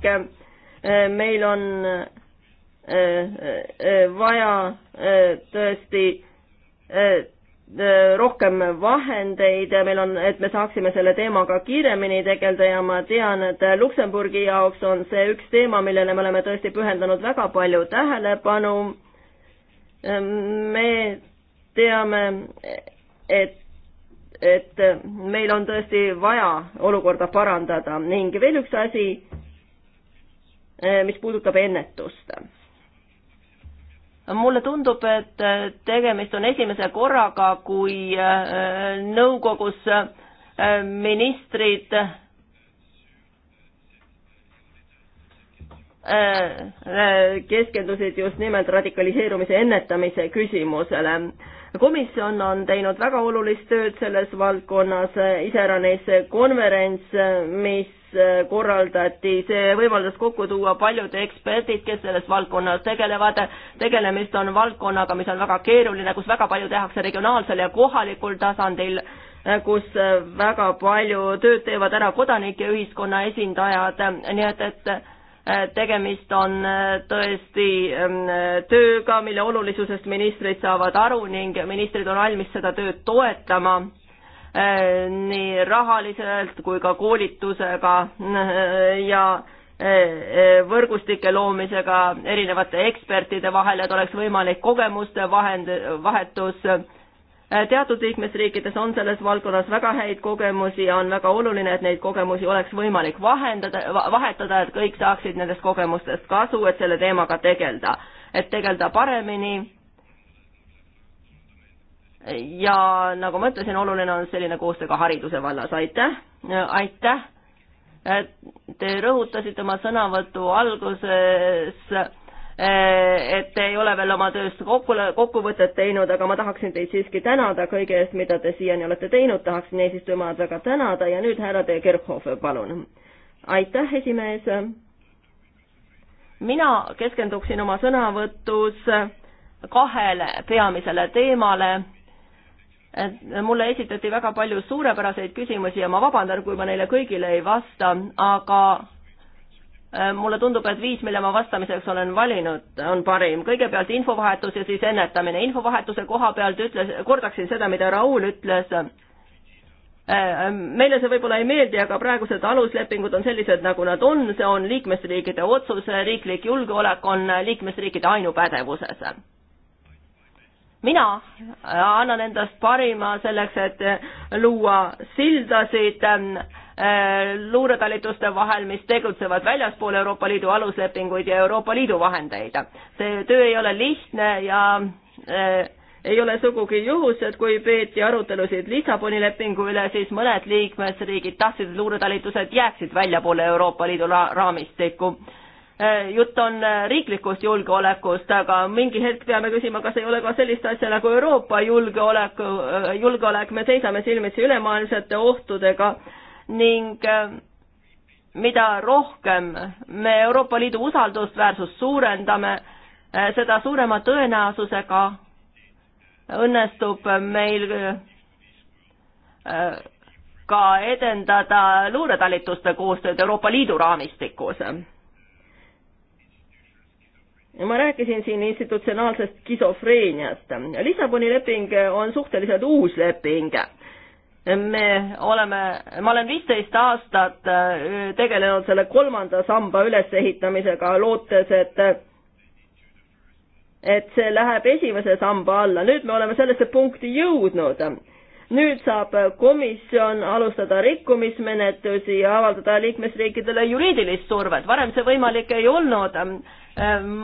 meil on vaja tõesti Äh, rohkem vahendeid ja meil on, et me saaksime selle teemaga kiiremini tegeleda ja ma tean, et Luksemburgi jaoks on see üks teema, millele me oleme tõesti pühendanud väga palju tähelepanu. Ähm, me teame, et, et meil on tõesti vaja olukorda parandada ning veel üks asi, äh, mis puudutab ennetust mulle tundub, et äh, tegemist on esimese korraga, kui äh, nõukogus äh, ministrid keskendusid just nimelt radikaliseerumise ennetamise küsimusele. komisjon on teinud väga olulist tööd selles valdkonnas, iseäranis konverents, mis Äh, korraldati, see võimaldas kokku tuua paljud eksperdid, kes selles valdkonnas tegelevad, tegelemist on valdkonnaga, mis on väga keeruline, kus väga palju tehakse regionaalsel ja kohalikul tasandil, äh, kus äh, väga palju tööd teevad ära kodanike ja ühiskonna esindajad, nii et, et tegemist on tõesti ähm, tööga, mille olulisusest ministrid saavad aru ning ministrid on valmis seda tööd toetama nii rahaliselt kui ka koolitusega äh, ja äh, võrgustike loomisega erinevate ekspertide vahel, et oleks võimalik kogemuste vahend, vahetus. Äh, teatud liikmesriikides on selles valdkonnas väga häid kogemusi ja on väga oluline, et neid kogemusi oleks võimalik vahendada, vahetada, et kõik saaksid nendest kogemustest kasu, et selle teemaga tegeleda, et tegeleda paremini ja nagu ma ütlesin, oluline on selline koostöö ka hariduse vallas, aitäh, aitäh. Te rõhutasite oma sõnavõtu alguses, et te ei ole veel oma tööst kokku, kokkuvõtet teinud, aga ma tahaksin teid siiski tänada kõige eest, mida te siiani olete teinud, tahaksin eesistujamaad väga tänada ja nüüd härra De Kerkhoff, palun. aitäh, esimees. mina keskenduksin oma sõnavõtus kahele peamisele teemale mulle esitati väga palju suurepäraseid küsimusi ja ma vabandan, kui ma neile kõigile ei vasta, aga äh, mulle tundub, et viis, mille ma vastamiseks olen valinud, on parim. kõigepealt infovahetus ja siis ennetamine. infovahetuse koha pealt ütles, kordaksin seda, mida Raul ütles. Äh, meile see võib-olla ei meeldi, aga praegused aluslepingud on sellised, nagu nad on, see on liikmesriikide otsus, riiklik julgeolek on liikmesriikide ainupädevuses mina äh, annan endast parima selleks, et äh, luua sildasid ähm, äh, luuretalituste vahel, mis tegutsevad väljaspool Euroopa Liidu aluslepinguid ja Euroopa Liidu vahendeid. see töö ei ole lihtne ja ei ole sugugi juhus, et kui peeti arutelusid Lissaboni lepingu üle, siis mõned liikmesriigid tahtsid, et luuretalitused jääksid väljapoole Euroopa Liidu raamistikku Eh, jutt on eh, riiklikust julgeolekust, aga mingi hetk peame küsima, kas ei ole ka sellist asja nagu Euroopa julgeolek, eh, julgeolek, me seisame silmitsi ülemaailmsete ohtudega ning mida rohkem me Euroopa Liidu usaldusväärsust suurendame, seda suurema tõenäosusega õnnestub meil ka edendada luuretalituste koostööd Euroopa Liidu raamistikus ma rääkisin siin institutsionaalsest skisofreeniast. Lissaboni leping on suhteliselt uus leping. me oleme, ma olen viisteist aastat äh, tegelenud selle kolmanda samba ülesehitamisega, lootes, et et see läheb esimese samba alla, nüüd me oleme sellesse punkti jõudnud nüüd saab komisjon alustada rikkumismenetlusi ja avaldada liikmesriikidele juriidilist survet, varem see võimalik ei olnud.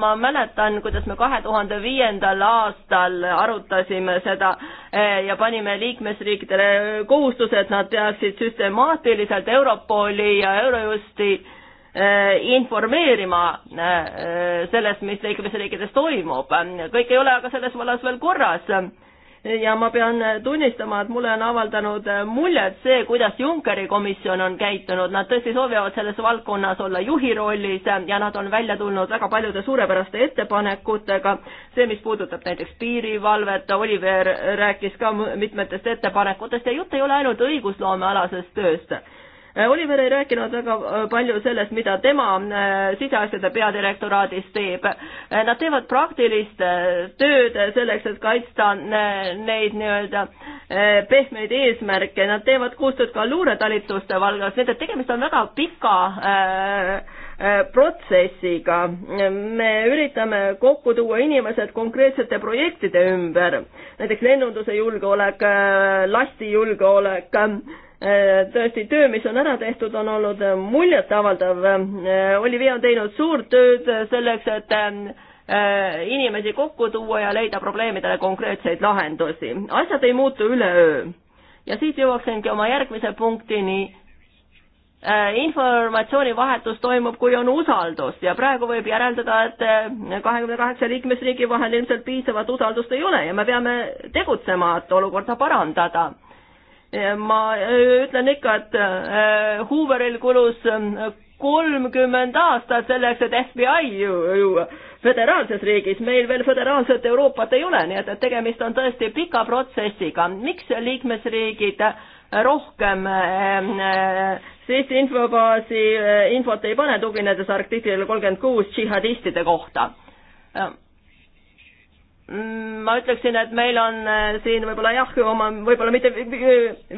ma mäletan, kuidas me kahe tuhande viiendal aastal arutasime seda eh, ja panime liikmesriikidele kohustuse, et nad peaksid süstemaatiliselt Europoli ja Eurojusti eh, informeerima eh, sellest, mis liikmesriikides toimub. kõik ei ole aga selles vallas veel korras ja ma pean tunnistama, et mulle on avaldanud muljet see, kuidas Junckeri komisjon on käitunud, nad tõesti soovivad selles valdkonnas olla juhi rollis ja nad on välja tulnud väga paljude suurepäraste ettepanekutega, see, mis puudutab näiteks piirivalvet, Oliver rääkis ka mitmetest ettepanekutest ja jutt ei ole ainult õigusloomealasest tööst Äh, Oliver ei rääkinud väga äh, palju sellest, mida tema äh, siseasjade peadirektoraadis teeb. Nad teevad praktilist tööd selleks, et kaitsta neid nii-öelda pehmeid eesmärke, nad teevad koostööd ka luuretalituste valgas, nii et tegemist on väga pika protsessiga. me üritame kokku tuua inimesed konkreetsete projektide ümber, näiteks lennunduse julgeolek, lasti julgeolek Äh, tõesti, töö, mis on ära tehtud, on olnud äh, muljetavaldav. Äh, Olivia on teinud suurt tööd selleks, et inimesi kokku tuua ja leida probleemidele konkreetseid lahendusi. asjad ei muutu üleöö. ja siit jõuaksingi oma järgmise punktini. informatsioonivahetus toimub, kui on usaldus ja praegu võib järeldada, et kahekümne kaheksa liikmesriigi vahel ilmselt piisavat usaldust ei ole ja me peame tegutsema, et olukorda parandada ma äh, ütlen ikka, et äh, Hooveril kulus äh, kolmkümmend aastat selleks, et FBI ju, ju föderaalses riigis, meil veel föderaalset Euroopat ei ole, nii et, et tegemist on tõesti pika protsessiga. miks liikmesriigid rohkem ähm, äh, siis infobaasi infot ei pane, tuginedes artiklile kolmkümmend kuus džihadistide kohta äh,? Mm, ma ütleksin, et meil on äh, siin võib-olla jah, oma võib-olla mitte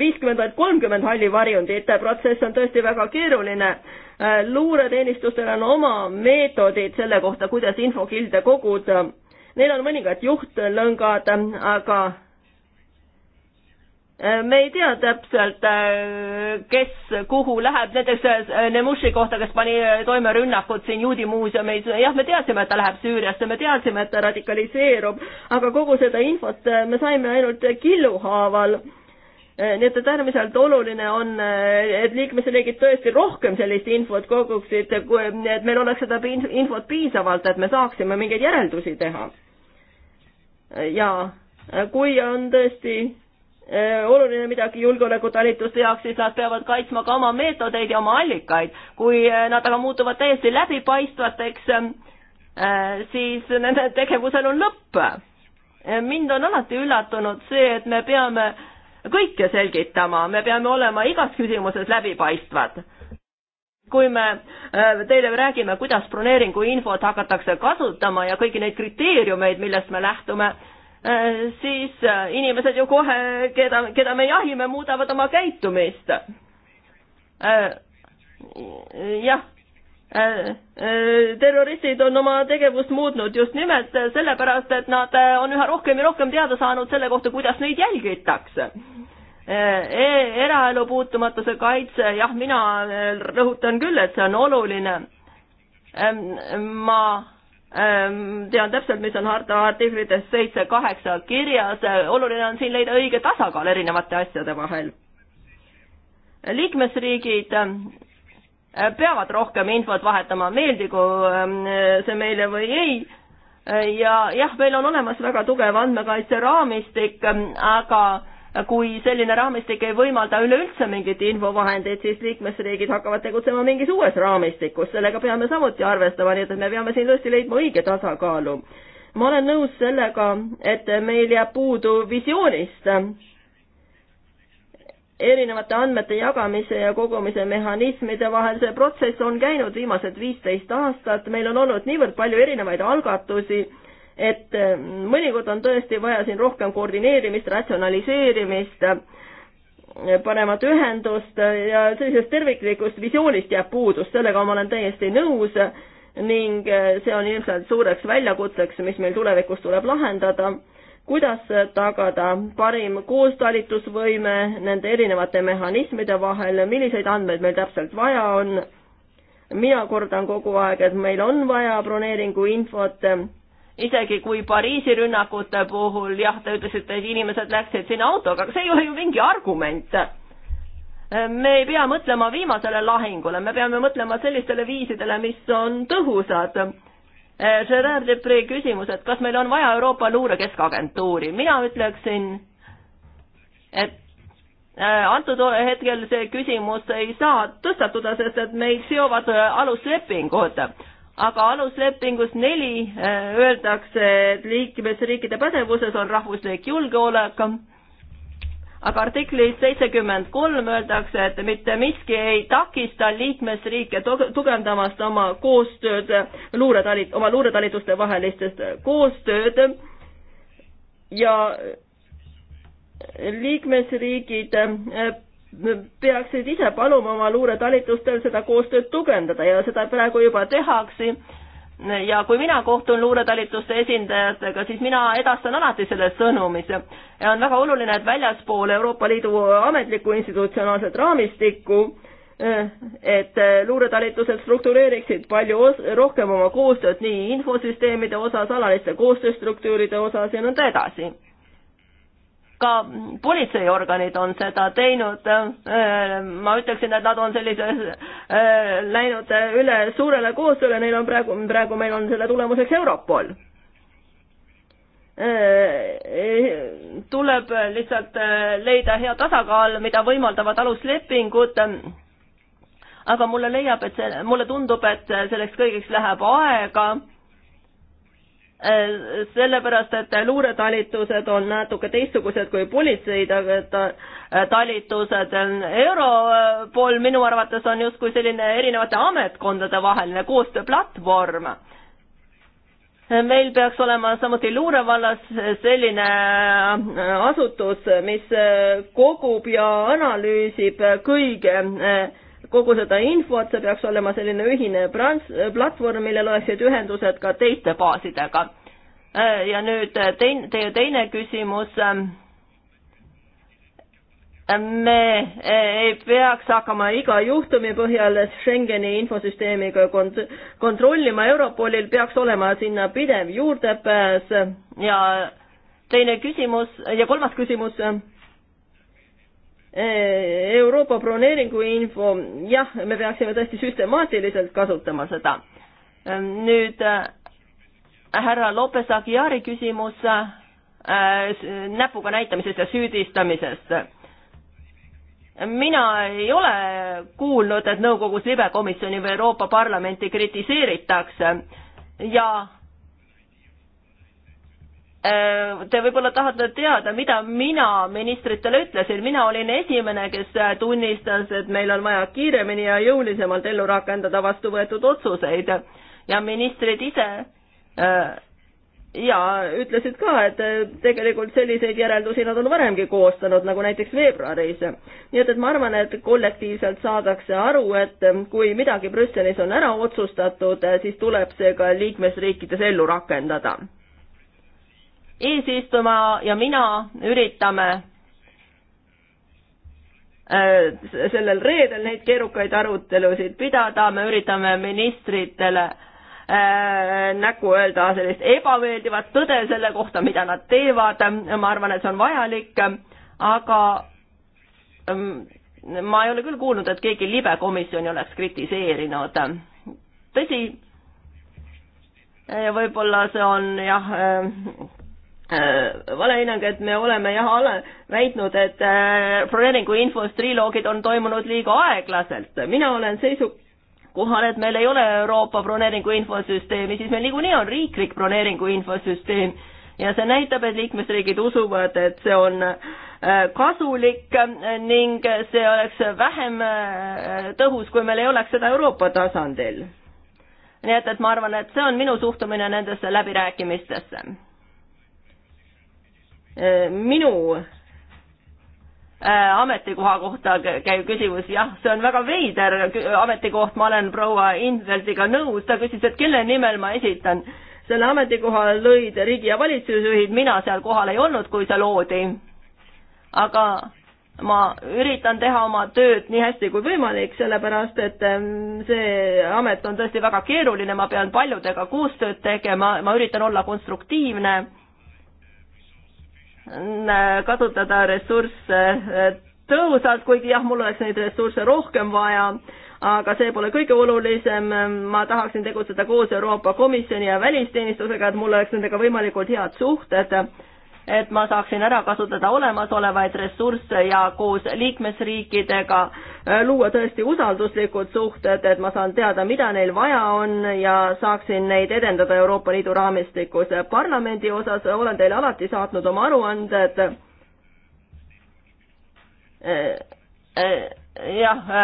viiskümmend, vaid kolmkümmend halli varjundit, äh, protsess on tõesti väga keeruline. Äh, luureteenistustel on oma meetodid selle kohta, kuidas infokilde koguda. Neil on mõningad juhtlõngad, aga Äh, me ei tea täpselt, äh, kes kuhu läheb, näiteks äh, Nemushi kohta, kes pani toime rünnakud siin juudi muuseumis, jah, me teadsime, et ta läheb Süüriasse, me teadsime, et ta radikaliseerub, aga kogu seda infot me saime ainult killuhaaval. nii et, et äärmiselt oluline on, et liikmesriigid tõesti rohkem sellist infot koguksid, et meil oleks seda infot piisavalt, et me saaksime mingeid järeldusi teha. ja kui on tõesti Äh, oluline midagi julgeolekutalituste jaoks, siis nad peavad kaitsma ka oma meetodeid ja oma allikaid. kui äh, nad aga muutuvad täiesti läbipaistvateks, äh, siis nende tegevusel on lõpp. mind on alati üllatunud see, et me peame kõike selgitama, me peame olema igas küsimuses läbipaistvad kui me teile räägime, kuidas broneeringu infot hakatakse kasutama ja kõiki neid kriteeriumeid, millest me lähtume, Äh, siis äh, inimesed ju kohe, keda, keda me jahime, muudavad oma käitumist. Äh, jah, terroristid on oma tegevust muutnud just nimelt sellepärast, et nad on üha rohkem ja rohkem teada saanud selle kohta, kuidas neid jälgitakse e. eraelu puutumatuse kaitse, jah, mina rõhutan küll, et see on oluline. ma Ehm, tean täpselt, mis on harta artiklites seitse-kaheksa kirjas, oluline on siin leida õige tasakaal erinevate asjade vahel. liikmesriigid ehm, peavad rohkem infot vahetama, meeldigu ehm, see meile või ei, ja jah, meil on olemas väga tugev andmekaitse raamistik, aga kui selline raamistik ei võimalda üleüldse mingeid infovahendeid, siis liikmesriigid hakkavad tegutsema mingis uues raamistikus, sellega peame samuti arvestama, nii et me peame siin tõesti leidma õige tasakaalu. ma olen nõus sellega, et meil jääb puudu visioonist erinevate andmete jagamise ja kogumise mehhanismide vahel, see protsess on käinud viimased viisteist aastat, meil on olnud niivõrd palju erinevaid algatusi et äh, mõnikord on tõesti vaja siin rohkem koordineerimist, ratsionaliseerimist, äh, paremat ühendust äh, ja sellisest terviklikust visioonist jääb puudus, sellega ma olen täiesti nõus ning see on ilmselt suureks väljakutseks, mis meil tulevikus tuleb lahendada, kuidas tagada parim koostalitusvõime nende erinevate mehhanismide vahel, milliseid andmeid meil täpselt vaja on, mina kordan kogu aeg, et meil on vaja broneeringu infot isegi kui Pariisi rünnakute puhul jah, te ütlesite, et inimesed läksid sinna autoga, aga see ei ole ju mingi argument me ei pea mõtlema viimasele lahingule, me peame mõtlema sellistele viisidele, mis on tõhusad. Gerard Depree küsimus, et kas meil on vaja Euroopa luurekeskagentuuri, mina ütleksin, et äh, antud hetkel see küsimus ei saa tõstatuda, sest et meid seovad aluslepingud aga aluslepingus neli äh, öeldakse, et liikmesriikide pädevuses on rahvuslik julgeolek, aga artiklis seitsekümmend kolm öeldakse, et mitte miski ei takista liikmesriike tugevdamast oma koostööd luuretalit-, oma luuretalituste vahelistest koostööd ja liikmesriigid äh, peaksid ise paluma oma luuretalitustel seda koostööd tugevdada ja seda praegu juba tehakse. ja kui mina kohtun luuretalituste esindajatega, siis mina edastan alati selle sõnumi. ja on väga oluline, et väljaspool Euroopa Liidu ametlikku institutsionaalset raamistikku et luuretalitused struktureeriksid palju os-, rohkem oma koostööd nii infosüsteemide osas, alaliste koostööstruktuuride osas ja nõnda edasi ka politseiorganid on seda teinud. Äh, ma ütleksin, et nad on sellise, äh, läinud üle suurele koostööle, neil on praegu, praegu meil on selle tulemuseks Europol. Äh, tuleb lihtsalt leida hea tasakaal, mida võimaldavad aluslepingud aga mulle leiab, et see, mulle tundub, et selleks kõigeks läheb aega Äh, sellepärast, et luuretalitused on natuke teistsugused kui politseitalitused. Äh, Europol minu arvates on justkui selline erinevate ametkondade vaheline koostööplatvorm. meil peaks olema samuti luure vallas selline äh, asutus, mis kogub ja analüüsib kõige kogu seda infot, see peaks olema selline ühine prants-, platvorm, millel oleksid ühendused ka teiste baasidega. Äh, ja nüüd äh, tein-, teie teine küsimus ähm, äh, me ei peaks hakkama iga juhtumi põhjal Schengeni infosüsteemiga kont-, kontrollima, Europolil peaks olema sinna pidev juurdepääs ja teine küsimus ja kolmas küsimus, Eh, Euroopa broneeringu info, jah, me peaksime tõesti süstemaatiliselt kasutama seda. Ehm, nüüd eh, härra Lopes Aguiari küsimus eh, näpuga näitamisest ja süüdistamisest. mina ei ole kuulnud, et nõukogus libekomisjoni või Euroopa Parlamenti kritiseeritakse ja Äh, te võib-olla tahate teada, mida mina ministritele ütlesin, mina olin esimene, kes äh, tunnistas, et meil on vaja kiiremini ja jõulisemalt ellu rakendada vastu võetud otsuseid ja ministrid ise äh, ja ütlesid ka, et tegelikult selliseid järeldusi nad on varemgi koostanud, nagu näiteks veebruaris. nii et, et ma arvan, et kollektiivselt saadakse aru, et kui midagi Brüsselis on ära otsustatud, siis tuleb see ka liikmesriikides ellu rakendada eesistuma ja mina üritame äh, sellel reedel neid keerukaid arutelusid pidada, me üritame ministritele äh, näkku öelda sellist ebameeldivat tõde selle kohta, mida nad teevad, ma arvan, et see on vajalik, aga ähm, ma ei ole küll kuulnud, et keegi libekomisjoni oleks kritiseerinud. tõsi, äh, võib-olla see on jah, Äh, valehinnang, et me oleme jah ole, väitnud, et broneeringu äh, infos triloogid on toimunud liiga aeglaselt. mina olen seisukohal, et meil ei ole Euroopa broneeringu infosüsteemi, siis meil niikuinii on riiklik broneeringu infosüsteem ja see näitab, et liikmesriigid usuvad, et see on äh, kasulik ning see oleks vähem tõhus, kui meil ei oleks seda Euroopa tasandil. nii et, et ma arvan, et see on minu suhtumine nendesse läbirääkimistesse Äh, minu äh, ametikoha kohta käiv küsimus, jah, see on väga veider ametikoht, ma olen proua Inveldiga nõus, ta küsis, et kelle nimel ma esitan. selle ametikoha lõid riigi- ja valitsusjuhid, mina seal kohal ei olnud, kui see loodi. aga ma üritan teha oma tööd nii hästi kui võimalik, sellepärast et ähm, see amet on tõesti väga keeruline, ma pean paljudega koostööd tegema, ma üritan olla konstruktiivne kasutada ressursse äh, tõhusalt, kuigi jah, mul oleks neid ressursse rohkem vaja, aga see pole kõige olulisem, ma tahaksin tegutseda koos Euroopa Komisjoni ja välisteenistusega, et mul oleks nendega võimalikult head suhted et ma saaksin ära kasutada olemasolevaid ressursse ja koos liikmesriikidega äh, luua tõesti usalduslikud suhted, et ma saan teada, mida neil vaja on ja saaksin neid edendada Euroopa Liidu raamistikus. parlamendi osas olen teile alati saatnud oma aruanded äh, äh, jah,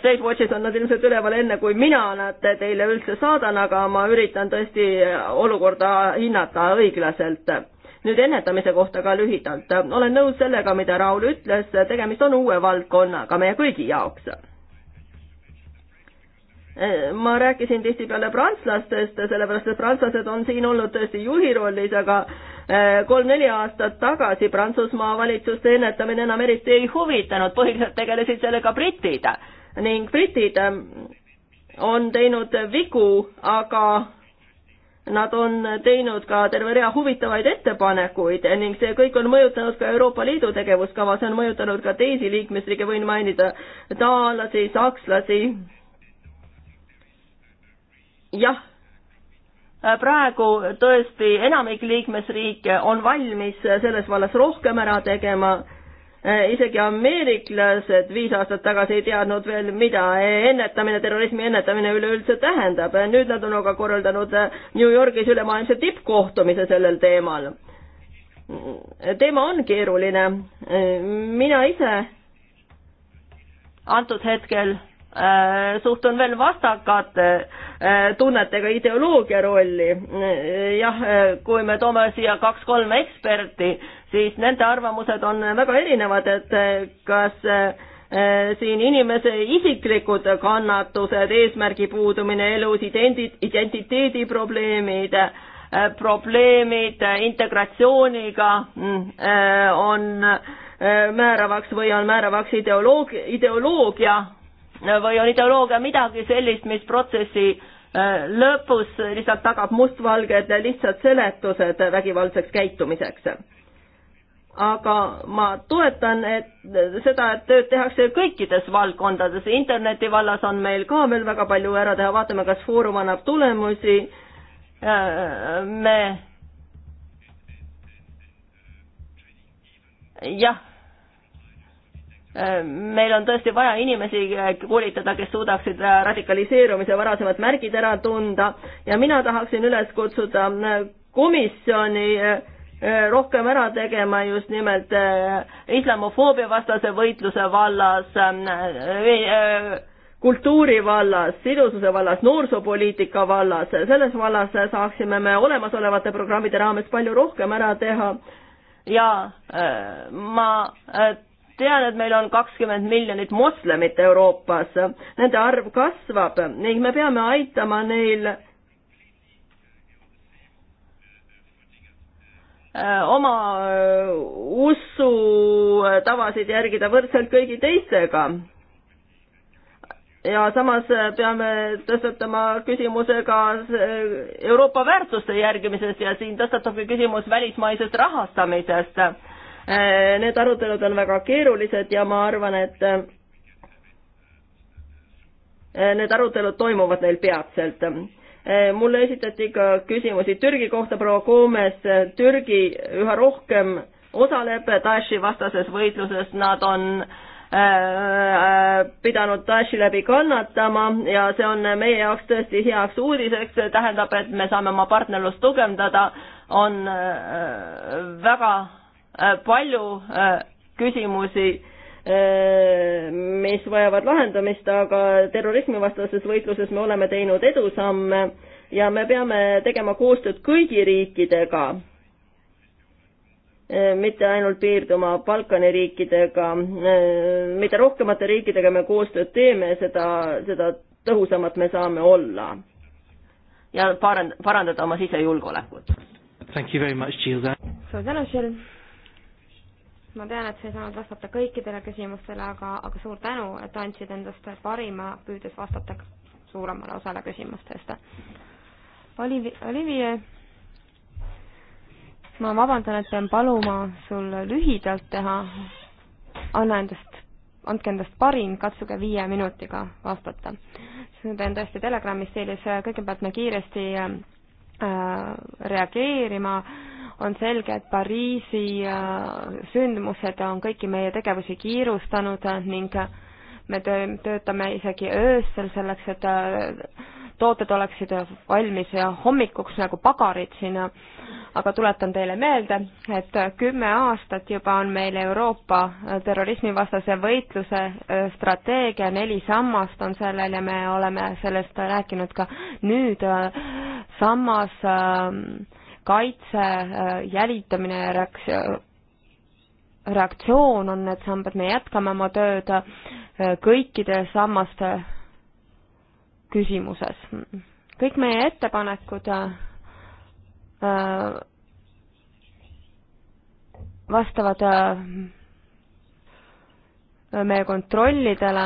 Statewatchis on nad ilmselt üleval enne, kui mina nad teile üldse saadan, aga ma üritan tõesti olukorda hinnata õiglaselt nüüd ennetamise kohta ka lühidalt. olen nõus sellega, mida Raul ütles, tegemist on uue valdkonnaga meie kõigi jaoks. ma rääkisin tihtipeale prantslastest, sellepärast et prantslased on siin olnud tõesti juhi rollis, aga äh, kolm-neli aastat tagasi Prantsusmaa valitsuste ennetamine enam eriti ei huvitanud, põhiliselt tegelesid sellega britid ning britid ähm, on teinud vigu, aga Nad on teinud ka terve rea huvitavaid ettepanekuid ning see kõik on mõjutanud ka Euroopa Liidu tegevuskava, see on mõjutanud ka teisi liikmesriike, võin mainida taanlasi, sakslasi. jah, praegu tõesti enamik liikmesriike on valmis selles vallas rohkem ära tegema Äh, isegi ameeriklased viis aastat tagasi ei teadnud veel, mida ennetamine, terrorismi ennetamine üleüldse tähendab. nüüd nad on aga korraldanud äh, New Yorgis ülemaailmse tippkohtumise sellel teemal. Äh, teema on keeruline. mina ise antud hetkel suhtun veel vastakate tunnetega ideoloogia rolli. jah, kui me toome siia kaks-kolm eksperti, siis nende arvamused on väga erinevad, et eh, kas eh, eh, siin inimese isiklikud kannatused, eesmärgi puudumine elus, identi-, identiteedi probleemid, probleemid integratsiooniga mm, on määravaks või on määravaks ideoloog-, ideoloogia või on ideoloogia midagi sellist, mis protsessi lõpus lihtsalt tagab mustvalged lihtsad seletused vägivaldseks käitumiseks aga ma toetan, et seda, et tööd tehakse kõikides valdkondades, interneti vallas on meil ka veel väga palju ära teha, vaatame, kas Foorum annab tulemusi, äh, me jah, äh, meil on tõesti vaja inimesi äh, koolitada, kes suudaksid radikaliseerumise varasemad märgid ära tunda ja mina tahaksin üles kutsuda komisjoni Eh, rohkem ära tegema just nimelt eh, islamofoobia vastase võitluse vallas, eh, kultuuri vallas, sidususe vallas, noorsoopoliitika vallas, selles vallas saaksime me olemasolevate programmide raames palju rohkem ära teha. ja ma tean, et meil on kakskümmend miljonit moslemit Euroopas, nende arv kasvab ning me peame aitama neil Äh, oma äh, usutavasid äh, järgida võrdselt kõigi teistega. ja samas peame tõstatama küsimuse ka Euroopa väärtuste järgimisest ja siin tõstatabki küsimus välismaisest rahastamisest. Need arutelud on väga keerulised ja ma arvan, et need arutelud toimuvad neil peatselt Eh, mulle esitati ka küsimusi Türgi kohta, proua Koomes, eh, Türgi üha rohkem osaleb Daeshi vastases võitluses, nad on eh, pidanud Daeshi läbi kannatama ja see on meie jaoks tõesti heaks uudiseks, tähendab, et me saame oma partnerlust tugevdada, on väga palju küsimusi Äh, mis vajavad lahendamist, aga terrorismivastases võitluses me oleme teinud edusamme ja me peame tegema koostööd kõigi riikidega, äh, mitte ainult piirduma Balkani riikidega. Äh, mida rohkemate riikidega me koostööd teeme, seda, seda tõhusamad me saame olla ja parand-, parandada oma sisejulgeolekut. suur tänu, Jill! ma tean, et sa ei saanud vastata kõikidele küsimustele, aga, aga suur tänu, et andsid endast parima, püüdes vastata suuremale osale küsimustest. Olivi-, Olivier, ma vabandan, et pean paluma sul lühidalt teha, anna endast, andke endast parim, katsuge viie minutiga vastata. ma teen tõesti Telegrami stiilis, kõigepealt me kiiresti äh, reageerima äh, on selge, et Pariisi äh, sündmused on kõiki meie tegevusi kiirustanud ning me töötame isegi öösel selleks, et äh, tooted oleksid valmis ja hommikuks nagu pagarid siin, aga tuletan teile meelde, et kümme aastat juba on meil Euroopa äh, terrorismivastase võitluse strateegia, neli sammast on sellel ja me oleme sellest rääkinud ka nüüd, sammas kaitse, jälitamine ja reaks-, reaktsioon on need sambad, me jätkame oma tööd äh, kõikide sammaste küsimuses. kõik meie ettepanekud äh, vastavad äh, meie kontrollidele,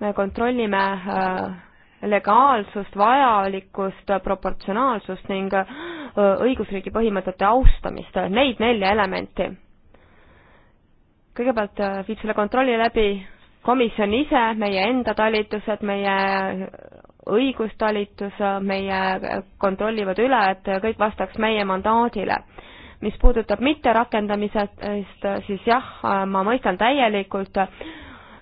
me kontrollime legaalsust, vajalikkust, proportsionaalsust ning äh, õigusriigi põhimõtete austamist, neid nelja elementi. kõigepealt äh, viib selle kontrolli läbi komisjon ise, meie enda talitused, meie õigustalitus, meie kontrollivad üle, et kõik vastaks meie mandaadile mis puudutab mitterakendamisest, siis jah, ma mõistan täielikult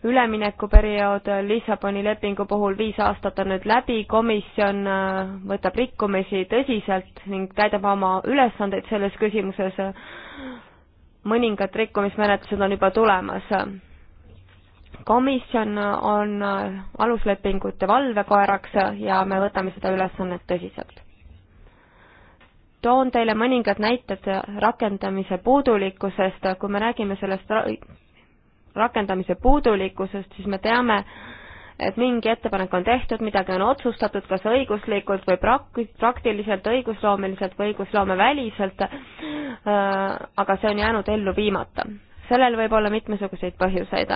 üleminekuperiood Lissaboni lepingu puhul viis aastat on nüüd läbi, komisjon äh, võtab rikkumisi tõsiselt ning täidab oma ülesandeid selles küsimuses. mõningad rikkumismenetlused on juba tulemas. komisjon on äh, aluslepingute valvekoeraks ja me võtame seda ülesannet tõsiselt toon teile mõningad näited rakendamise puudulikkusest, kui me räägime sellest rakendamise puudulikkusest, siis me teame, et mingi ettepanek on tehtud, midagi on otsustatud, kas õiguslikult või prak-, praktiliselt, õigusloomeliselt või õigusloomeväliselt, äh, aga see on jäänud ellu viimata. sellel võib olla mitmesuguseid põhjuseid.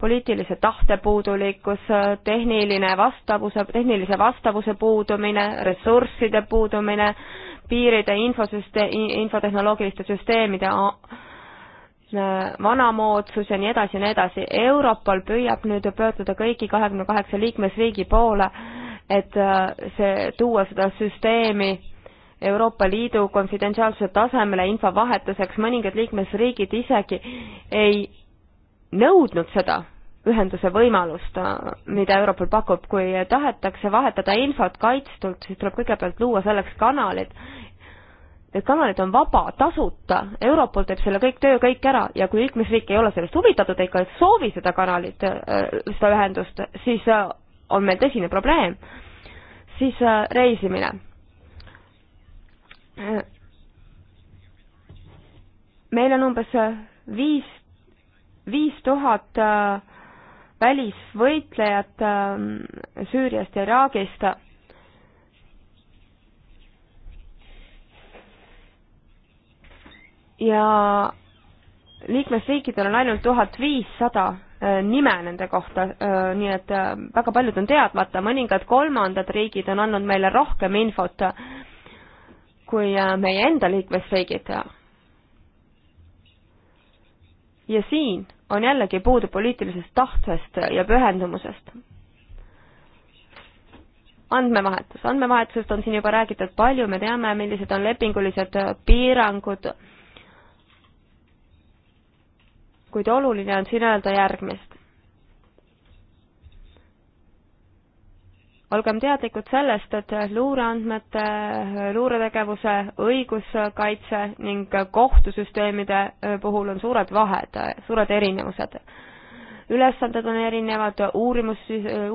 poliitilise tahte puudulikkus, tehniline vastavuse, tehnilise vastavuse puudumine, ressursside puudumine, piiride infosüste-, infotehnoloogiliste süsteemide Äh, vanamoodsus ja nii edasi ja nii edasi. Europol püüab nüüd pöörduda kõigi kahekümne kaheksa liikmesriigi poole, et äh, see, tuua seda süsteemi Euroopa Liidu konfidentsiaalsuse tasemele infovahetuseks, mõningad liikmesriigid isegi ei nõudnud seda ühenduse võimalust, äh, mida Europol pakub, kui tahetakse vahetada infot kaitstult, siis tuleb kõigepealt luua selleks kanalid Need kanalid on vaba, tasuta, Europol teeb selle kõik töö kõik ära ja kui liikmesriik ei ole sellest huvitatud ega ei soovi seda kanalit, äh, seda ühendust, siis äh, on meil tõsine probleem. siis äh, reisimine meil on umbes viis, viis tuhat välisvõitlejat ähm, Süüriast ja Iraagist ja liikmesriikidel on ainult tuhat viissada äh, nime nende kohta, äh, nii et äh, väga paljud on teadmata, mõningad kolmandad riigid on andnud meile rohkem infot kui meie enda liikmesriigid. ja siin on jällegi puudu poliitilisest tahtest ja pühendumusest. andmevahetus, andmevahetusest on siin juba räägitud palju, me teame, millised on lepingulised piirangud kuid oluline on siin öelda järgmist. olgem teadlikud sellest, et luureandmete, luuretegevuse, õiguskaitse ning kohtusüsteemide puhul on suured vahed, suured erinevused ülesanded on erinevad, uurimus,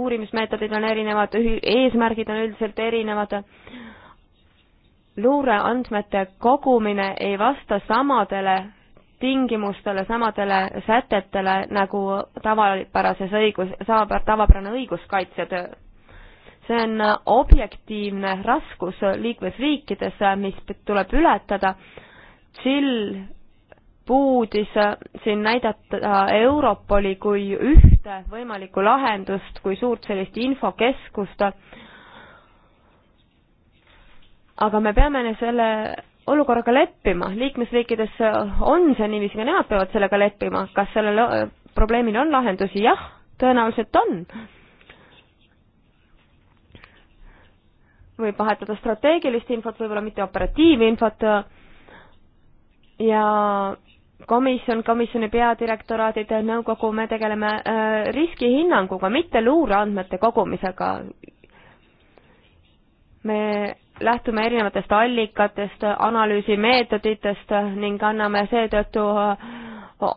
uurimismeetodid on erinevad, eesmärgid on üldiselt erinevad. luureandmete kogumine ei vasta samadele tingimustele, samadele sätetele nagu tavapärases õigus, tavapärane õiguskaitsetöö. see on objektiivne raskus liikmesriikides, mis tuleb ületada. Chill puudis siin näidata Europoli kui ühte võimalikku lahendust, kui suurt sellist infokeskust, aga me peame selle olukorraga leppima, liikmesriikides äh, on see niiviisi, ka nemad peavad sellega leppima, kas sellele äh, probleemile on lahendusi, jah, tõenäoliselt on. võib vahetada strateegilist infot, võib-olla mitte operatiivinfot ja komisjon, komisjoni peadirektoraadid, nõukogu, me tegeleme äh, riskihinnanguga, mitte luureandmete kogumisega. me lähtume erinevatest allikatest, analüüsimeetoditest ning anname seetõttu äh,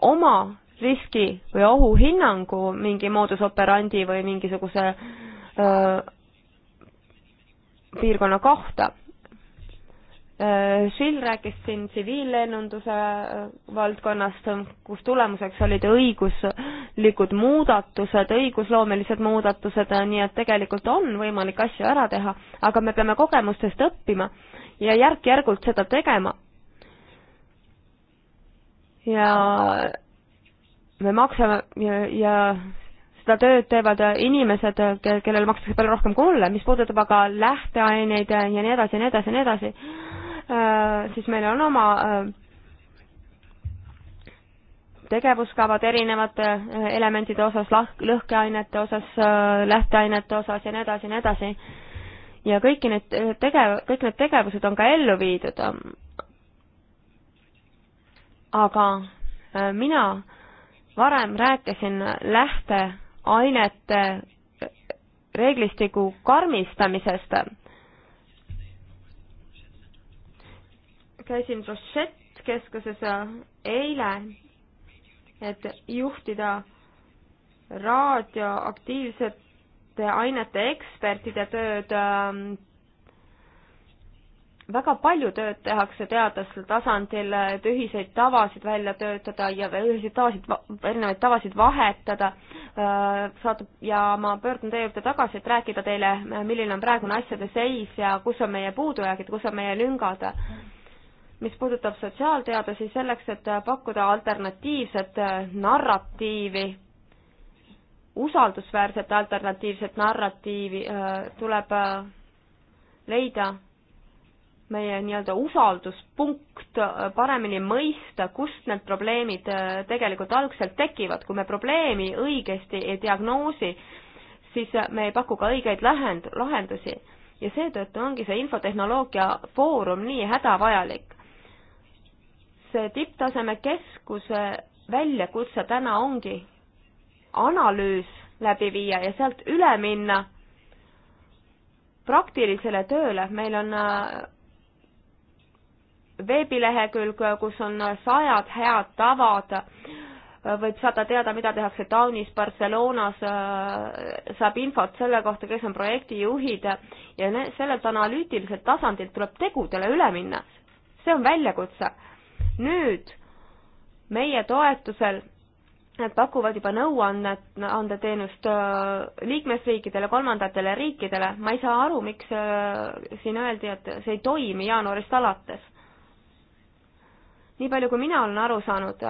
oma riski või ohuhinnangu mingi moodus operandi või mingisuguse öö, äh, piirkonna kohta. Äh, Schill rääkis siin tsiviillennunduse äh, valdkonnast, kus tulemuseks olid õiguslikud muudatused, õigusloomelised muudatused, äh, nii et tegelikult on võimalik asju ära teha, aga me peame kogemustest õppima ja järk-järgult seda tegema. ja me maksame ja, ja seda tööd teevad inimesed, kellel makstakse palju rohkem kui mulle, mis puudutab aga lähteaineid ja nii edasi ja nii edasi ja nii edasi Äh, siis meil on oma äh, tegevuskavad erinevate äh, elementide osas, lõhkeainete osas, lähteainete osas ja nii edasi ja nii edasi. ja kõiki neid tegev-, kõik need tegevused on ka ellu viidud. aga mina varem rääkisin lähteainete reeglistiku karmistamisest käisin Rochette keskuses äh, eile, et juhtida raadioaktiivsete ainete ekspertide tööd. Äh, väga palju tööd tehakse teadlaste tasandil, et ühiseid tavasid välja töötada ja ühiseid tavasid, erinevaid tavasid vahetada. Äh, saad ja ma pöördun teie juurde tagasi, et rääkida teile, milline on praegune asjade seis ja kus on meie puudujäägid, kus on meie lüngad mis puudutab sotsiaalteadusi, selleks, et pakkuda alternatiivset äh, narratiivi, usaldusväärset alternatiivset narratiivi, äh, tuleb äh, leida meie nii-öelda usalduspunkt, paremini mõista, kust need probleemid tegelikult algselt tekivad, kui me probleemi õigesti ei diagnoosi, siis me ei paku ka õigeid lahend-, lahendusi. ja seetõttu ongi see infotehnoloogia foorum nii hädavajalik see tipptaseme keskuse väljakutse täna ongi analüüs läbi viia ja sealt üle minna praktilisele tööle, meil on äh, veebilehekülg, kus on sajad head tavad, võib saada teada, mida tehakse Taunis, Barcelonas, äh, saab infot selle kohta, kes on projektijuhid ja sellelt analüütiliselt tasandilt tuleb tegudele üle minna. see on väljakutse nüüd meie toetusel Nad pakuvad juba nõuannet, andeteenust äh, liikmesriikidele, kolmandatele riikidele. ma ei saa aru, miks äh, siin öeldi, et see ei toimi jaanuarist alates. nii palju, kui mina olen aru saanud,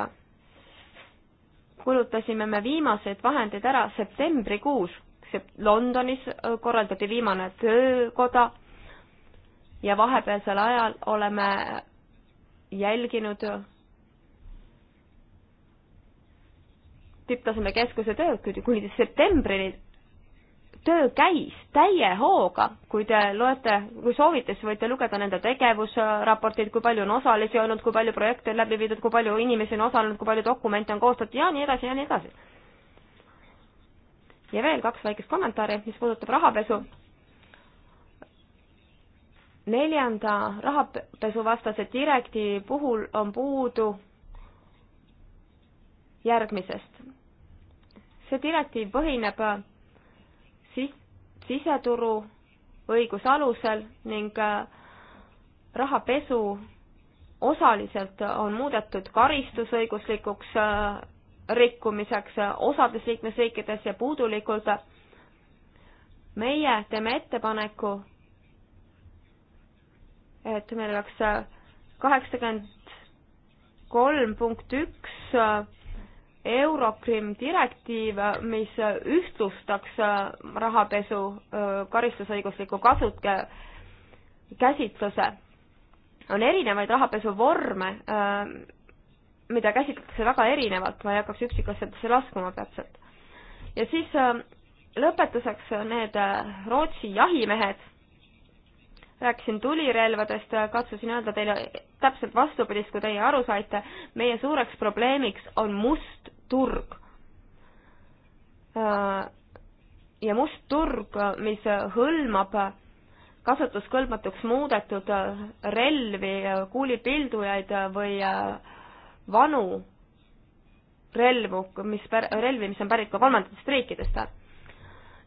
kulutasime me viimased vahendid ära septembrikuus. Londonis äh, korraldati viimane töökoda ja vahepealsel ajal oleme jälginud tipptaseme keskuse tööd, kuni septembrini töö käis täie hooga, kui te loete, kui soovite, siis võite lugeda nende tegevusraporteid, kui palju on osalisi olnud, kui palju projekte on läbi viidud, kui palju inimesi on osalenud, kui palju dokumente on koostatud ja nii edasi ja nii edasi. ja veel kaks väikest kommentaari, mis puudutab rahapesu neljanda rahapesuvastase direktiivi puhul on puudu järgmisest. see direktiiv põhineb sis-, siseturu õigusalusel ning äh, rahapesu osaliselt on muudetud karistusõiguslikuks äh, rikkumiseks äh, osades liikmesriikides ja puudulikult. meie teeme ettepaneku et meil oleks äh, kaheksakümmend kolm punkt üks äh, Eurokrim direktiiv, äh, mis ühtlustaks rahapesu karistusõigusliku kasutuse käsitluse. on erinevaid rahapesu vorme, mida käsitletakse väga erinevalt, ma ei hakkaks üksikasjadesse laskuma täpselt. ja siis lõpetuseks need Rootsi jahimehed rääkisin tulirelvadest, katsusin öelda teile täpselt vastupidist, kui teie aru saite. meie suureks probleemiks on must turg. Äh, ja must turg, mis hõlmab kasutuskõlbmatuks muudetud äh, relvi, äh, kuulipildujaid või vanu relvu, mis, relvi, mis on pärit ka kolmandatest riikidest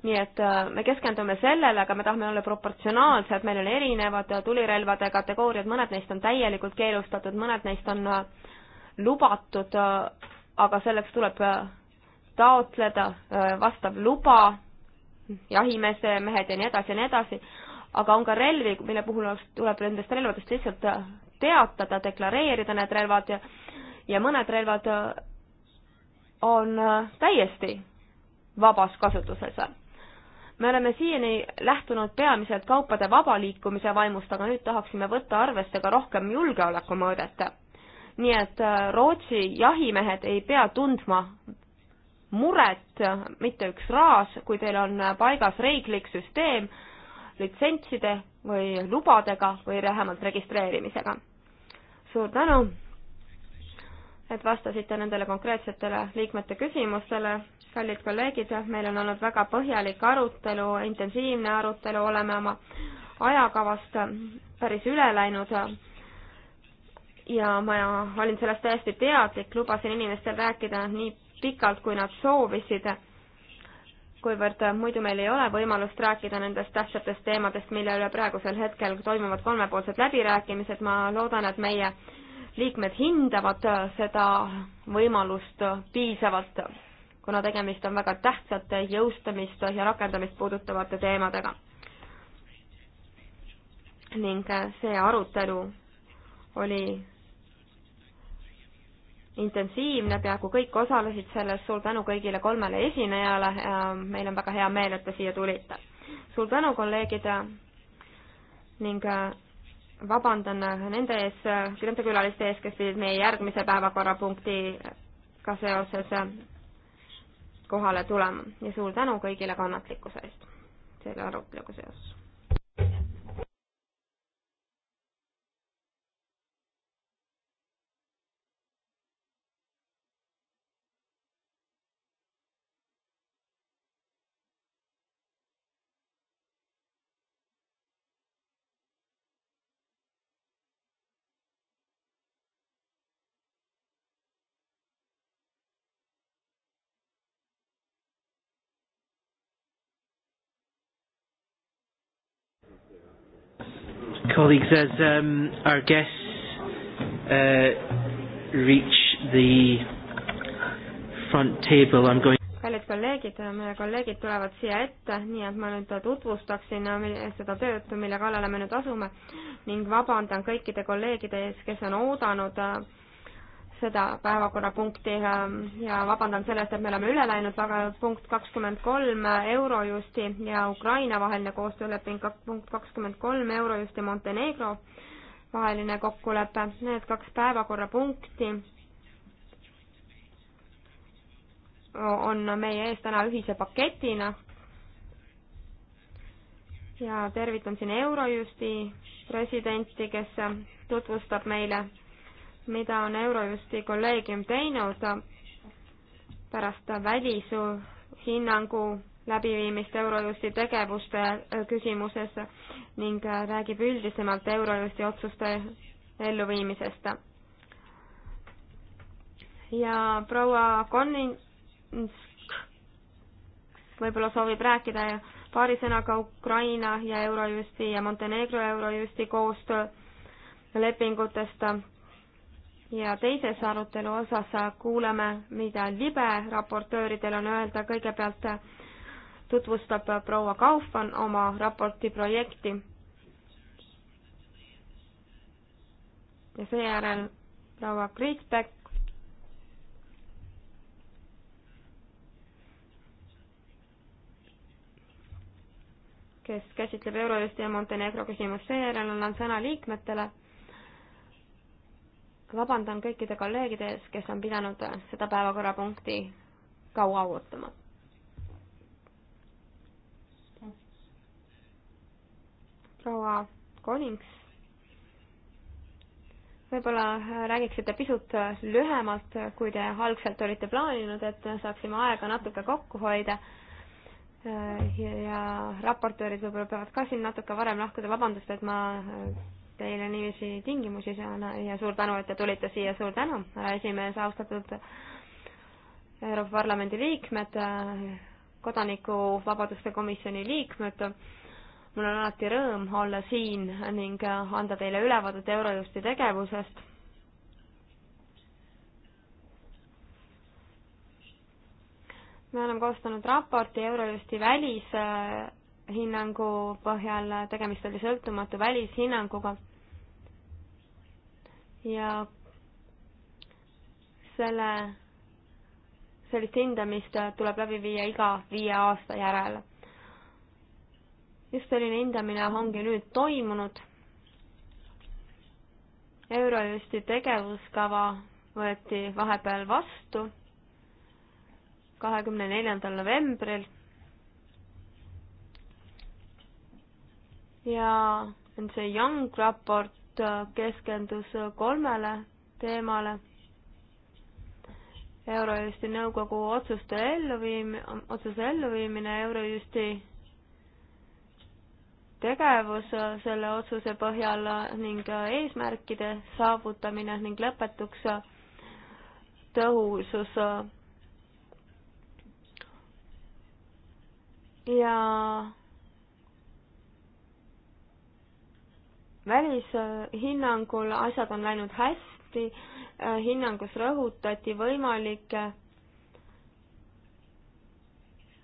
nii et äh, me keskendume sellele, aga me tahame olla proportsionaalsed, meil on erinevad äh, tulirelvade kategooriad, mõned neist on täielikult keelustatud, mõned neist on äh, lubatud, aga selleks tuleb taotleda vastav luba, jahimeeste, mehed ja nii edasi ja nii edasi, aga on ka relvi, mille puhul tuleb nendest relvadest lihtsalt teatada, deklareerida need relvad ja, ja mõned relvad on täiesti vabas kasutuses me oleme siiani lähtunud peamiselt kaupade vaba liikumise vaimust, aga nüüd tahaksime võtta arvesse ka rohkem julgeolekumõõdet. nii et äh, Rootsi jahimehed ei pea tundma muret, mitte üks raas, kui teil on äh, paigas reeglik süsteem litsentside või lubadega või vähemalt registreerimisega. suur tänu! et vastasite nendele konkreetsetele liikmete küsimustele. kallid kolleegid, meil on olnud väga põhjalik arutelu, intensiivne arutelu, oleme oma ajakavast päris üle läinud ja ma olin sellest täiesti teadlik, lubasin inimestel rääkida nii pikalt, kui nad soovisid, kuivõrd muidu meil ei ole võimalust rääkida nendest tähtsatest teemadest, mille üle praegusel hetkel toimuvad kolmepoolsed läbirääkimised, ma loodan, et meie liikmed hindavad äh, seda võimalust äh, piisavalt, kuna tegemist on väga tähtsate jõustamist ja rakendamist puudutavate teemadega. ning äh, see arutelu oli intensiivne, peaaegu kõik osalesid selles, suur tänu kõigile kolmele esinejale, meil on väga hea meel, et te siia tulite. suur tänu, kolleegid, ning vabandan äh, nende ees, äh, nende külaliste ees, kes pidid meie järgmise päevakorrapunktiga seoses äh, kohale tulema ja suur tänu kõigile kannatlikkuse eest selle aruteluga seoses. Colleagues, as um, our guests uh, reach the front table, I'm going kallid kolleegid, meie kolleegid tulevad siia ette, nii et ma nüüd tutvustaksin äh, seda tööd, mille kallale me nüüd asume ning vabandan kõikide kolleegide ees, kes on oodanud äh, seda päevakorrapunkti ja vabandan selle eest, et me oleme üle läinud, aga punkt kakskümmend kolm Eurojusti ja Ukraina vaheline koostööleping, punkt kakskümmend kolm Eurojust ja Montenegro vaheline kokkulepe, need kaks päevakorrapunkti on meie ees täna ühise paketina. ja tervitan siin Eurojusti presidenti, kes tutvustab meile mida on Eurojusti kolleegium teinud pärast välishinnangu läbiviimist Eurojusti tegevuste äh, küsimuses ning äh, räägib üldisemalt Eurojusti otsuste elluviimisest. ja proua Koninsk võib-olla soovib rääkida paari sõnaga Ukraina ja Eurojusti ja Montenegro Eurojusti koostöö lepingutest ja teises arutelu osas kuuleme, mida libe raportööridel on öelda, kõigepealt tutvustab proua Kaufmann oma raporti projekti. ja seejärel proua Kriisbeck. kes käsitleb Eurojusti ja Montenegro küsimust, seejärel annan sõna liikmetele vabandan kõikide kolleegide ees, kes on pidanud seda päevakorrapunkti kaua ootama. proua Konings, võib-olla räägiksite pisut lühemalt, kui te algselt olite plaaninud, et saaksime aega natuke kokku hoida ja, ja raportöörid võib-olla peavad ka siin natuke varem lahkuda, vabandust, et ma teile niiviisi tingimusi saana ja suur tänu, et te tulite siia, suur tänu, härra esimees, austatud Euroopa Parlamendi liikmed, kodanikuvabaduste komisjoni liikmed, mul on alati rõõm olla siin ning anda teile ülevaadet Eurojusti tegevusest. me oleme koostanud raporti Eurojusti välis hinnangu põhjal, tegemist oli sõltumatu välishinnanguga. ja selle, sellist hindamist tuleb läbi viia iga viie aasta järel. just selline hindamine ongi nüüd toimunud. Eurojusti tegevuskava võeti vahepeal vastu kahekümne neljandal novembril ja see Young raport äh, keskendus äh, kolmele teemale. Eurojusti nõukogu otsuste elluviim-, otsuse elluviimine, Eurojusti tegevus äh, selle otsuse põhjal ning eesmärkide saavutamine ning lõpetuks tõhusus. ja välishinnangul asjad on läinud hästi, äh, hinnangus rõhutati võimalikke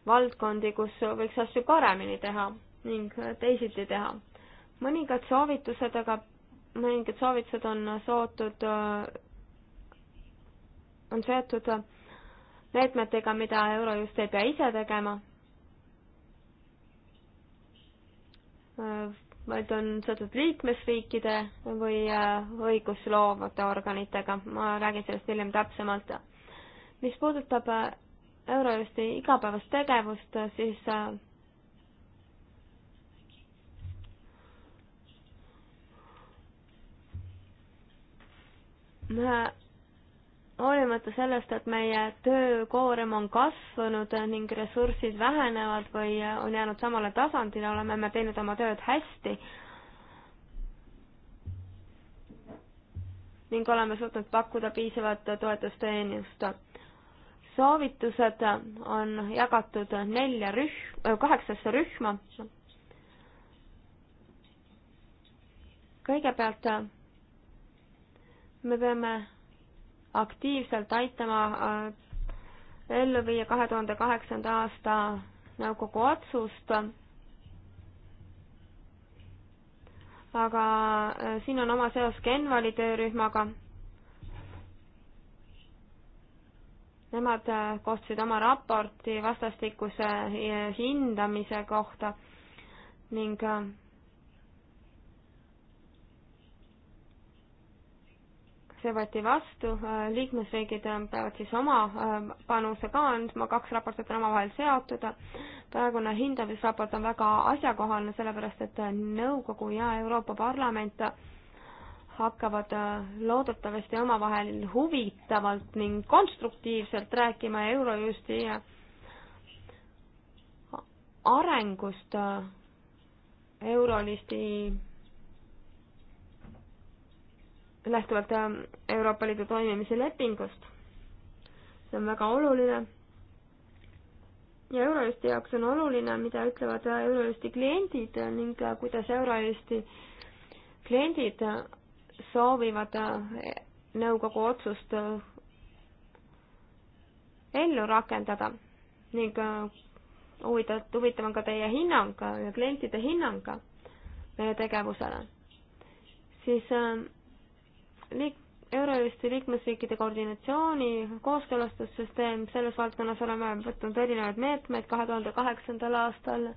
valdkondi, kus võiks asju paremini teha ning äh, teisiti teha. mõningad soovitused aga, mõningad soovitused on sootud, äh, on seotud meetmetega, mida Eurojust ei pea ise tegema vaid on seotud liikmesriikide või äh, õigusloovate organitega, ma räägin sellest hiljem täpsemalt. mis puudutab äh, Eurojusti igapäevast tegevust, siis äh, hoolimata sellest, et meie töökoorem on kasvanud ning ressursid vähenevad või on jäänud samale tasandile, oleme me teinud oma tööd hästi ning oleme suutnud pakkuda piisavat toetusteenust. soovitused on jagatud nelja rühm, äh, kaheksasse rühma. kõigepealt äh, me peame aktiivselt aitama äh, ellu viia kahe tuhande kaheksanda aasta nõukogu otsust. aga äh, siin on oma seos Genvali töörühmaga. Nemad äh, koostasid oma raporti vastastikuse hindamise kohta ning see võeti vastu, äh, liikmesriigid peavad siis oma äh, panuse ka andma, kaks raportit on omavahel seotud. praegune hindamisraport on väga asjakohane, sellepärast et äh, nõukogu ja Euroopa Parlament hakkavad loodetavasti omavahel huvitavalt ning konstruktiivselt rääkima Eurojusti arengust Eurolisti lähtuvalt äh, Euroopa Liidu toimimise lepingust. see on väga oluline. ja Eurojusti jaoks on oluline, mida ütlevad äh, Eurojusti kliendid ning äh, kuidas Eurojusti kliendid soovivad nõukogu otsust ellu rakendada ning huvitav, huvitav on ka teie hinnang ja klientide hinnang meie tegevusele. siis äh, liik-, Eurojusti liikmesriikide koordinatsiooni kooskõlastussüsteem, selles valdkonnas oleme võtnud erinevaid meetmeid, kahe tuhande kaheksandal aastal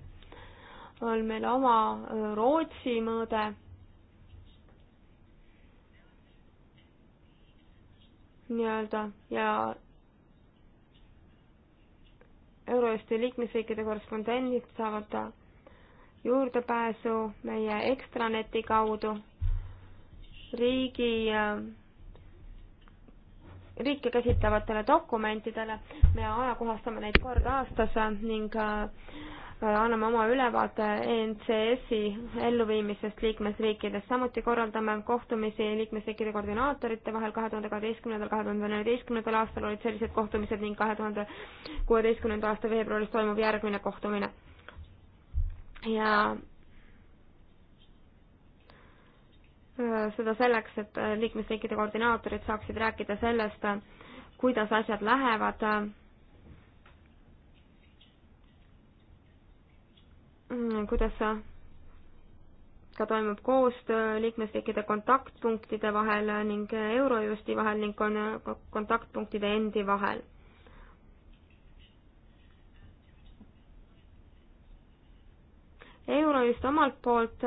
on meil oma Rootsi mõõde, nii-öelda ja Eurojusti liikmesriikide korrespondendid saavad juurdepääsu meie ekstraneti kaudu riigi, äh, riike käsitlevatele dokumentidele. me ajakohastame neid kord aastas ning äh, anname oma ülevaate ENCS-i elluviimisest liikmesriikides. samuti korraldame kohtumisi liikmesriikide koordinaatorite vahel. kahe tuhande kaheteistkümnendal, kahe tuhande neljateistkümnendal aastal olid sellised kohtumised ning kahe tuhande kuueteistkümnenda aasta veebruaris toimub järgmine kohtumine. ja Äh, seda selleks, et äh, liikmesriikide koordinaatorid saaksid rääkida sellest, äh, kuidas asjad lähevad. Mm, kuidas ka toimub koostöö liikmesriikide kontaktpunktide vahel ning Eurojusti vahel ning kontaktpunktide endi vahel Eurojust omalt poolt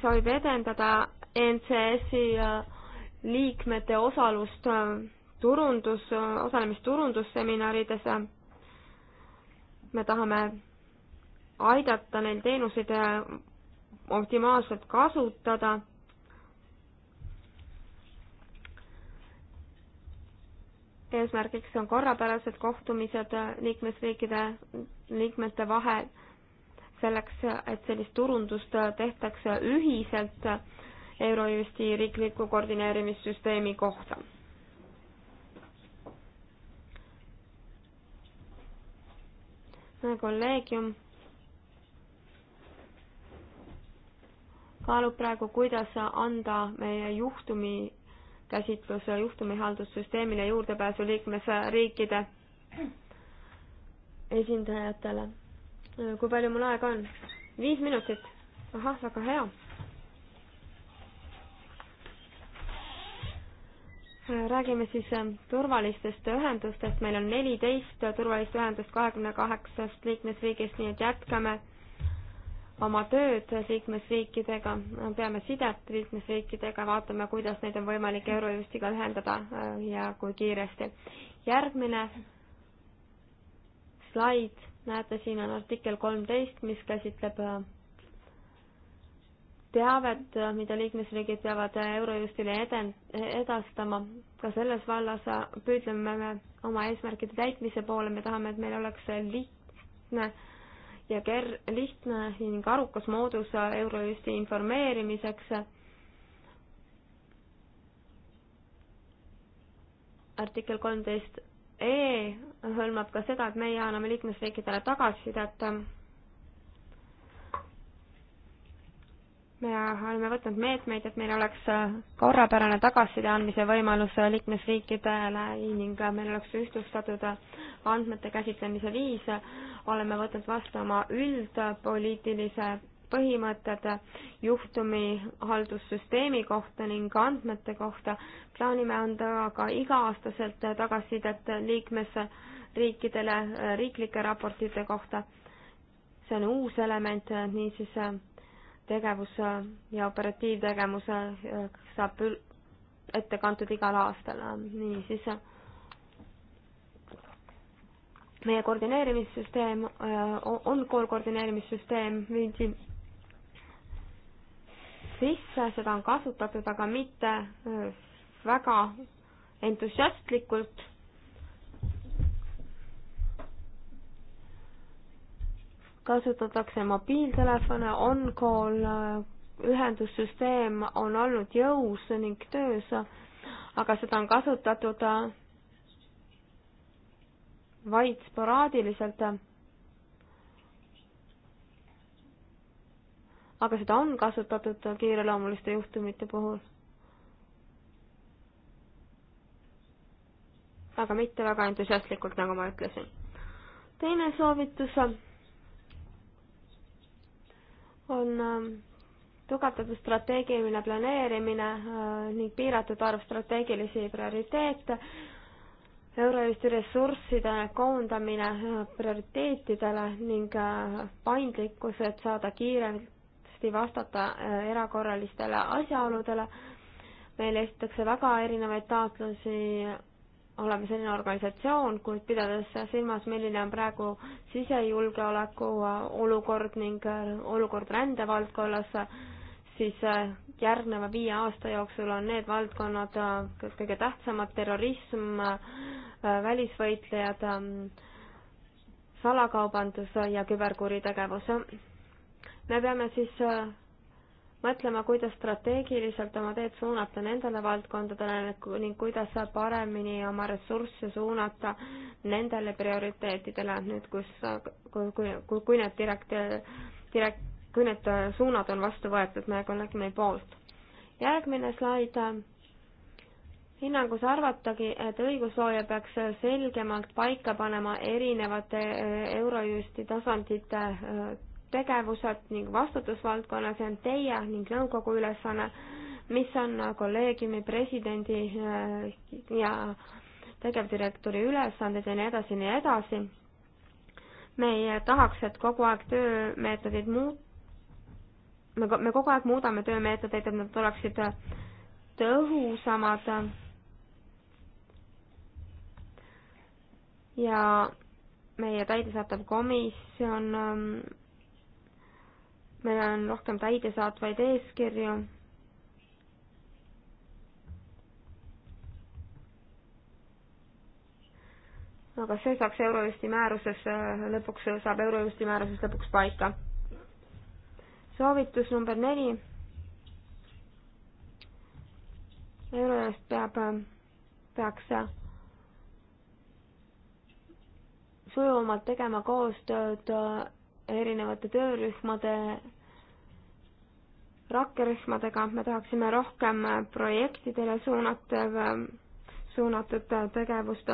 soovib edendada NCS-i äh, liikmete osalust äh, turundus, äh, osalemist turundusseminarides. me tahame aidata neil teenuseid optimaalselt kasutada. eesmärgiks on korrapärased kohtumised liikmesriikide liikmete vahel selleks, et sellist turundust tehtaks ühiselt Eurojusti riikliku koordineerimissüsteemi kohta. kolleegium kaalub praegu, kuidas anda meie juhtumi käsitluse juhtumihaldussüsteemile juurdepääsu liikmesriikide esindajatele kui palju mul aega on? viis minutit. ahah, väga hea. räägime siis ähm, turvalistest ühendustest, meil on neliteist turvalist ühendust kahekümne kaheksast liikmesriigist, nii et jätkame oma tööd liikmesriikidega, peame sidet liikmesriikidega, vaatame, kuidas neid on võimalik Eurojustiga ühendada äh, ja kui kiiresti. järgmine slaid näete, siin on artikkel kolmteist, mis käsitleb äh, teavet, äh, mida liikmesriigid peavad äh, Eurojustile eden-, edastama. ka selles vallas püüdleme me oma eesmärkide täitmise poole, me tahame, et meil oleks lihtne ja ker-, lihtne ning arukas moodus Eurojusti informeerimiseks. artikkel kolmteist E hõlmab ka seda, et meie anname liikmesriikidele tagasisidet. me oleme võtnud meetmeid, et meil oleks korrapärane tagasiside andmise võimalus liikmesriikidele ning meil oleks ühtlustatud andmete käsitlemise viis. oleme võtnud vastu oma üldpoliitilise põhimõtted juhtumi haldussüsteemi kohta ning andmete kohta. plaanime anda ka iga-aastaselt tagasisidet liikmesriikidele riiklike raportite kohta. see on uus element, niisiis äh, tegevus äh, ja operatiivtegevus äh, saab ette kantud igal aastal, niisiis meie koordineerimissüsteem on kool koordineerimissüsteem, viisin sisse, seda on kasutatud, aga mitte äh, väga entusiastlikult. kasutatakse mobiiltelefone, on-call äh, ühendussüsteem on olnud jõus ning töös, aga seda on kasutatud äh, vaid sporaadiliselt aga seda on kasutatud kiireloomuliste juhtumite puhul. aga mitte väga entusiastlikult, nagu ma ütlesin. teine soovitus on ähm, tugevdatud strateegiline planeerimine äh, ning piiratud arv strateegilisi prioriteete Eurojusti ressursside koondamine äh, prioriteetidele ning äh, paindlikkus, et saada kiirelt kiiresti vastata äh, erakorralistele asjaoludele. meile esitatakse väga erinevaid taotlusi, oleme selline organisatsioon, kuid pidades silmas, milline on praegu sisejulgeoleku äh, olukord ning äh, olukord rändevaldkonnas, siis järgneva viie aasta jooksul on need valdkonnad kõige tähtsamad, terrorism, välisvõitlejad, salakaubandus ja küberkuritegevus me peame siis äh, mõtlema, kuidas strateegiliselt oma teed suunata nendele valdkondadele ning kuidas paremini oma ressursse suunata nendele prioriteetidele, nüüd kus, kui, kui, kui need direkt-, direkt-, kui need äh, suunad on vastu võetud meie kolleegide poolt. järgmine slaid. hinnangus arvatagi, et õiguslooja peaks selgemalt paika panema erinevate äh, Eurojusti tasandite tegevused ning vastutusvaldkonna, see on teie ning nõukogu ülesanne, mis on kolleegiumi presidendi äh, ja tegevdirektori ülesanded ja nii edasi ja nii edasi. me ei tahaks, et kogu aeg töömeetodid muut-, me, me kogu aeg muudame töömeetodeid, et nad oleksid tõhusamad ja meie täidesaatav komisjon ähm, meil on rohkem täidesaatvaid eeskirju. aga see saaks Eurojusti määruses lõpuks, saab Eurojusti määruses lõpuks paika. soovitus number neli. Eurojust peab, peaks sujuvamalt tegema koostööd erinevate töörühmade rakkerühmadega, me tahaksime rohkem projektidele suunatud, suunatud tegevust.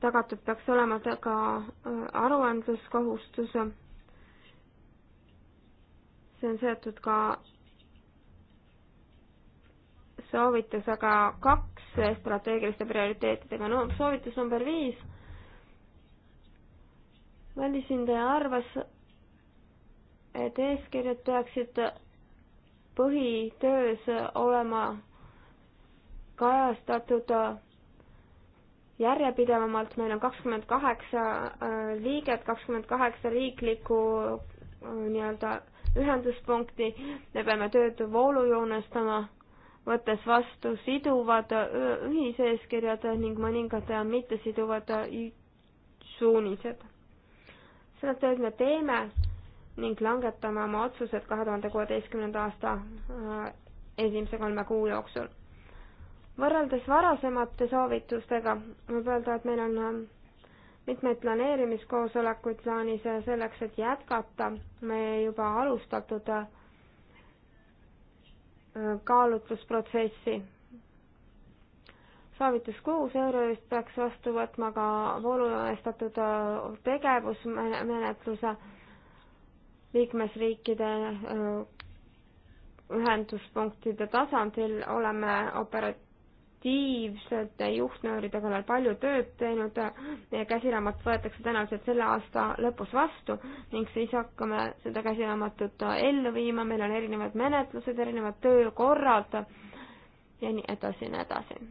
tagatud peaks olema ka aruandluskohustus. see on seotud ka soovitusega kaks strateegiliste prioriteetidega, no soovitus number viis välisindaja arvas, et eeskirjad peaksid põhitöös olema kajastatud järjepidevamalt, meil on kakskümmend kaheksa äh, liiget, kakskümmend kaheksa riiklikku äh, nii-öelda ühenduspunkti, me peame tööd voolujoonestama, võttes vastu siduvad äh, ühiseeskirjad ning mõningad mittesiduvad suunised seda tööd me teeme ning langetame oma otsused kahe tuhande kuueteistkümnenda aasta äh, esimese kolme kuu jooksul. võrreldes varasemate soovitustega võib öelda, et meil on äh, mitmeid planeerimiskoosolekuid plaanis äh, selleks, et jätkata meie juba alustatud kaalutlusprotsessi soovitus kuus euro eest peaks vastu võtma ka voolunestatud äh, tegevusmenetluse liikmesriikide äh, ühenduspunktide tasandil oleme operatiivsete juhtnööride kallal palju tööd teinud. meie käsiraamat võetakse tõenäoliselt selle aasta lõpus vastu ning siis hakkame seda käsiraamatut äh, ellu viima, meil on erinevad menetlused, erinevad töökorrad ja nii edasi ja nii edasi.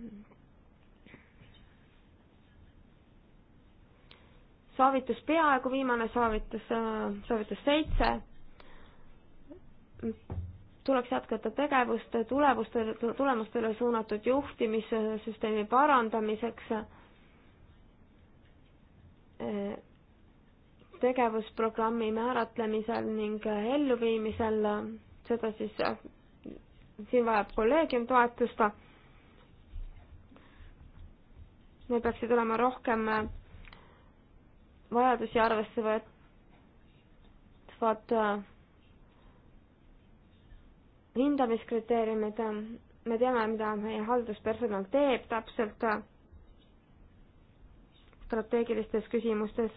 soovitus peaaegu viimane soovitus, soovitus seitse, tuleks jätkata tegevust tulemuste, tulemustele suunatud juhtimissüsteemi parandamiseks, tegevusprogrammi määratlemisel ning elluviimisel, seda siis, siin vajab kolleegium toetust, meil peaksid olema rohkem vajadusi arvesse võtvad äh, hindamiskriteeriumid, me teame, mida meie halduspersonal teeb täpselt äh, strateegilistes küsimustes.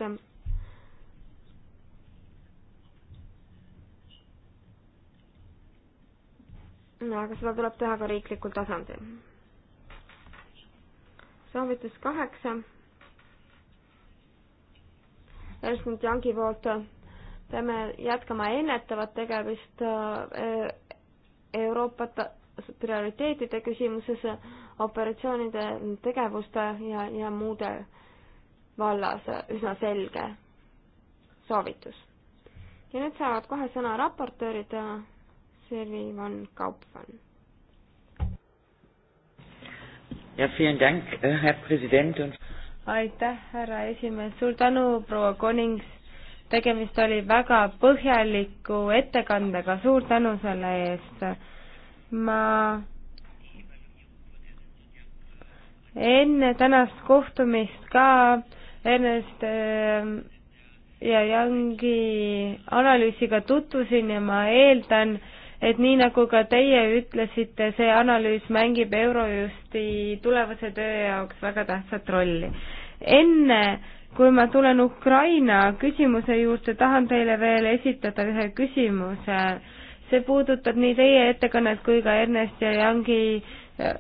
aga seda tuleb teha ka riiklikul tasandil. soovitus kaheksa Ernst Youngi poolt. peame jätkama ennetavat tegevust eh, Euroopa prioriteetide küsimuses, operatsioonide tegevuste ja, ja muude vallas üsna selge soovitus. ja nüüd saavad kohe sõna raportöörid Sirvi van Kaupmann. Ja, vielen Dank, äh, Herr Präsident. Und aitäh, härra esimees, suur tänu, proua Konings. tegemist oli väga põhjaliku ettekandega, suur tänu selle eest. ma enne tänast kohtumist ka Ernest ähm, ja Youngi analüüsiga tutvusin ja ma eeldan, et nii nagu ka teie ütlesite, see analüüs mängib Eurojusti tulevase töö jaoks väga tähtsat rolli. enne kui ma tulen Ukraina küsimuse juurde, tahan teile veel esitada ühe küsimuse. see puudutab nii teie ettekannet kui ka Ernest ja Youngi äh,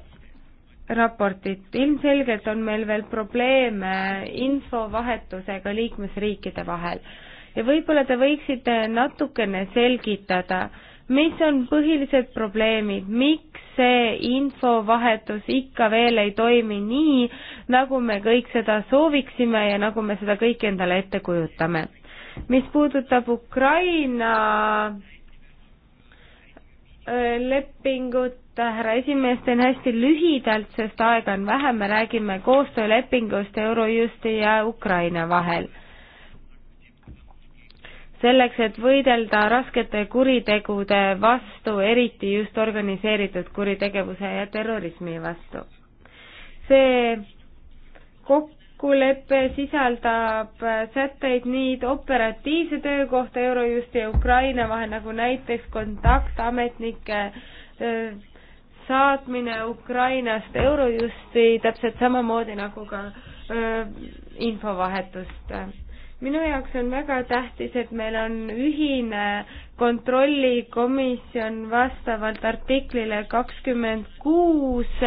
raportit. ilmselgelt on meil veel probleeme infovahetusega liikmesriikide vahel ja võib-olla te võiksite natukene selgitada, mis on põhilised probleemid, miks see infovahetus ikka veel ei toimi nii, nagu me kõik seda sooviksime ja nagu me seda kõik endale ette kujutame. mis puudutab Ukraina äh, lepingut, härra esimees, teen hästi lühidalt, sest aega on vähe, me räägime koostöölepingust Eurojusti ja Ukraina vahel selleks, et võidelda raskete kuritegude vastu, eriti just organiseeritud kuritegevuse ja terrorismi vastu. see kokkulepe sisaldab sätteid nii operatiivse töö kohta Eurojust ja Ukraina vahel, nagu näiteks kontaktametnike saatmine Ukrainast Eurojusti, täpselt samamoodi nagu ka infovahetust minu jaoks on väga tähtis, et meil on ühine kontrollikomisjon vastavalt artiklile kakskümmend kuus,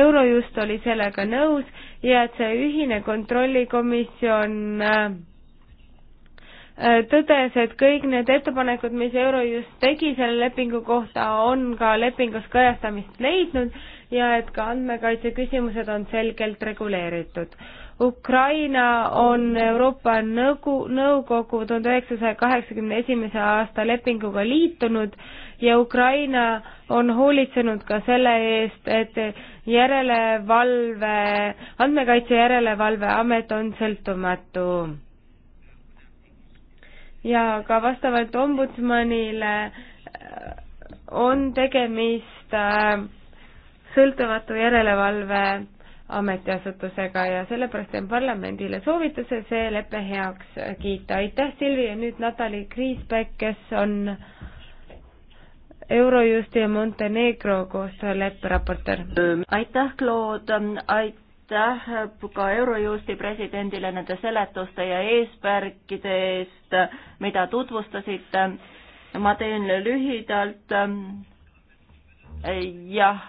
Eurojust oli sellega nõus ja et see ühine kontrollikomisjon äh, tõdes, et kõik need ettepanekud, mis Eurojust tegi selle lepingu kohta, on ka lepingus kajastamist leidnud ja et ka andmekaitse küsimused on selgelt reguleeritud Ukraina on Euroopa Nõukogu, Nõukogu tuhande üheksasaja kaheksakümne esimese aasta lepinguga liitunud ja Ukraina on hoolitsenud ka selle eest, et järelevalve, Andmekaitse Järelevalveamet on sõltumatu. ja ka vastavalt ombudsmanile äh, on tegemist äh, sõltumatu järelevalve ametiasutusega ja sellepärast teen parlamendile soovituse see lepe heaks kiita. aitäh, Silvi ja nüüd Natali Kriisbeck, kes on Eurojusti ja Montenegro koostööleppe raportöör. aitäh, Claude, aitäh ka Eurojusti presidendile nende seletuste ja eesmärkide eest, mida tutvustasite. ma teen lühidalt jah,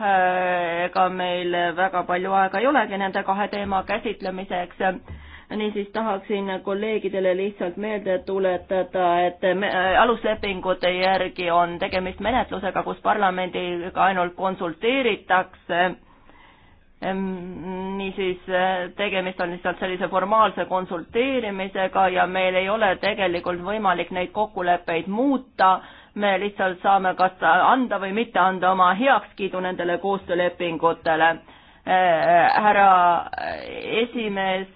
ega meil väga palju aega ei olegi nende kahe teema käsitlemiseks. niisiis tahaksin kolleegidele lihtsalt meelde tuletada, et me, äh, aluslepingute järgi on tegemist menetlusega, kus parlamendiga ainult konsulteeritakse niisiis äh, tegemist on lihtsalt sellise formaalse konsulteerimisega ja meil ei ole tegelikult võimalik neid kokkuleppeid muuta me lihtsalt saame kas anda või mitte anda oma heakskiidu nendele koostöölepingutele härra esimees,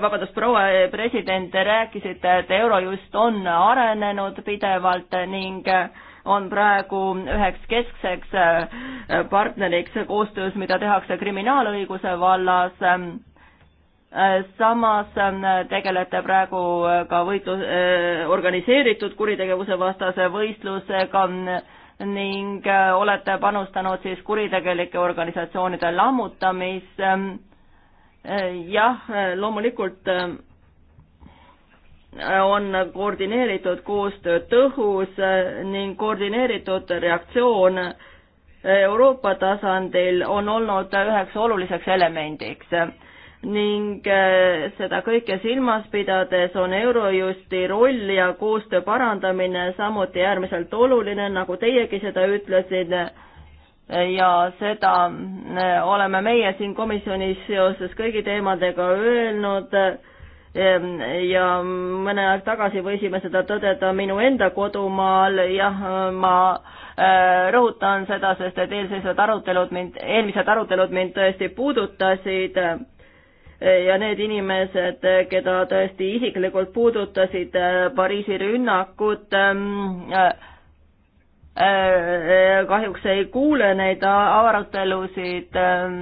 vabandust, proua president, te rääkisite, et Eurojust on arenenud pidevalt ning on praegu üheks keskseks partneriks koostöös, mida tehakse kriminaalõiguse vallas Äh, samas äh, tegelete praegu äh, ka võitlus, organiseeritud kuritegevuse vastase võistlusega ning olete panustanud siis kuritegelike organisatsioonide lammutamisse. jah, loomulikult on koordineeritud koostöö tõhus ning koordineeritud reaktsioon Euroopa tasandil on olnud üheks oluliseks elemendiks ning äh, seda kõike silmas pidades on Eurojusti roll ja koostöö parandamine samuti äärmiselt oluline, nagu teiegi seda ütlesite, ja seda äh, oleme meie siin komisjonis seoses kõigi teemadega öelnud ähm, ja mõne aeg tagasi võisime seda tõdeda minu enda kodumaal, jah, ma äh, rõhutan seda, sest et eelseisvad arutelud mind, eelmised arutelud mind tõesti puudutasid ja need inimesed, keda tõesti isiklikult puudutasid äh, Pariisi rünnakud, ähm, äh, äh, kahjuks ei kuule neid arutelusid ähm,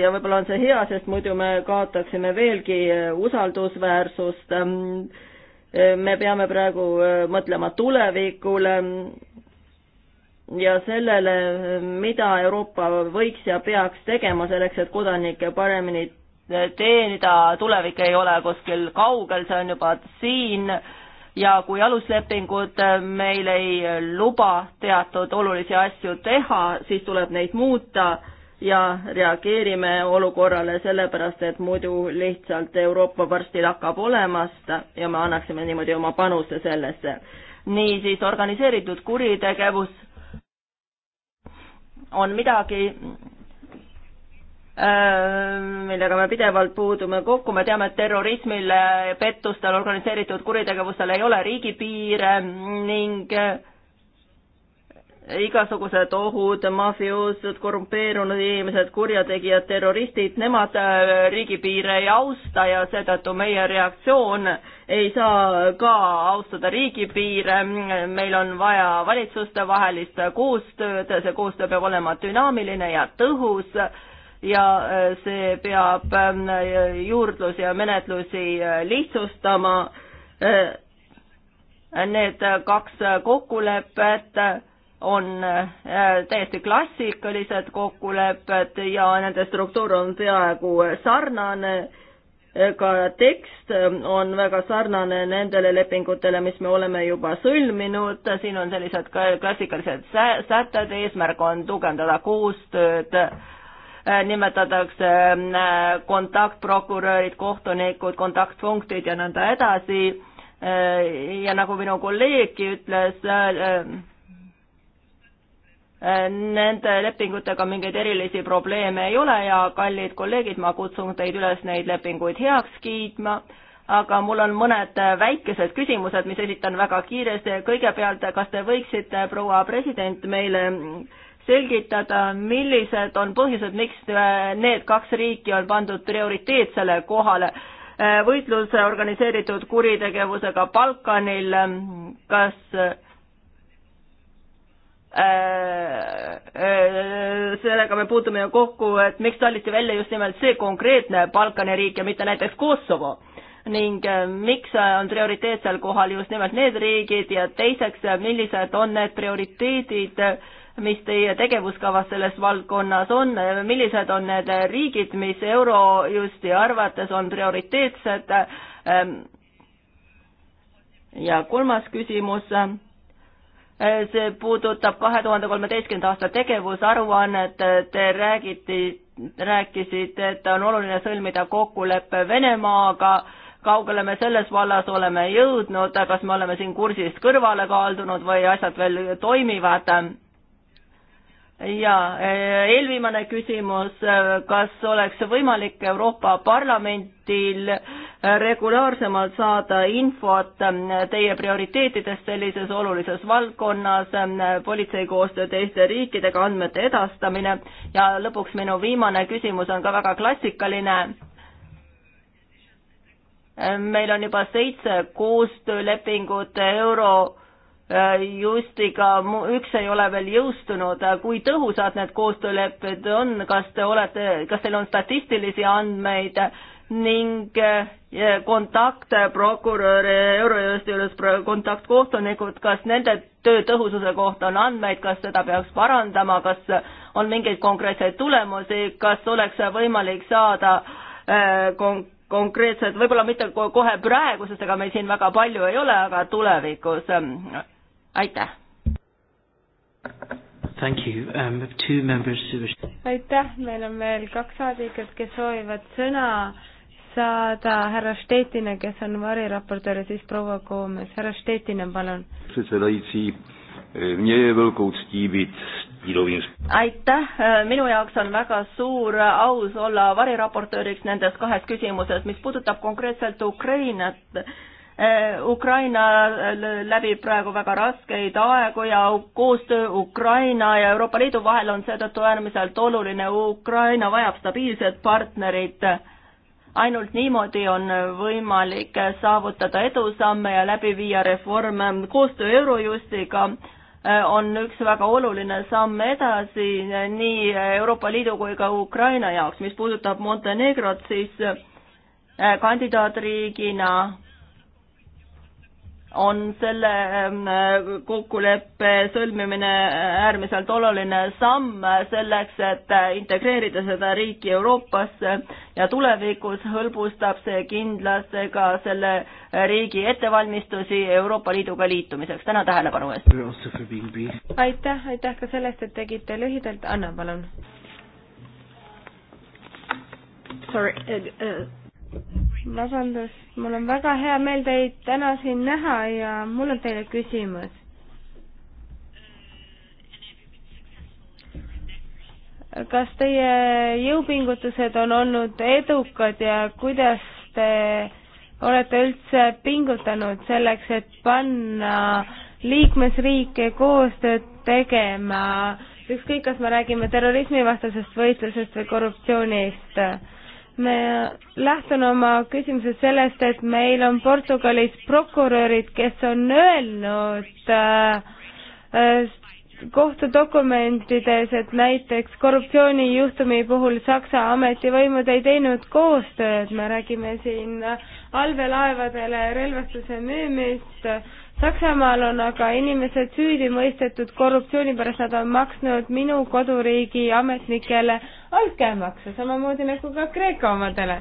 ja võib-olla on see hea, sest muidu me kaotaksime veelgi usaldusväärsust. Ähm, me peame praegu mõtlema tulevikule ja sellele, mida Euroopa võiks ja peaks tegema selleks, et kodanikke paremini teenida, tulevik ei ole kuskil kaugel, see on juba siin ja kui aluslepingud meil ei luba teatud olulisi asju teha, siis tuleb neid muuta ja reageerime olukorrale sellepärast, et muidu lihtsalt Euroopa varsti lakkab olemast ja me annaksime niimoodi oma panuse sellesse. niisiis organiseeritud kuritegevus on midagi, äh, millega me pidevalt puudume kokku, me teame, et terrorismil, pettustel, organiseeritud kuritegevustel ei ole riigipiire ning äh, igasugused ohud, mafioosud, korrumpeerunud inimesed, kurjategijad, terroristid, nemad äh, riigipiire ei austa ja seetõttu meie reaktsioon ei saa ka austada riigipiire, meil on vaja valitsustevahelist koostööd, see koostöö peab olema dünaamiline ja tõhus ja äh, see peab äh, juurdlusi ja menetlusi lihtsustama. Need kaks kokkulepet on äh, täiesti klassikalised kokkulepped ja nende struktuur on peaaegu sarnane, ka tekst on väga sarnane nendele lepingutele, mis me oleme juba sõlminud, siin on sellised klassikalised sätted, eesmärk on tugevdada koostööd, äh, nimetatakse äh, kontaktprokurörid, kohtunikud, kontaktpunktid ja nõnda edasi, ja nagu minu kolleegki ütles, Nende lepingutega mingeid erilisi probleeme ei ole ja kallid kolleegid, ma kutsun teid üles neid lepinguid heaks kiitma, aga mul on mõned väikesed küsimused, mis esitan väga kiiresti. kõigepealt, kas te võiksite, proua president, meile selgitada, millised on põhjused, miks need kaks riiki on pandud prioriteetsele kohale võitluse organiseeritud kuritegevusega Balkanil, kas Äh, äh, sellega me puutume ju kokku, et miks valiti välja just nimelt see konkreetne Balkani riik ja mitte näiteks Kosovo ning äh, miks on prioriteetsel kohal just nimelt need riigid ja teiseks, millised on need prioriteedid, mis teie tegevuskavas selles valdkonnas on, millised on need riigid, mis Eurojusti arvates on prioriteetsed? ja kolmas küsimus Eh, see puudutab kahe tuhande kolmeteistkümnenda aasta tegevusaruannet, eh, te räägiti, rääkisite, et on oluline sõlmida kokkulepe Venemaaga, kaugele me selles vallas oleme jõudnud, kas me oleme siin kursist kõrvale kaldunud või asjad veel toimivad? ja eh, eelviimane küsimus, eh, kas oleks võimalik Euroopa Parlamentil eh, regulaarsemalt saada infot teie prioriteetidest sellises olulises valdkonnas, politsei koostöö teiste riikidega, andmete edastamine ja lõpuks minu viimane küsimus on ka väga klassikaline meil on juba seitse koostöölepingut euro Äh, Justiga, üks ei ole veel jõustunud, äh, kui tõhusad need koostöölepped on, kas te olete, kas teil on statistilisi andmeid ning äh, kontaktprokurör, Eurojust juures kontaktkohtunikud, kas nende töö tõhususe kohta on andmeid, kas seda peaks parandama, kas on mingeid konkreetseid tulemusi, kas oleks võimalik saada kon-, konkreetselt, võib-olla mitte kohe praegu, sest ega meil siin väga palju ei ole, aga tulevikus aitäh! Thank you. Um, we have two members who wish... aitäh, meil on veel kaks saadikut, kes soovivad sõna saada, härra Štetina, kes on variraportöör ja siis proua Koomes. härra Štetina, palun. aitäh, minu jaoks on väga suur aus olla variraportööriks nendes kahes küsimuses, mis puudutab konkreetselt Ukrainat Eh, Ukraina eh, läbib praegu väga raskeid aegu ja koostöö Ukraina ja Euroopa Liidu vahel on seetõttu äärmiselt oluline. Ukraina vajab stabiilset partnerit. ainult niimoodi on võimalik saavutada edusamme ja läbi viia reforme. koostöö Eurojustiga eh, on üks väga oluline samm edasi nii Euroopa Liidu kui ka Ukraina jaoks. mis puudutab Montenegrot, siis kandidaatriigina on selle ähm, kokkuleppe sõlmimine äärmiselt oluline samm selleks, et integreerida seda riiki Euroopasse ja tulevikus hõlbustab see kindlasti ka selle riigi ettevalmistusi Euroopa Liiduga liitumiseks. tänan tähelepanu eest! aitäh, aitäh ka selle eest, et tegite lühidalt, Anna, palun! Sorry uh,. Uh vabandust, mul on väga hea meel teid täna siin näha ja mul on teile küsimus. kas teie jõupingutused on olnud edukad ja kuidas te olete üldse pingutanud selleks, et panna liikmesriike koostööd tegema, ükskõik, kas me räägime terrorismivastasest võitlusest või korruptsioonist? me lähtun oma küsimuses sellest, et meil on Portugalis prokurörid, kes on öelnud äh, äh, kohtudokumentides, et näiteks korruptsioonijuhtumi puhul Saksa ametivõimud ei teinud koostööd, me räägime siin allveelaevadele relvastuse müümist äh,, Saksamaal on aga inimesed süüdi mõistetud korruptsiooni pärast, nad on maksnud minu koduriigi ametnikele altkäemaksu, samamoodi nagu ka Kreeka omadele.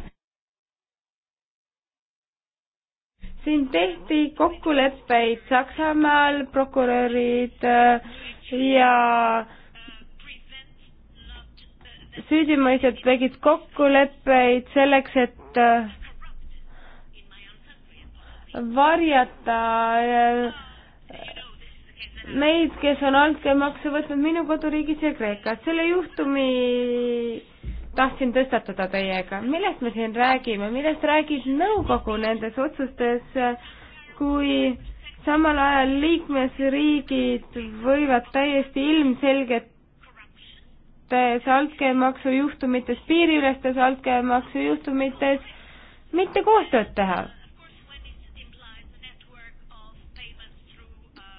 siin tehti kokkuleppeid Saksamaal, prokurörid äh, ja süüdimõistjad tegid kokkuleppeid selleks, et äh, varjata neid, eh, kes on altkäemakse võtnud minu koduriigis ja Kreekas. selle juhtumi tahtsin tõstatada teiega. millest me siin räägime, millest räägib nõukogu nendes otsustes, kui samal ajal liikmesriigid võivad täiesti ilmselgetes altkäemaksu juhtumites, piiriülestes altkäemaksu juhtumites mitte koostööd teha.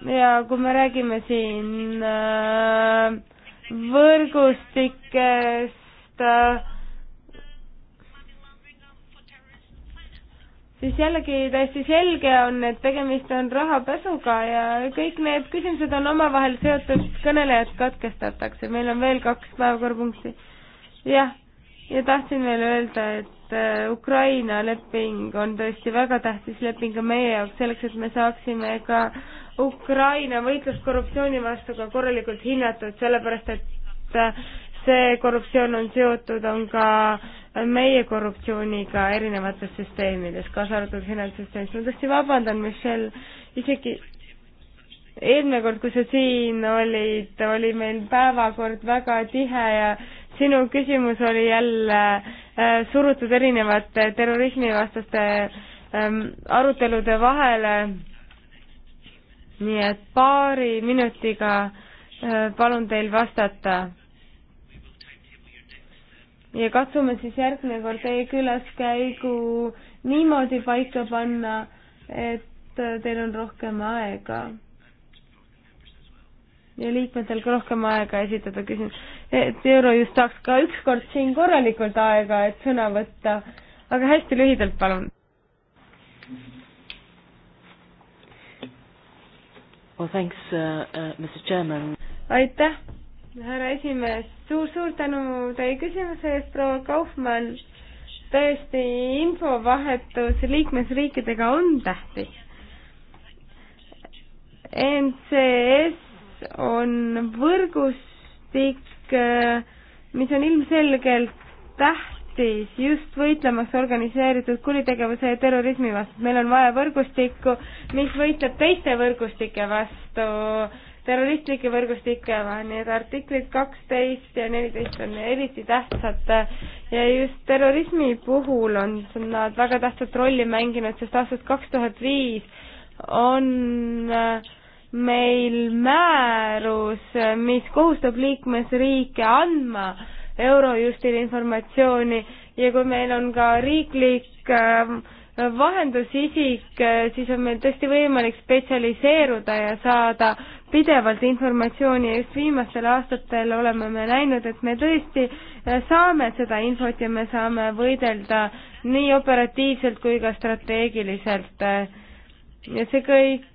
ja kui me räägime siin äh, võrgustikest, äh, siis jällegi täiesti selge on, et tegemist on rahapesuga ja kõik need küsimused on omavahel seotud, kõnelejad katkestatakse, meil on veel kaks päevakorrapunkti. jah, ja tahtsin veel öelda, et äh, Ukraina leping on tõesti väga tähtis leping ka meie jaoks, selleks et me saaksime ka äh, Ukraina võitlust korruptsiooni vastu ka korralikult hinnatud, sellepärast et äh, see korruptsioon on seotud, on ka meie korruptsiooniga erinevates süsteemides, kaasa arvatud finantssüsteemis. ma tõesti vabandan, Michelle, isegi eelmine kord, kui sa siin olid, oli meil päevakord väga tihe ja sinu küsimus oli jälle äh, surutud erinevate terrorismivastaste ähm, arutelude vahele nii et paari minutiga äh, palun teil vastata. ja katsume siis järgmine kord teie külaskäigu niimoodi paika panna, et äh, teil on rohkem aega. ja liikmetel ka rohkem aega esitada küsimusi. et Euro just tahaks ka ükskord siin korralikult aega, et sõna võtta. aga hästi lühidalt, palun well,. Thanks uh,, uh, Mr Chairman. aitäh, härra esimees suur,, suur-suur tänu teie küsimuse eest, proua Kaufmann. tõesti, infovahetus liikmesriikidega on tähtis. NCS on võrgustik, äh, mis on ilmselgelt tähtis tähtis just võitlemaks organiseeritud kuritegevuse ja terrorismi vastu. meil on vaja võrgustikku, mis võitleb teiste võrgustike vastu, terroristlike võrgustike, nii et artiklid kaksteist ja neliteist on eriti tähtsad ja just terrorismi puhul on nad väga tähtsat rolli mänginud, sest aastast kaks tuhat viis on äh, meil määrus, mis kohustab liikmesriike andma äh, Eurojustil informatsiooni ja kui meil on ka riiklik ähm, vahendusisik, äh, siis on meil tõesti võimalik spetsialiseeruda ja saada pidevalt informatsiooni ja just viimastel aastatel oleme me näinud, et me tõesti äh, saame seda infot ja me saame võidelda nii operatiivselt kui ka strateegiliselt. Äh. ja see kõik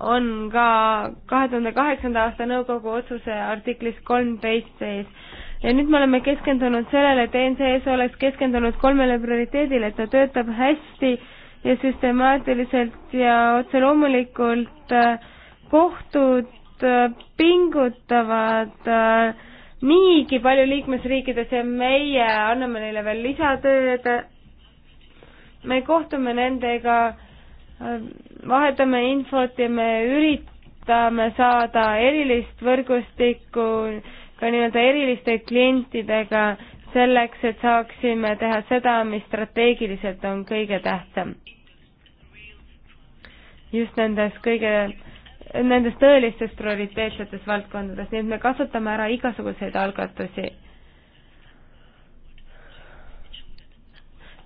on ka kahe tuhande kaheksanda aasta nõukogu otsuse artiklis kolmteist sees. ja nüüd me oleme keskendunud sellele, et ENCS oleks keskendunud kolmele prioriteedile, et ta töötab hästi ja süstemaatiliselt ja otse loomulikult äh, kohtud äh, pingutavad äh, niigi palju liikmesriikides ja meie anname neile veel lisatööd. me kohtume nendega vahetame infot ja me üritame saada erilist võrgustikku ka nii-öelda eriliste klientidega selleks, et saaksime teha seda, mis strateegiliselt on kõige tähtsam. just nendes kõige, nendes tõelistes prioriteetsetes valdkondades, nii et me kasutame ära igasuguseid algatusi.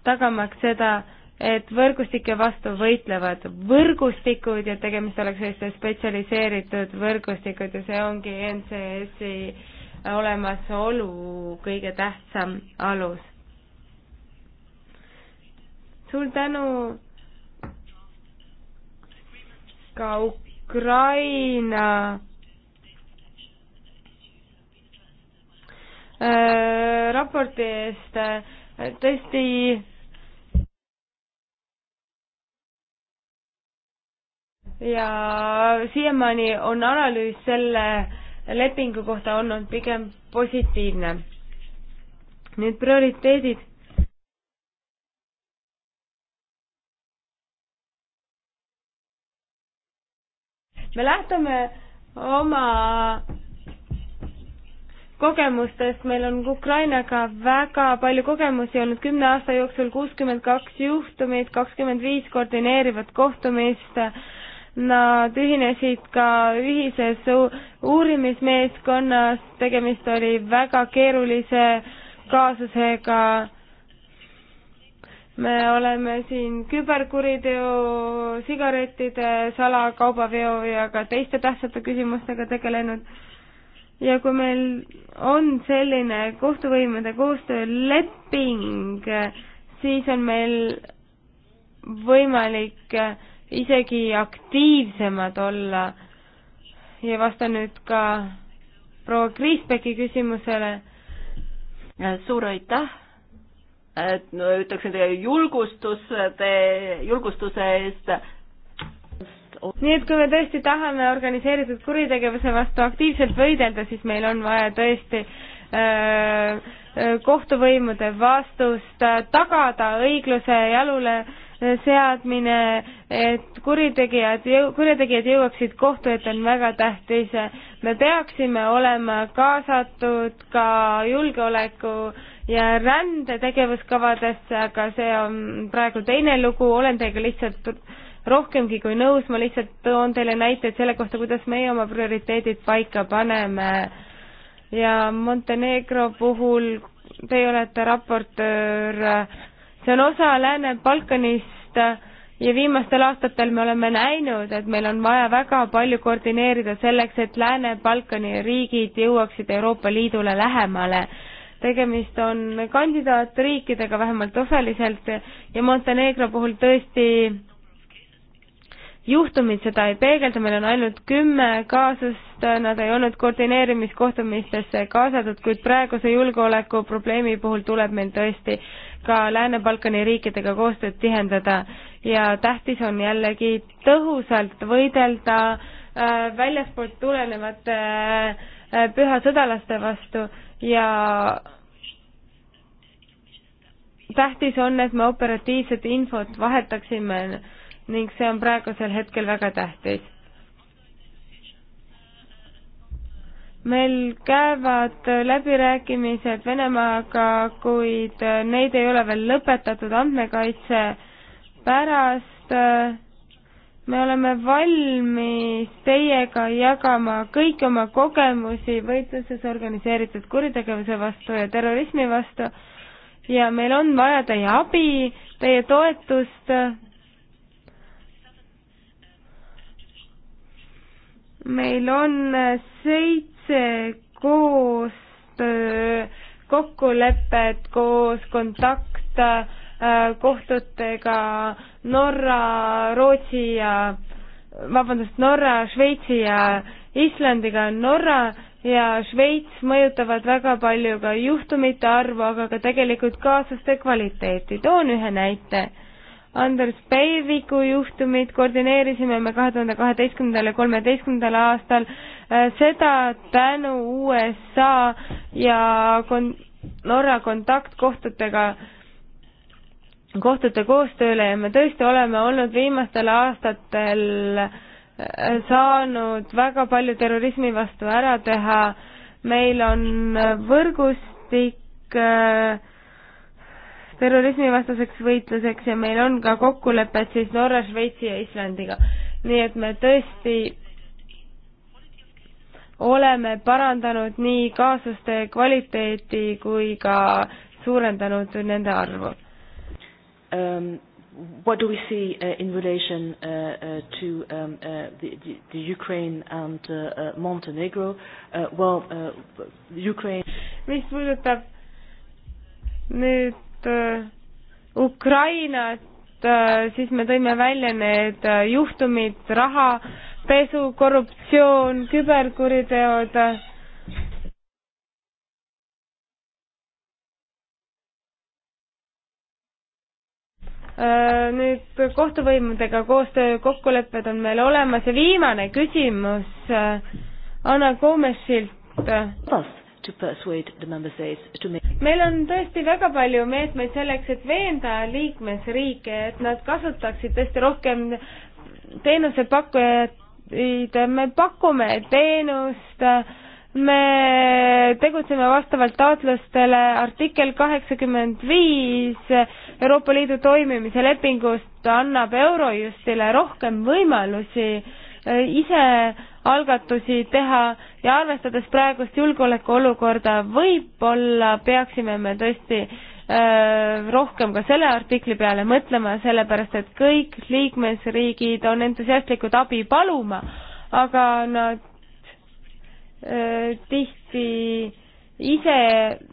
tagamaks seda, et võrgustike vastu võitlevad võrgustikud ja tegemist oleks selliste spetsialiseeritud võrgustikud ja see ongi NCS-i olemasolu kõige tähtsam alus. suur tänu ka Ukraina äh, raporti eest. tõesti ja siiamaani on analüüs selle lepingu kohta olnud pigem positiivne. nüüd prioriteedid. me lähtume oma kogemustest, meil on Ukrainaga väga palju kogemusi olnud, kümne aasta jooksul kuuskümmend kaks juhtumit, kakskümmend viis koordineerivat kohtumist, Nad ühinesid ka ühises uurimismeeskonnas, tegemist oli väga keerulise kaasusega. me oleme siin küberkuriteo, sigarettide salakaubaveo ja ka teiste tähtsate küsimustega tegelenud ja kui meil on selline kohtuvõimude koostööleping, siis on meil võimalik isegi aktiivsemad olla. ja vastan nüüd ka proua Kriisbecki küsimusele. suur aitäh! et no ütleksin teie julgustuse, julgustuse eest nii et kui me tõesti tahame organiseeritud kuritegevuse vastu aktiivselt võidelda, siis meil on vaja tõesti öö, äh, äh, kohtuvõimude vastust, äh, tagada õigluse jalule seadmine, et kurjategijad, kurjategijad jõuaksid kohtu ette, on väga tähtis. me peaksime olema kaasatud ka julgeoleku ja rände tegevuskavadesse, aga see on praegu teine lugu, olen teiega lihtsalt rohkemgi kui nõus, ma lihtsalt toon teile näiteid selle kohta, kuidas meie oma prioriteedid paika paneme. ja Montenegro puhul teie olete raportöör see on osa Lääne-Balkanist ja viimastel aastatel me oleme näinud, et meil on vaja väga palju koordineerida selleks, et Lääne-Balkani riigid jõuaksid Euroopa Liidule lähemale. tegemist on kandidaatriikidega vähemalt osaliselt ja Montenegro puhul tõesti juhtumid seda ei peegelda, meil on ainult kümme kaasust, nad ei olnud koordineerimiskohtumistesse kaasatud, kuid praeguse julgeolekuprobleemi puhul tuleb meil tõesti ka Lääne-Balkani riikidega koostööd tihendada ja tähtis on jällegi tõhusalt võidelda äh, väljaspoolt tulenevate äh, pühasõdalaste vastu ja tähtis on, et me operatiivset infot vahetaksime ning see on praegusel hetkel väga tähtis meil käivad läbirääkimised Venemaaga, kuid neid ei ole veel lõpetatud andmekaitse pärast. me oleme valmis teiega jagama kõiki oma kogemusi võitluses organiseeritud kuritegevuse vastu ja terrorismi vastu ja meil on vaja teie abi, teie toetust meil on seit-, see koostöö, kokkulepped koos kontakt äh, kohtutega Norra, Rootsi ja vabandust, Norra, Šveitsi ja Islandiga, Norra ja Šveits mõjutavad väga palju ka juhtumite arvu, aga ka tegelikult kaasuste kvaliteeti. toon ühe näite Anders Breiviku juhtumit koordineerisime me kahe tuhande kaheteistkümnendal ja kolmeteistkümnendal aastal, äh, seda tänu USA ja kon-, Norra kontaktkohtutega, kohtute koostööle ja me tõesti oleme olnud viimastel aastatel äh, saanud väga palju terrorismi vastu ära teha, meil on võrgustik äh, terrorismivastaseks võitluseks ja meil on ka kokkulepped siis Norra, Šveitsi ja Islandiga. nii et me tõesti oleme parandanud nii kaasuste kvaliteeti kui ka suurendanud nende arvu um,. What do we see uh, in relation uh, uh, to um, uh, the, the, the Ukraine and uh, uh, Montenegro? Uh, well, uh, Ukraine. mis puudutab nüüd Äh, Ukrainat, äh, siis me tõime välja need äh, juhtumid, rahapesu, korruptsioon, küberkuriteod nüüd kohtuvõimudega koostöö kokkulepped on meil olemas ja viimane küsimus Anna Koomesilt to persuade the member states to make meil on tõesti väga palju meetmeid selleks, et veenda liikmesriike, et nad kasutaksid tõesti rohkem teenusepakkujaid, me pakume teenust, me tegutseme vastavalt taotlustele artikkel kaheksakümmend viis Euroopa Liidu toimimise lepingust annab Eurojustile rohkem võimalusi ise algatusi teha ja arvestades praegust julgeolekuolukorda, võib-olla peaksime me tõesti öö, äh, rohkem ka selle artikli peale mõtlema, sellepärast et kõik liikmesriigid on entusiastlikud abi paluma, aga nad öö, äh, tihti ise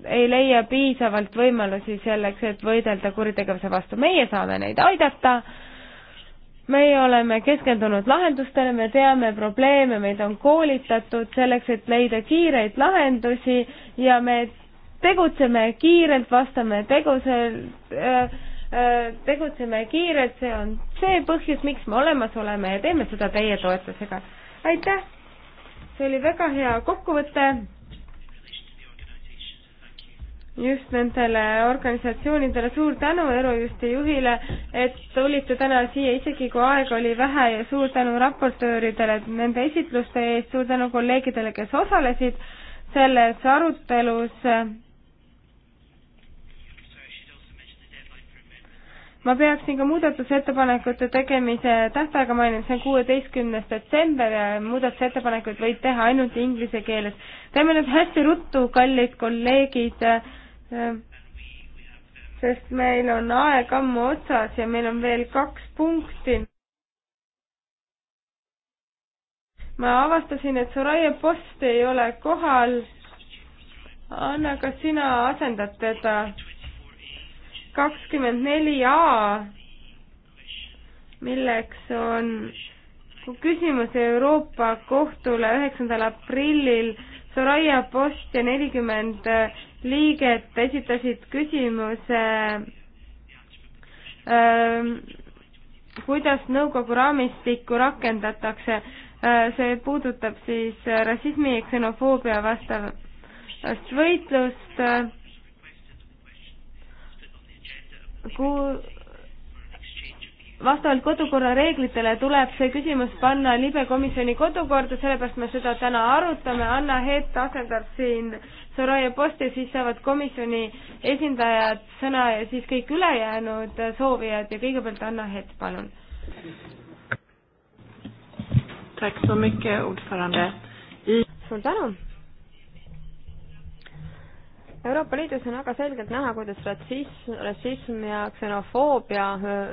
ei leia piisavalt võimalusi selleks, et võidelda kuritegevuse vastu. meie saame neid aidata äh, meie oleme keskendunud lahendustele, me teame probleeme, meid on koolitatud selleks, et leida kiireid lahendusi ja me tegutseme kiirelt, vastame teguselt äh, äh, tegutseme kiirelt, see on see põhjus, miks me olemas oleme ja teeme seda teie toetusega. aitäh, see oli väga hea kokkuvõte just nendele organisatsioonidele suur tänu Eurojusti juhile, et tulite täna siia, isegi kui aega oli vähe ja suur tänu raportööridele nende esitluste eest, suur tänu kolleegidele, kes osalesid selles arutelus. ma peaksin ka muudatusettepanekute tegemise tähtaega mainima, see on kuueteistkümnes detsember ja muudatusettepanekuid võib teha ainult inglise keeles. teeme nüüd hästi ruttu, kallid kolleegid sest meil on aeg ammu otsas ja meil on veel kaks punkti. ma avastasin, et Soraya Post ei ole kohal. Anna, kas sina asendad teda? kakskümmend neli A, milleks on küsimus Euroopa Kohtule üheksandal aprillil Soraya Post ja nelikümmend 40 liiget esitasid küsimuse ähm, kuidas nõukogu raamistikku rakendatakse, äh, see puudutab siis äh, rassismi ja ksenofoobia vastast võitlust, äh, ku-, vastavalt kodukorra reeglitele tuleb see küsimus panna libekomisjoni kodukorda, sellepärast me seda täna arutame, Anna Heet asendab siin Soraya Post ja siis saavad komisjoni esindajad sõna ja siis kõik ülejäänud soovijad ja kõigepealt Anna Hett, palun. suur tänu. Euroopa Liidus on väga selgelt näha, kuidas rassism, rassism ja ksenofoobia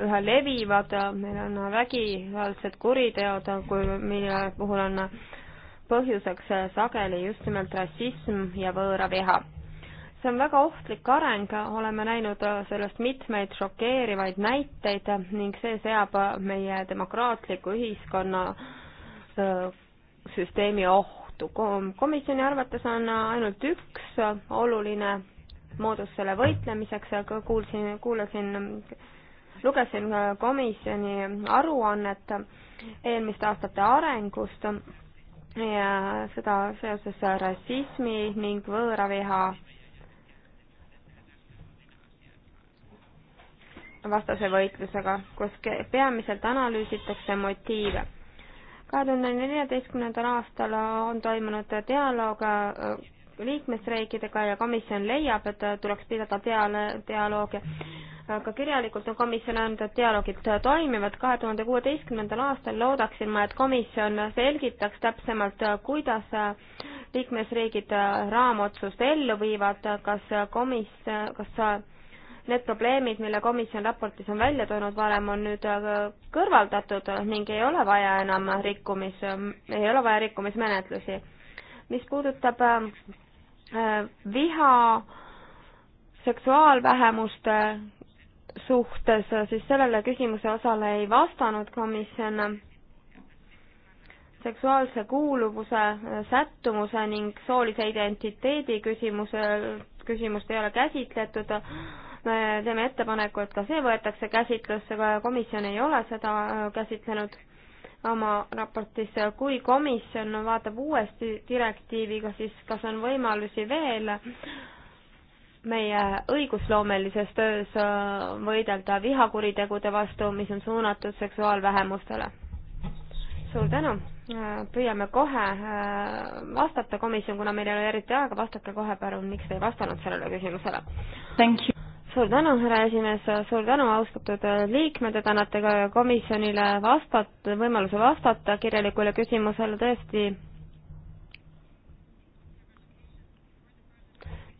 üha levivad, meil on vägivaldsed kuriteod, kui, mille puhul on äh, põhjuseks äh, sageli just nimelt rassism ja võõraviha. see on väga ohtlik areng, oleme näinud äh, sellest mitmeid šokeerivaid näiteid ning see seab äh, meie demokraatliku ühiskonna süsteemi ohtu. komisjoni arvates on ainult üks oluline moodus selle võitlemiseks, aga kuulsin, kuulasin, lugesin komisjoni aruannet eelmiste aastate arengust ja seda seoses rassismi ning võõraviha vastase võitlusega, kus peamiselt analüüsitakse motiive. kahe tuhande neljateistkümnendal aastal on toimunud dialoog äh, liikmesriikidega ja komisjon leiab, et tuleks pidada dialoogi aga kirjalikult on komisjon öelnud, et dialoogid toimivad. kahe tuhande kuueteistkümnendal aastal loodaksin ma, et komisjon selgitaks täpsemalt, kuidas liikmesriigid raamotsust ellu viivad, kas komis-, kas need probleemid, mille komisjon raportis on välja toonud varem, on nüüd kõrvaldatud ning ei ole vaja enam rikkumis, ei ole vaja rikkumismenetlusi. mis puudutab äh, viha seksuaalvähemuste suhtes, siis sellele küsimuse osale ei vastanud komisjon. seksuaalse kuuluvuse, äh, sättumuse ning soolise identiteedi küsimuse, küsimust ei ole käsitletud. me teeme ettepaneku, et ka see võetakse käsitlusse, aga komisjon ei ole seda äh, käsitlenud oma raportis, kui komisjon vaatab uuesti direktiiviga, siis kas on võimalusi veel meie õigusloomelises töös äh, võidelda vihakuritegude vastu, mis on suunatud seksuaalvähemustele. suur tänu, äh, püüame kohe äh, vastata, komisjon, kuna meil ei ole eriti aega, vastake kohe palun, miks te ei vastanud sellele küsimusele. suur tänu, härra esimees, suur tänu, austatud liikmed, et annate ka komisjonile vastat-, võimaluse vastata kirjalikule küsimusele, tõesti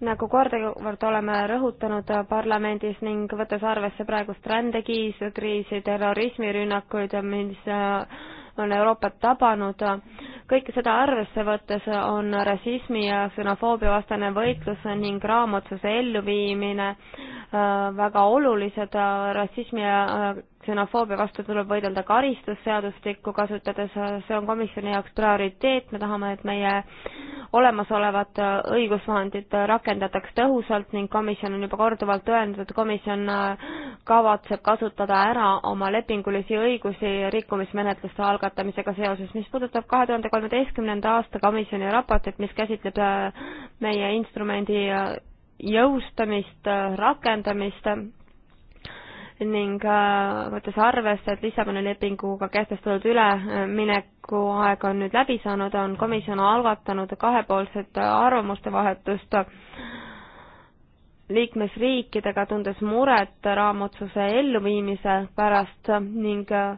nagu korduvalt oleme rõhutanud äh, parlamendis ning võttes arvesse praegust rändekriisi, terrorismirünnakuid, mis äh, on Euroopat tabanud, kõike seda arvesse võttes on rassismi ja ksenofoobia vastane võitlus ning raamotsuse elluviimine äh, väga olulised rassismi ja ksenofoobia vastu tuleb võidelda karistusseadustikku kasutades, see on komisjoni jaoks prioriteet, me tahame, et meie olemasolevad õigusvahendid rakendataks tõhusalt ning komisjon on juba korduvalt öelnud, et komisjon kavatseb kasutada ära oma lepingulisi õigusi rikkumismenetluste algatamisega seoses. mis puudutab kahe tuhande kolmeteistkümnenda aasta komisjoni raportit, mis käsitleb meie instrumendi jõustamist, rakendamist, ning äh, võttes arvesse, et Lissaboni lepinguga kehtestatud ülemineku aeg on nüüd läbi saanud, on komisjon algatanud kahepoolset arvamuste vahetust liikmesriikidega, tundes muret raamotsuse elluviimise pärast ning äh,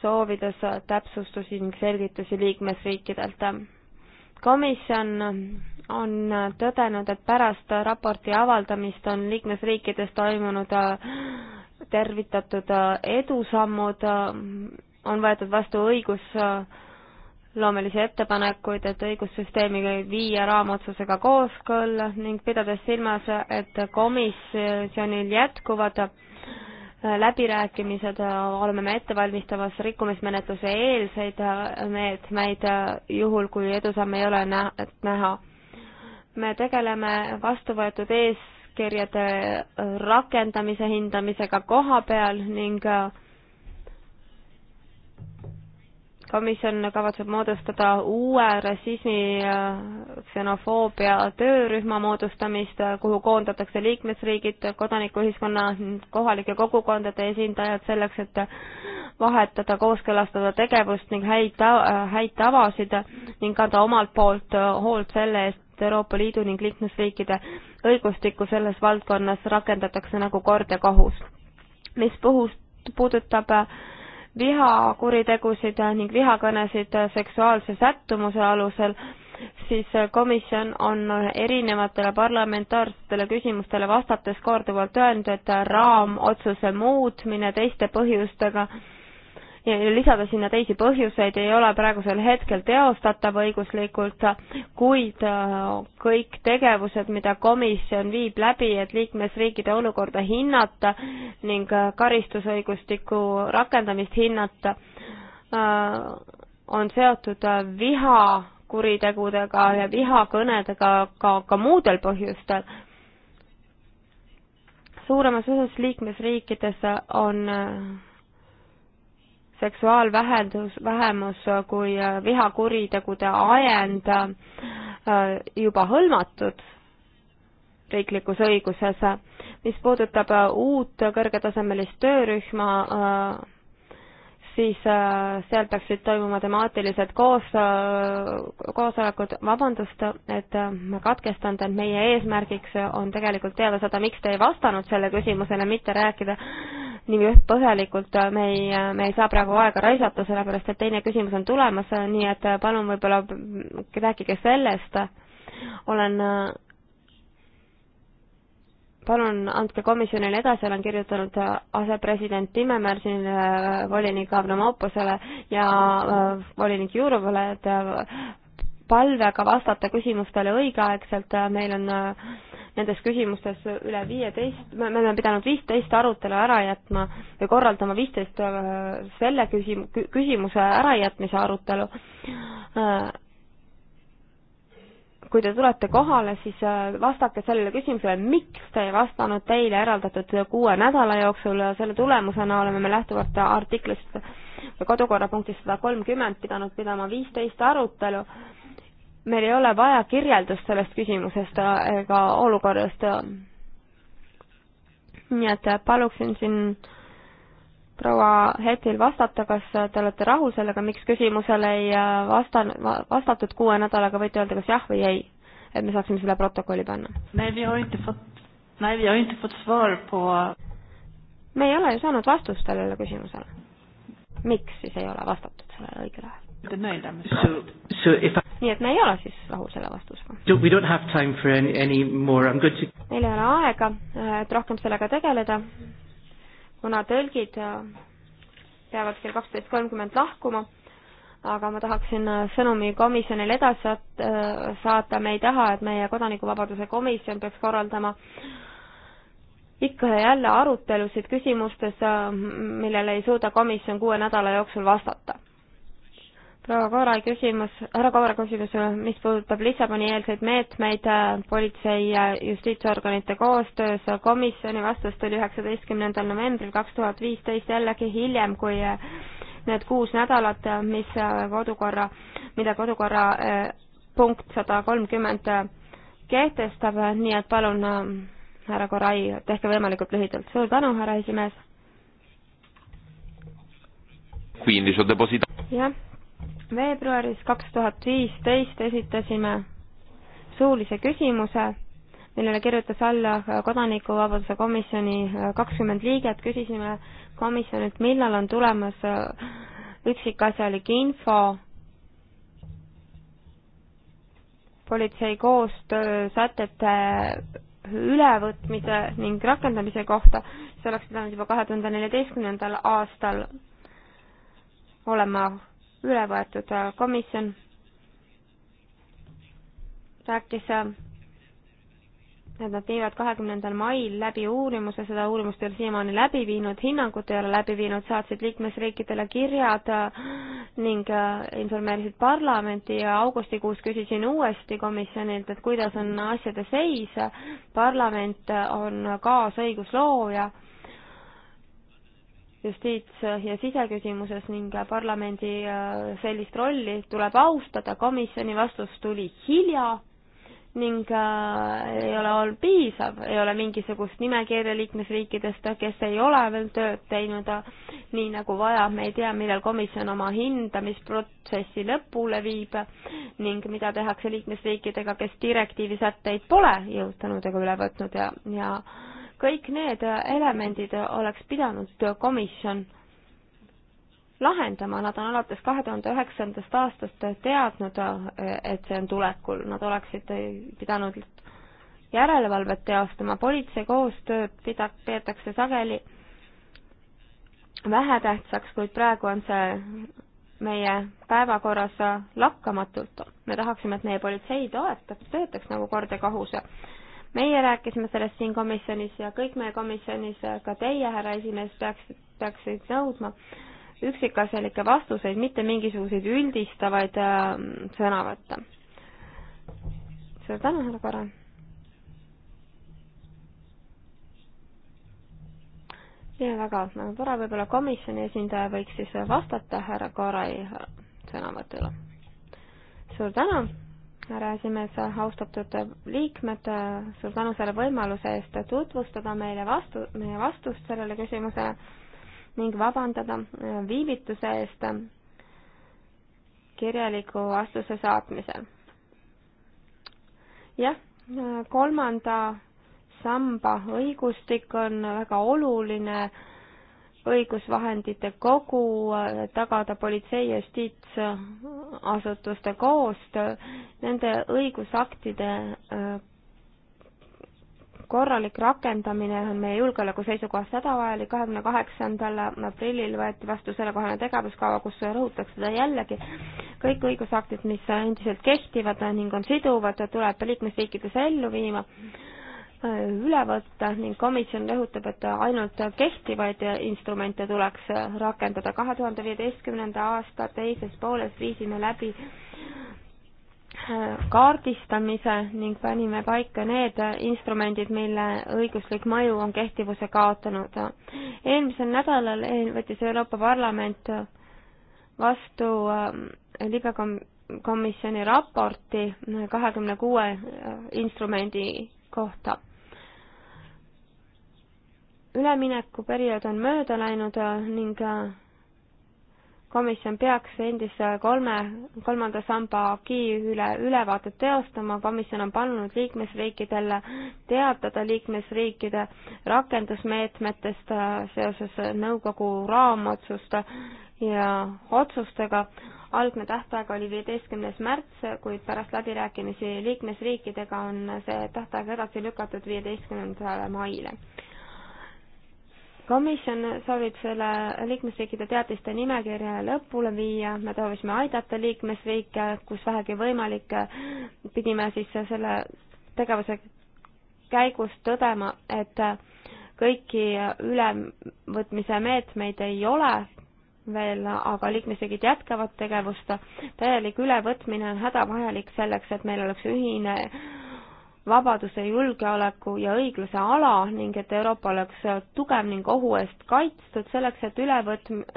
soovides täpsustusi ning selgitusi liikmesriikidelt. komisjon on tõdenud, et pärast raporti avaldamist on liikmesriikides toimunud äh, tervitatud äh, edusammud, äh, on võetud vastu õigusloomelisi ettepanekuid, et õigussüsteemi viia raamotsusega kooskõlla ning pidades silmas, et komisjonil jätkuvad läbirääkimised, oleme me ettevalmistamas rikkumismenetluse eelseid meetmeid, juhul kui edusamme ei ole näha, näha me tegeleme vastu võetud eeskirjade rakendamise hindamisega koha peal ning äh, komisjon kavatseb moodustada uue rassismi äh, ksenofoobia töörühma moodustamist, äh, kuhu koondatakse liikmesriigid, kodanikuühiskonna, kohalike kogukondade esindajad selleks, et vahetada, kooskõlastada tegevust ning häid, häid tavasid ning anda omalt poolt hoolt selle eest, Euroopa Liidu ning liikmesriikide õigustikku selles valdkonnas rakendatakse nagu kord ja kohus. mis puhus, puudutab äh, vihakuritegusid äh, ning vihakõnesid äh, seksuaalse sättumuse alusel, siis komisjon on erinevatele parlamentaarsetele küsimustele vastates korduvalt öelnud, et raamotsuse muutmine teiste põhjustega lisada sinna teisi põhjuseid ei ole praegusel hetkel teostatav õiguslikult, kuid äh, kõik tegevused, mida komisjon viib läbi, et liikmesriikide olukorda hinnata ning äh, karistusõigustiku rakendamist hinnata, äh, on seotud vihakuritegudega ja vihakõnedega ka, ka muudel põhjustel. suuremas osas liikmesriikides on seksuaalvähendus, vähemus kui äh, vihakuritegude ajend äh, juba hõlmatud riiklikus õiguses. mis puudutab äh, uut kõrgetasemelist töörühma, siis seal peaksid toimuma temaatilised koos, koosolekud, vabandust, et ma katkestan teid, meie eesmärgiks on tegelikult teada saada, miks te ei vastanud selle küsimusele, mitte rääkida nii põhjalikult äh, me ei, äh, me ei saa praegu aega raisata, sellepärast et teine küsimus on tulemas, äh, nii et palun võib-olla rääkige sellest. olen, palun andke komisjonile edasi, olen kirjutanud asepresident Timmermansile, volinik Avramoposele ja volinik Jurovale, et palvega vastata küsimustele õigeaegselt, meil on äh, nendes küsimustes üle viieteist, me oleme pidanud viisteist arutelu ära jätma või korraldama viisteist äh, selle küsim-, küsimuse ärajätmise arutelu. Äh, kui te tulete kohale, siis äh, vastake sellele küsimusele, miks te ei vastanud teile eraldatud kuue nädala jooksul, selle tulemusena oleme me lähtuvalt artiklist kodukorrapunktist sada kolmkümmend pidanud pidama viisteist arutelu meil ei ole vaja kirjeldust sellest küsimusest ega olukorrast. nii et paluksin siin proua Hetil vastata, kas te olete rahul sellega, miks küsimusele ei vastanud, vastatud kuue nädalaga, võite öelda kas jah või ei, et me saaksime selle protokolli panna? me ei ole ju saanud vastust sellele küsimusele. miks siis ei ole vastatud sellele õigel ajal? nii et me ei ole siis rahul selle vastusega. meil ei ole aega, et rohkem sellega tegeleda, kuna tõlgid äh, peavad kell kaksteist kolmkümmend lahkuma, aga ma tahaksin äh, sõnumi komisjonile edasi äh, saata, me ei taha, et meie kodanikuvabaduse komisjon peaks korraldama ikka ja jälle arutelusid küsimustes, millele ei suuda komisjon kuue nädala jooksul vastata proua Kaara küsimus, härra Kaara küsimus, mis puudutab Lissaboni eelseid meetmeid äh, politsei ja justiitsorganite koostöös, komisjoni vastus tuli üheksateistkümnendal novembril kaks tuhat viisteist, jällegi hiljem kui äh, need kuus nädalat, äh, mis kodukorra, mida kodukorra punkt sada kolmkümmend kehtestab, nii et palun, härra Korai, tehke võimalikult lühidalt. suur tänu, härra esimees. jah veebruaris kaks tuhat viisteist esitasime suulise küsimuse, millele kirjutas alla Kodanikuvabaduse komisjoni kakskümmend liiget, küsisime komisjonilt, millal on tulemas üksikasjalik info politsei koostöö sätete ülevõtmise ning rakendamise kohta, see oleks pidanud juba kahe tuhande neljateistkümnendal aastal olema üle võetud. komisjon rääkis, et nad viivad kahekümnendal mail läbi uurimuse, seda uurimust ei ole siiamaani läbi viinud, hinnangut ei ole läbi viinud, saatsid liikmesriikidele kirjad ning informeerisid parlamenti ja augustikuus küsisin uuesti komisjonilt, et kuidas on asjade seis. parlament on kaasõiguslooja justiits- ja siseküsimuses ning parlamendi äh, sellist rolli tuleb austada, komisjoni vastus tuli hilja ning äh, ei ole olnud piisav, ei ole mingisugust nimekirja liikmesriikidest, kes ei ole veel tööd teinud nii nagu vaja, me ei tea, millal komisjon oma hindamisprotsessi lõpule viib ning mida tehakse liikmesriikidega, kes direktiivi sätteid pole jõutanud ega üle võtnud ja, ja kõik need elemendid oleks pidanud komisjon lahendama, nad on alates kahe tuhande üheksandast aastast teadnud, et see on tulekul, nad oleksid pidanud järelevalvet teostama, politsei koostööd pida-, peetakse sageli vähetähtsaks, kuid praegu on see meie päevakorras lakkamatult. me tahaksime, et meie politsei toetaks, töötaks nagu kord ja kohus meie rääkisime sellest siin komisjonis ja kõik meie komisjonis, ka teie, härra esimees, peaks, peaksid nõudma üksikasjalikke vastuseid, mitte mingisuguseid üldistavaid äh, sõnavõtte. suur tänu, härra Kare. ja väga nagu tore, võib-olla komisjoni esindaja võiks siis vastata härra Kare sõnavõtule. suur tänu härra esimees, austatud liikmed, suur tänu selle võimaluse eest tutvustada meile vastu, meie vastust sellele küsimusele ning vabandada äh, viivituse eest kirjaliku vastuse saatmisel. jah, kolmanda samba õigustik on väga oluline äh, õigusvahendite kogu, tagada politsei ja justiitsasutuste koostöö, nende õigusaktide äh, korralik rakendamine on meie julgeoleku seisukohast hädavajalik, kahekümne kaheksandal aprillil võeti vastu sellekohane tegevuskava, kus rõhutakse seda jällegi, kõik õigusaktid, mis endiselt kehtivad ning on siduvad, tuleb liikmesriikides ellu viima Äh, üle võtta ning komisjon rõhutab, et ainult kehtivaid instrumente tuleks rakendada. kahe tuhande viieteistkümnenda aasta teises pooles viisime läbi äh, kaardistamise ning panime paika need instrumendid, mille õiguslik mõju on kehtivuse kaotanud. eelmisel nädalal võttis Euroopa Parlament vastu äh, libekomisjoni raporti kahekümne kuue instrumendi kohta üleminekuperiood on mööda läinud äh, ning äh, komisjon peaks endise kolme, kolmanda samba aki üle ülevaadet teostama, komisjon on pannud liikmesriikidele teatada liikmesriikide rakendusmeetmetest äh, seoses nõukogu raamotsuste ja otsustega. algne tähtaeg oli viieteistkümnes märts, kuid pärast läbirääkimisi liikmesriikidega on see tähtaeg edasi lükatud viieteistkümnendale maile komisjon soovib selle liikmesriikide teadiste nimekirja lõpule viia, me soovisime aidata liikmesriike, kus vähegi võimalik, pidime siis selle tegevuse käigus tõdema, et kõiki ülevõtmise meetmeid ei ole veel, aga liikmesriigid jätkavad tegevust. täielik ülevõtmine on hädavajalik selleks, et meil oleks ühine vabaduse, julgeoleku ja õigluse ala ning et Euroopa oleks tugev ning ohu eest kaitstud selleks, et ülevõtmisest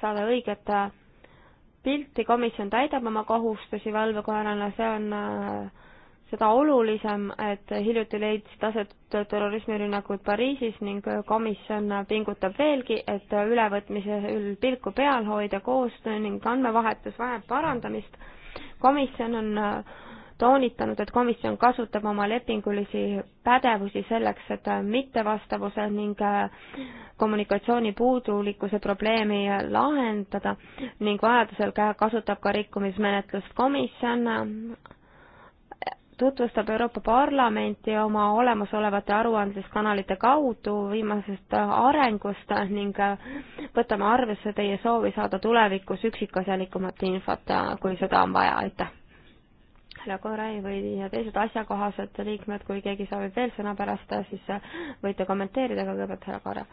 saada õiget pilti, komisjon täidab oma kohustusi valvekoerana, see on äh, seda olulisem, et hiljuti leidsid aset terrorismirünnakud Pariisis ning komisjon pingutab veelgi, et ülevõtmise üll pilku peal hoida, koostöö ning andmevahetus vajab parandamist. komisjon on äh, toonitanud, et komisjon kasutab oma lepingulisi pädevusi selleks, et äh, mittevastavuse ning äh, kommunikatsiooni puudulikkuse probleemi lahendada ning vajadusel kasutab ka rikkumismenetlust komisjon tutvustab Euroopa Parlamenti oma olemasolevate aruandluskanalite kaudu viimasest arengust ning äh, võtame arvesse teie soovi saada tulevikus üksikasjalikumat infot, äh, kui seda on vaja, aitäh! härra Korai või teised asjakohased liikmed, kui keegi soovib veel sõna pärast, äh, siis võite kommenteerida, aga kõigepealt härra Koora.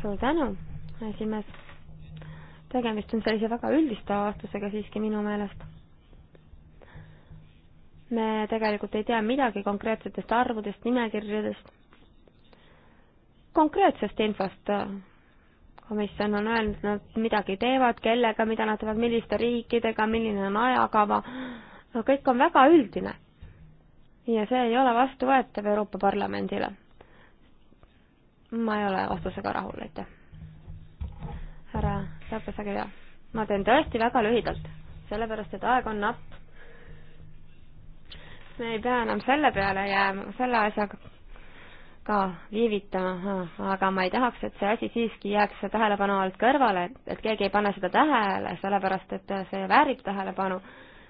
suur tänu, esimees. tegemist on sellise väga üldiste vastusega siiski minu meelest me tegelikult ei tea midagi konkreetsetest arvudest, nimekirjadest, konkreetsest infost. Äh, komisjon on öelnud, nad midagi teevad, kellega, mida nad teevad, milliste riikidega, milline on ajakava, no kõik on väga üldine. ja see ei ole vastuvõetav Euroopa Parlamendile. ma ei ole vastusega rahul, aitäh. härra Tapasagilja, ma teen tõesti väga lühidalt, sellepärast et aeg on napp me ei pea enam selle peale jääma, selle asjaga ka viivitama, aga ma ei tahaks, et see asi siiski jääks tähelepanu alt kõrvale, et, et keegi ei pane seda tähele, sellepärast et see väärib tähelepanu.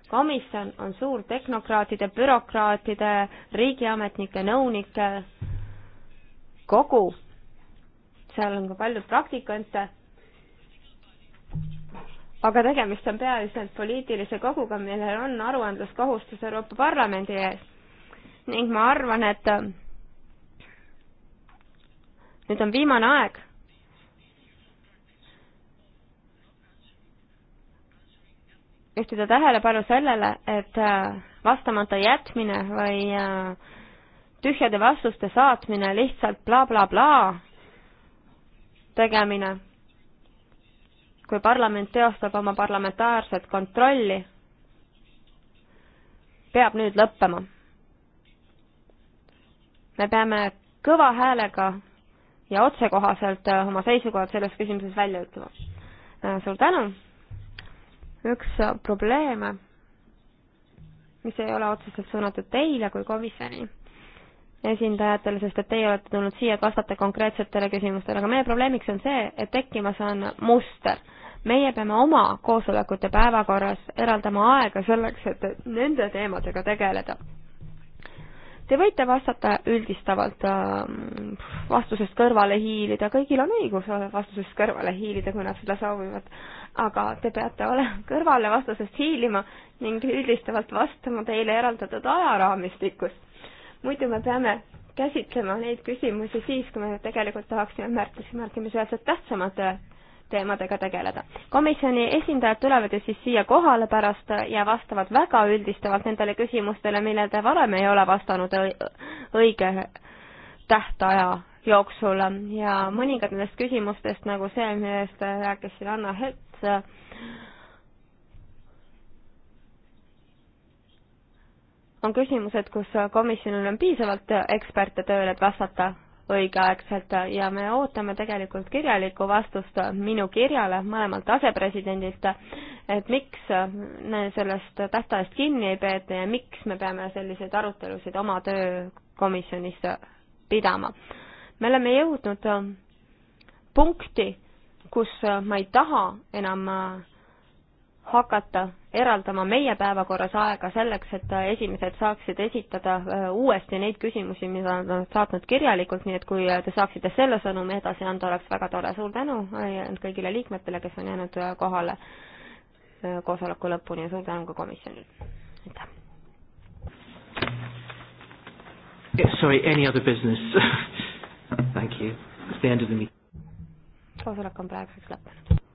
komisjon on suur tehnokraatide, bürokraatide, riigiametnike, nõunike kogu. seal on ka palju praktikante aga tegemist on peamiselt poliitilise koguga, millel on aruandluskohustus Euroopa Parlamendi ees. ning ma arvan, et äh, nüüd on viimane aeg juhtida tähelepanu sellele, et äh, vastamata jätmine või äh, tühjade vastuste saatmine lihtsalt blablabla bla, bla tegemine kui parlament teostab oma parlamentaarset kontrolli, peab nüüd lõppema. me peame kõva häälega ja otsekohaselt oma seisukohad selles küsimuses välja ütlema. suur tänu! üks probleeme, mis ei ole otseselt suunatud teile kui komisjoni esindajatele, sest et teie olete tulnud siia, vastate konkreetsetele küsimustele, aga meie probleemiks on see, et tekkimas on muster meie peame oma koosolekute päevakorras eraldama aega selleks, et nende teemadega tegeleda. Te võite vastata üldistavalt, ähm, vastusest kõrvale hiilida, kõigil on õigus vastusest kõrvale hiilida, kui nad seda soovivad, aga te peate olema kõrvale vastusest hiilima ning üldistavalt vastama teile eraldatud ajaraamistikus. muidu me peame käsitlema neid küsimusi siis, kui me tegelikult tahaksime märkis, märkimisväärselt tähtsamad teemadega tegeleda. komisjoni esindajad tulevad ju siis siia kohale pärast ja vastavad väga üldistavalt nendele küsimustele, millele te varem ei ole vastanud õige tähtaja jooksul ja mõningad nendest küsimustest, nagu see, millest rääkis siin Anna Hets, on küsimused, kus komisjonil on piisavalt eksperte tööl, et vastata õigeaegselt ja me ootame tegelikult kirjalikku vastust minu kirjale mõlemalt asepresidendilt, et miks sellest tähtajast kinni ei peeta ja miks me peame selliseid arutelusid oma töökomisjonis pidama. me oleme jõudnud punkti, kus ma ei taha enam hakata eraldama meie päevakorras aega selleks, et äh, esimesed saaksid esitada äh, uuesti neid küsimusi, mida nad on saatnud kirjalikult, nii et kui äh, te saaksite selle sõnumi edasi anda, oleks väga tore. suur tänu kõigile liikmetele, kes on jäänud kohale koosoleku lõpuni ja suur tänu ka komisjonile. aitäh! Eh, sorry, any other business (laughs) Thank you. It's the end of the meeting. koosolek on praeguseks lõppenud.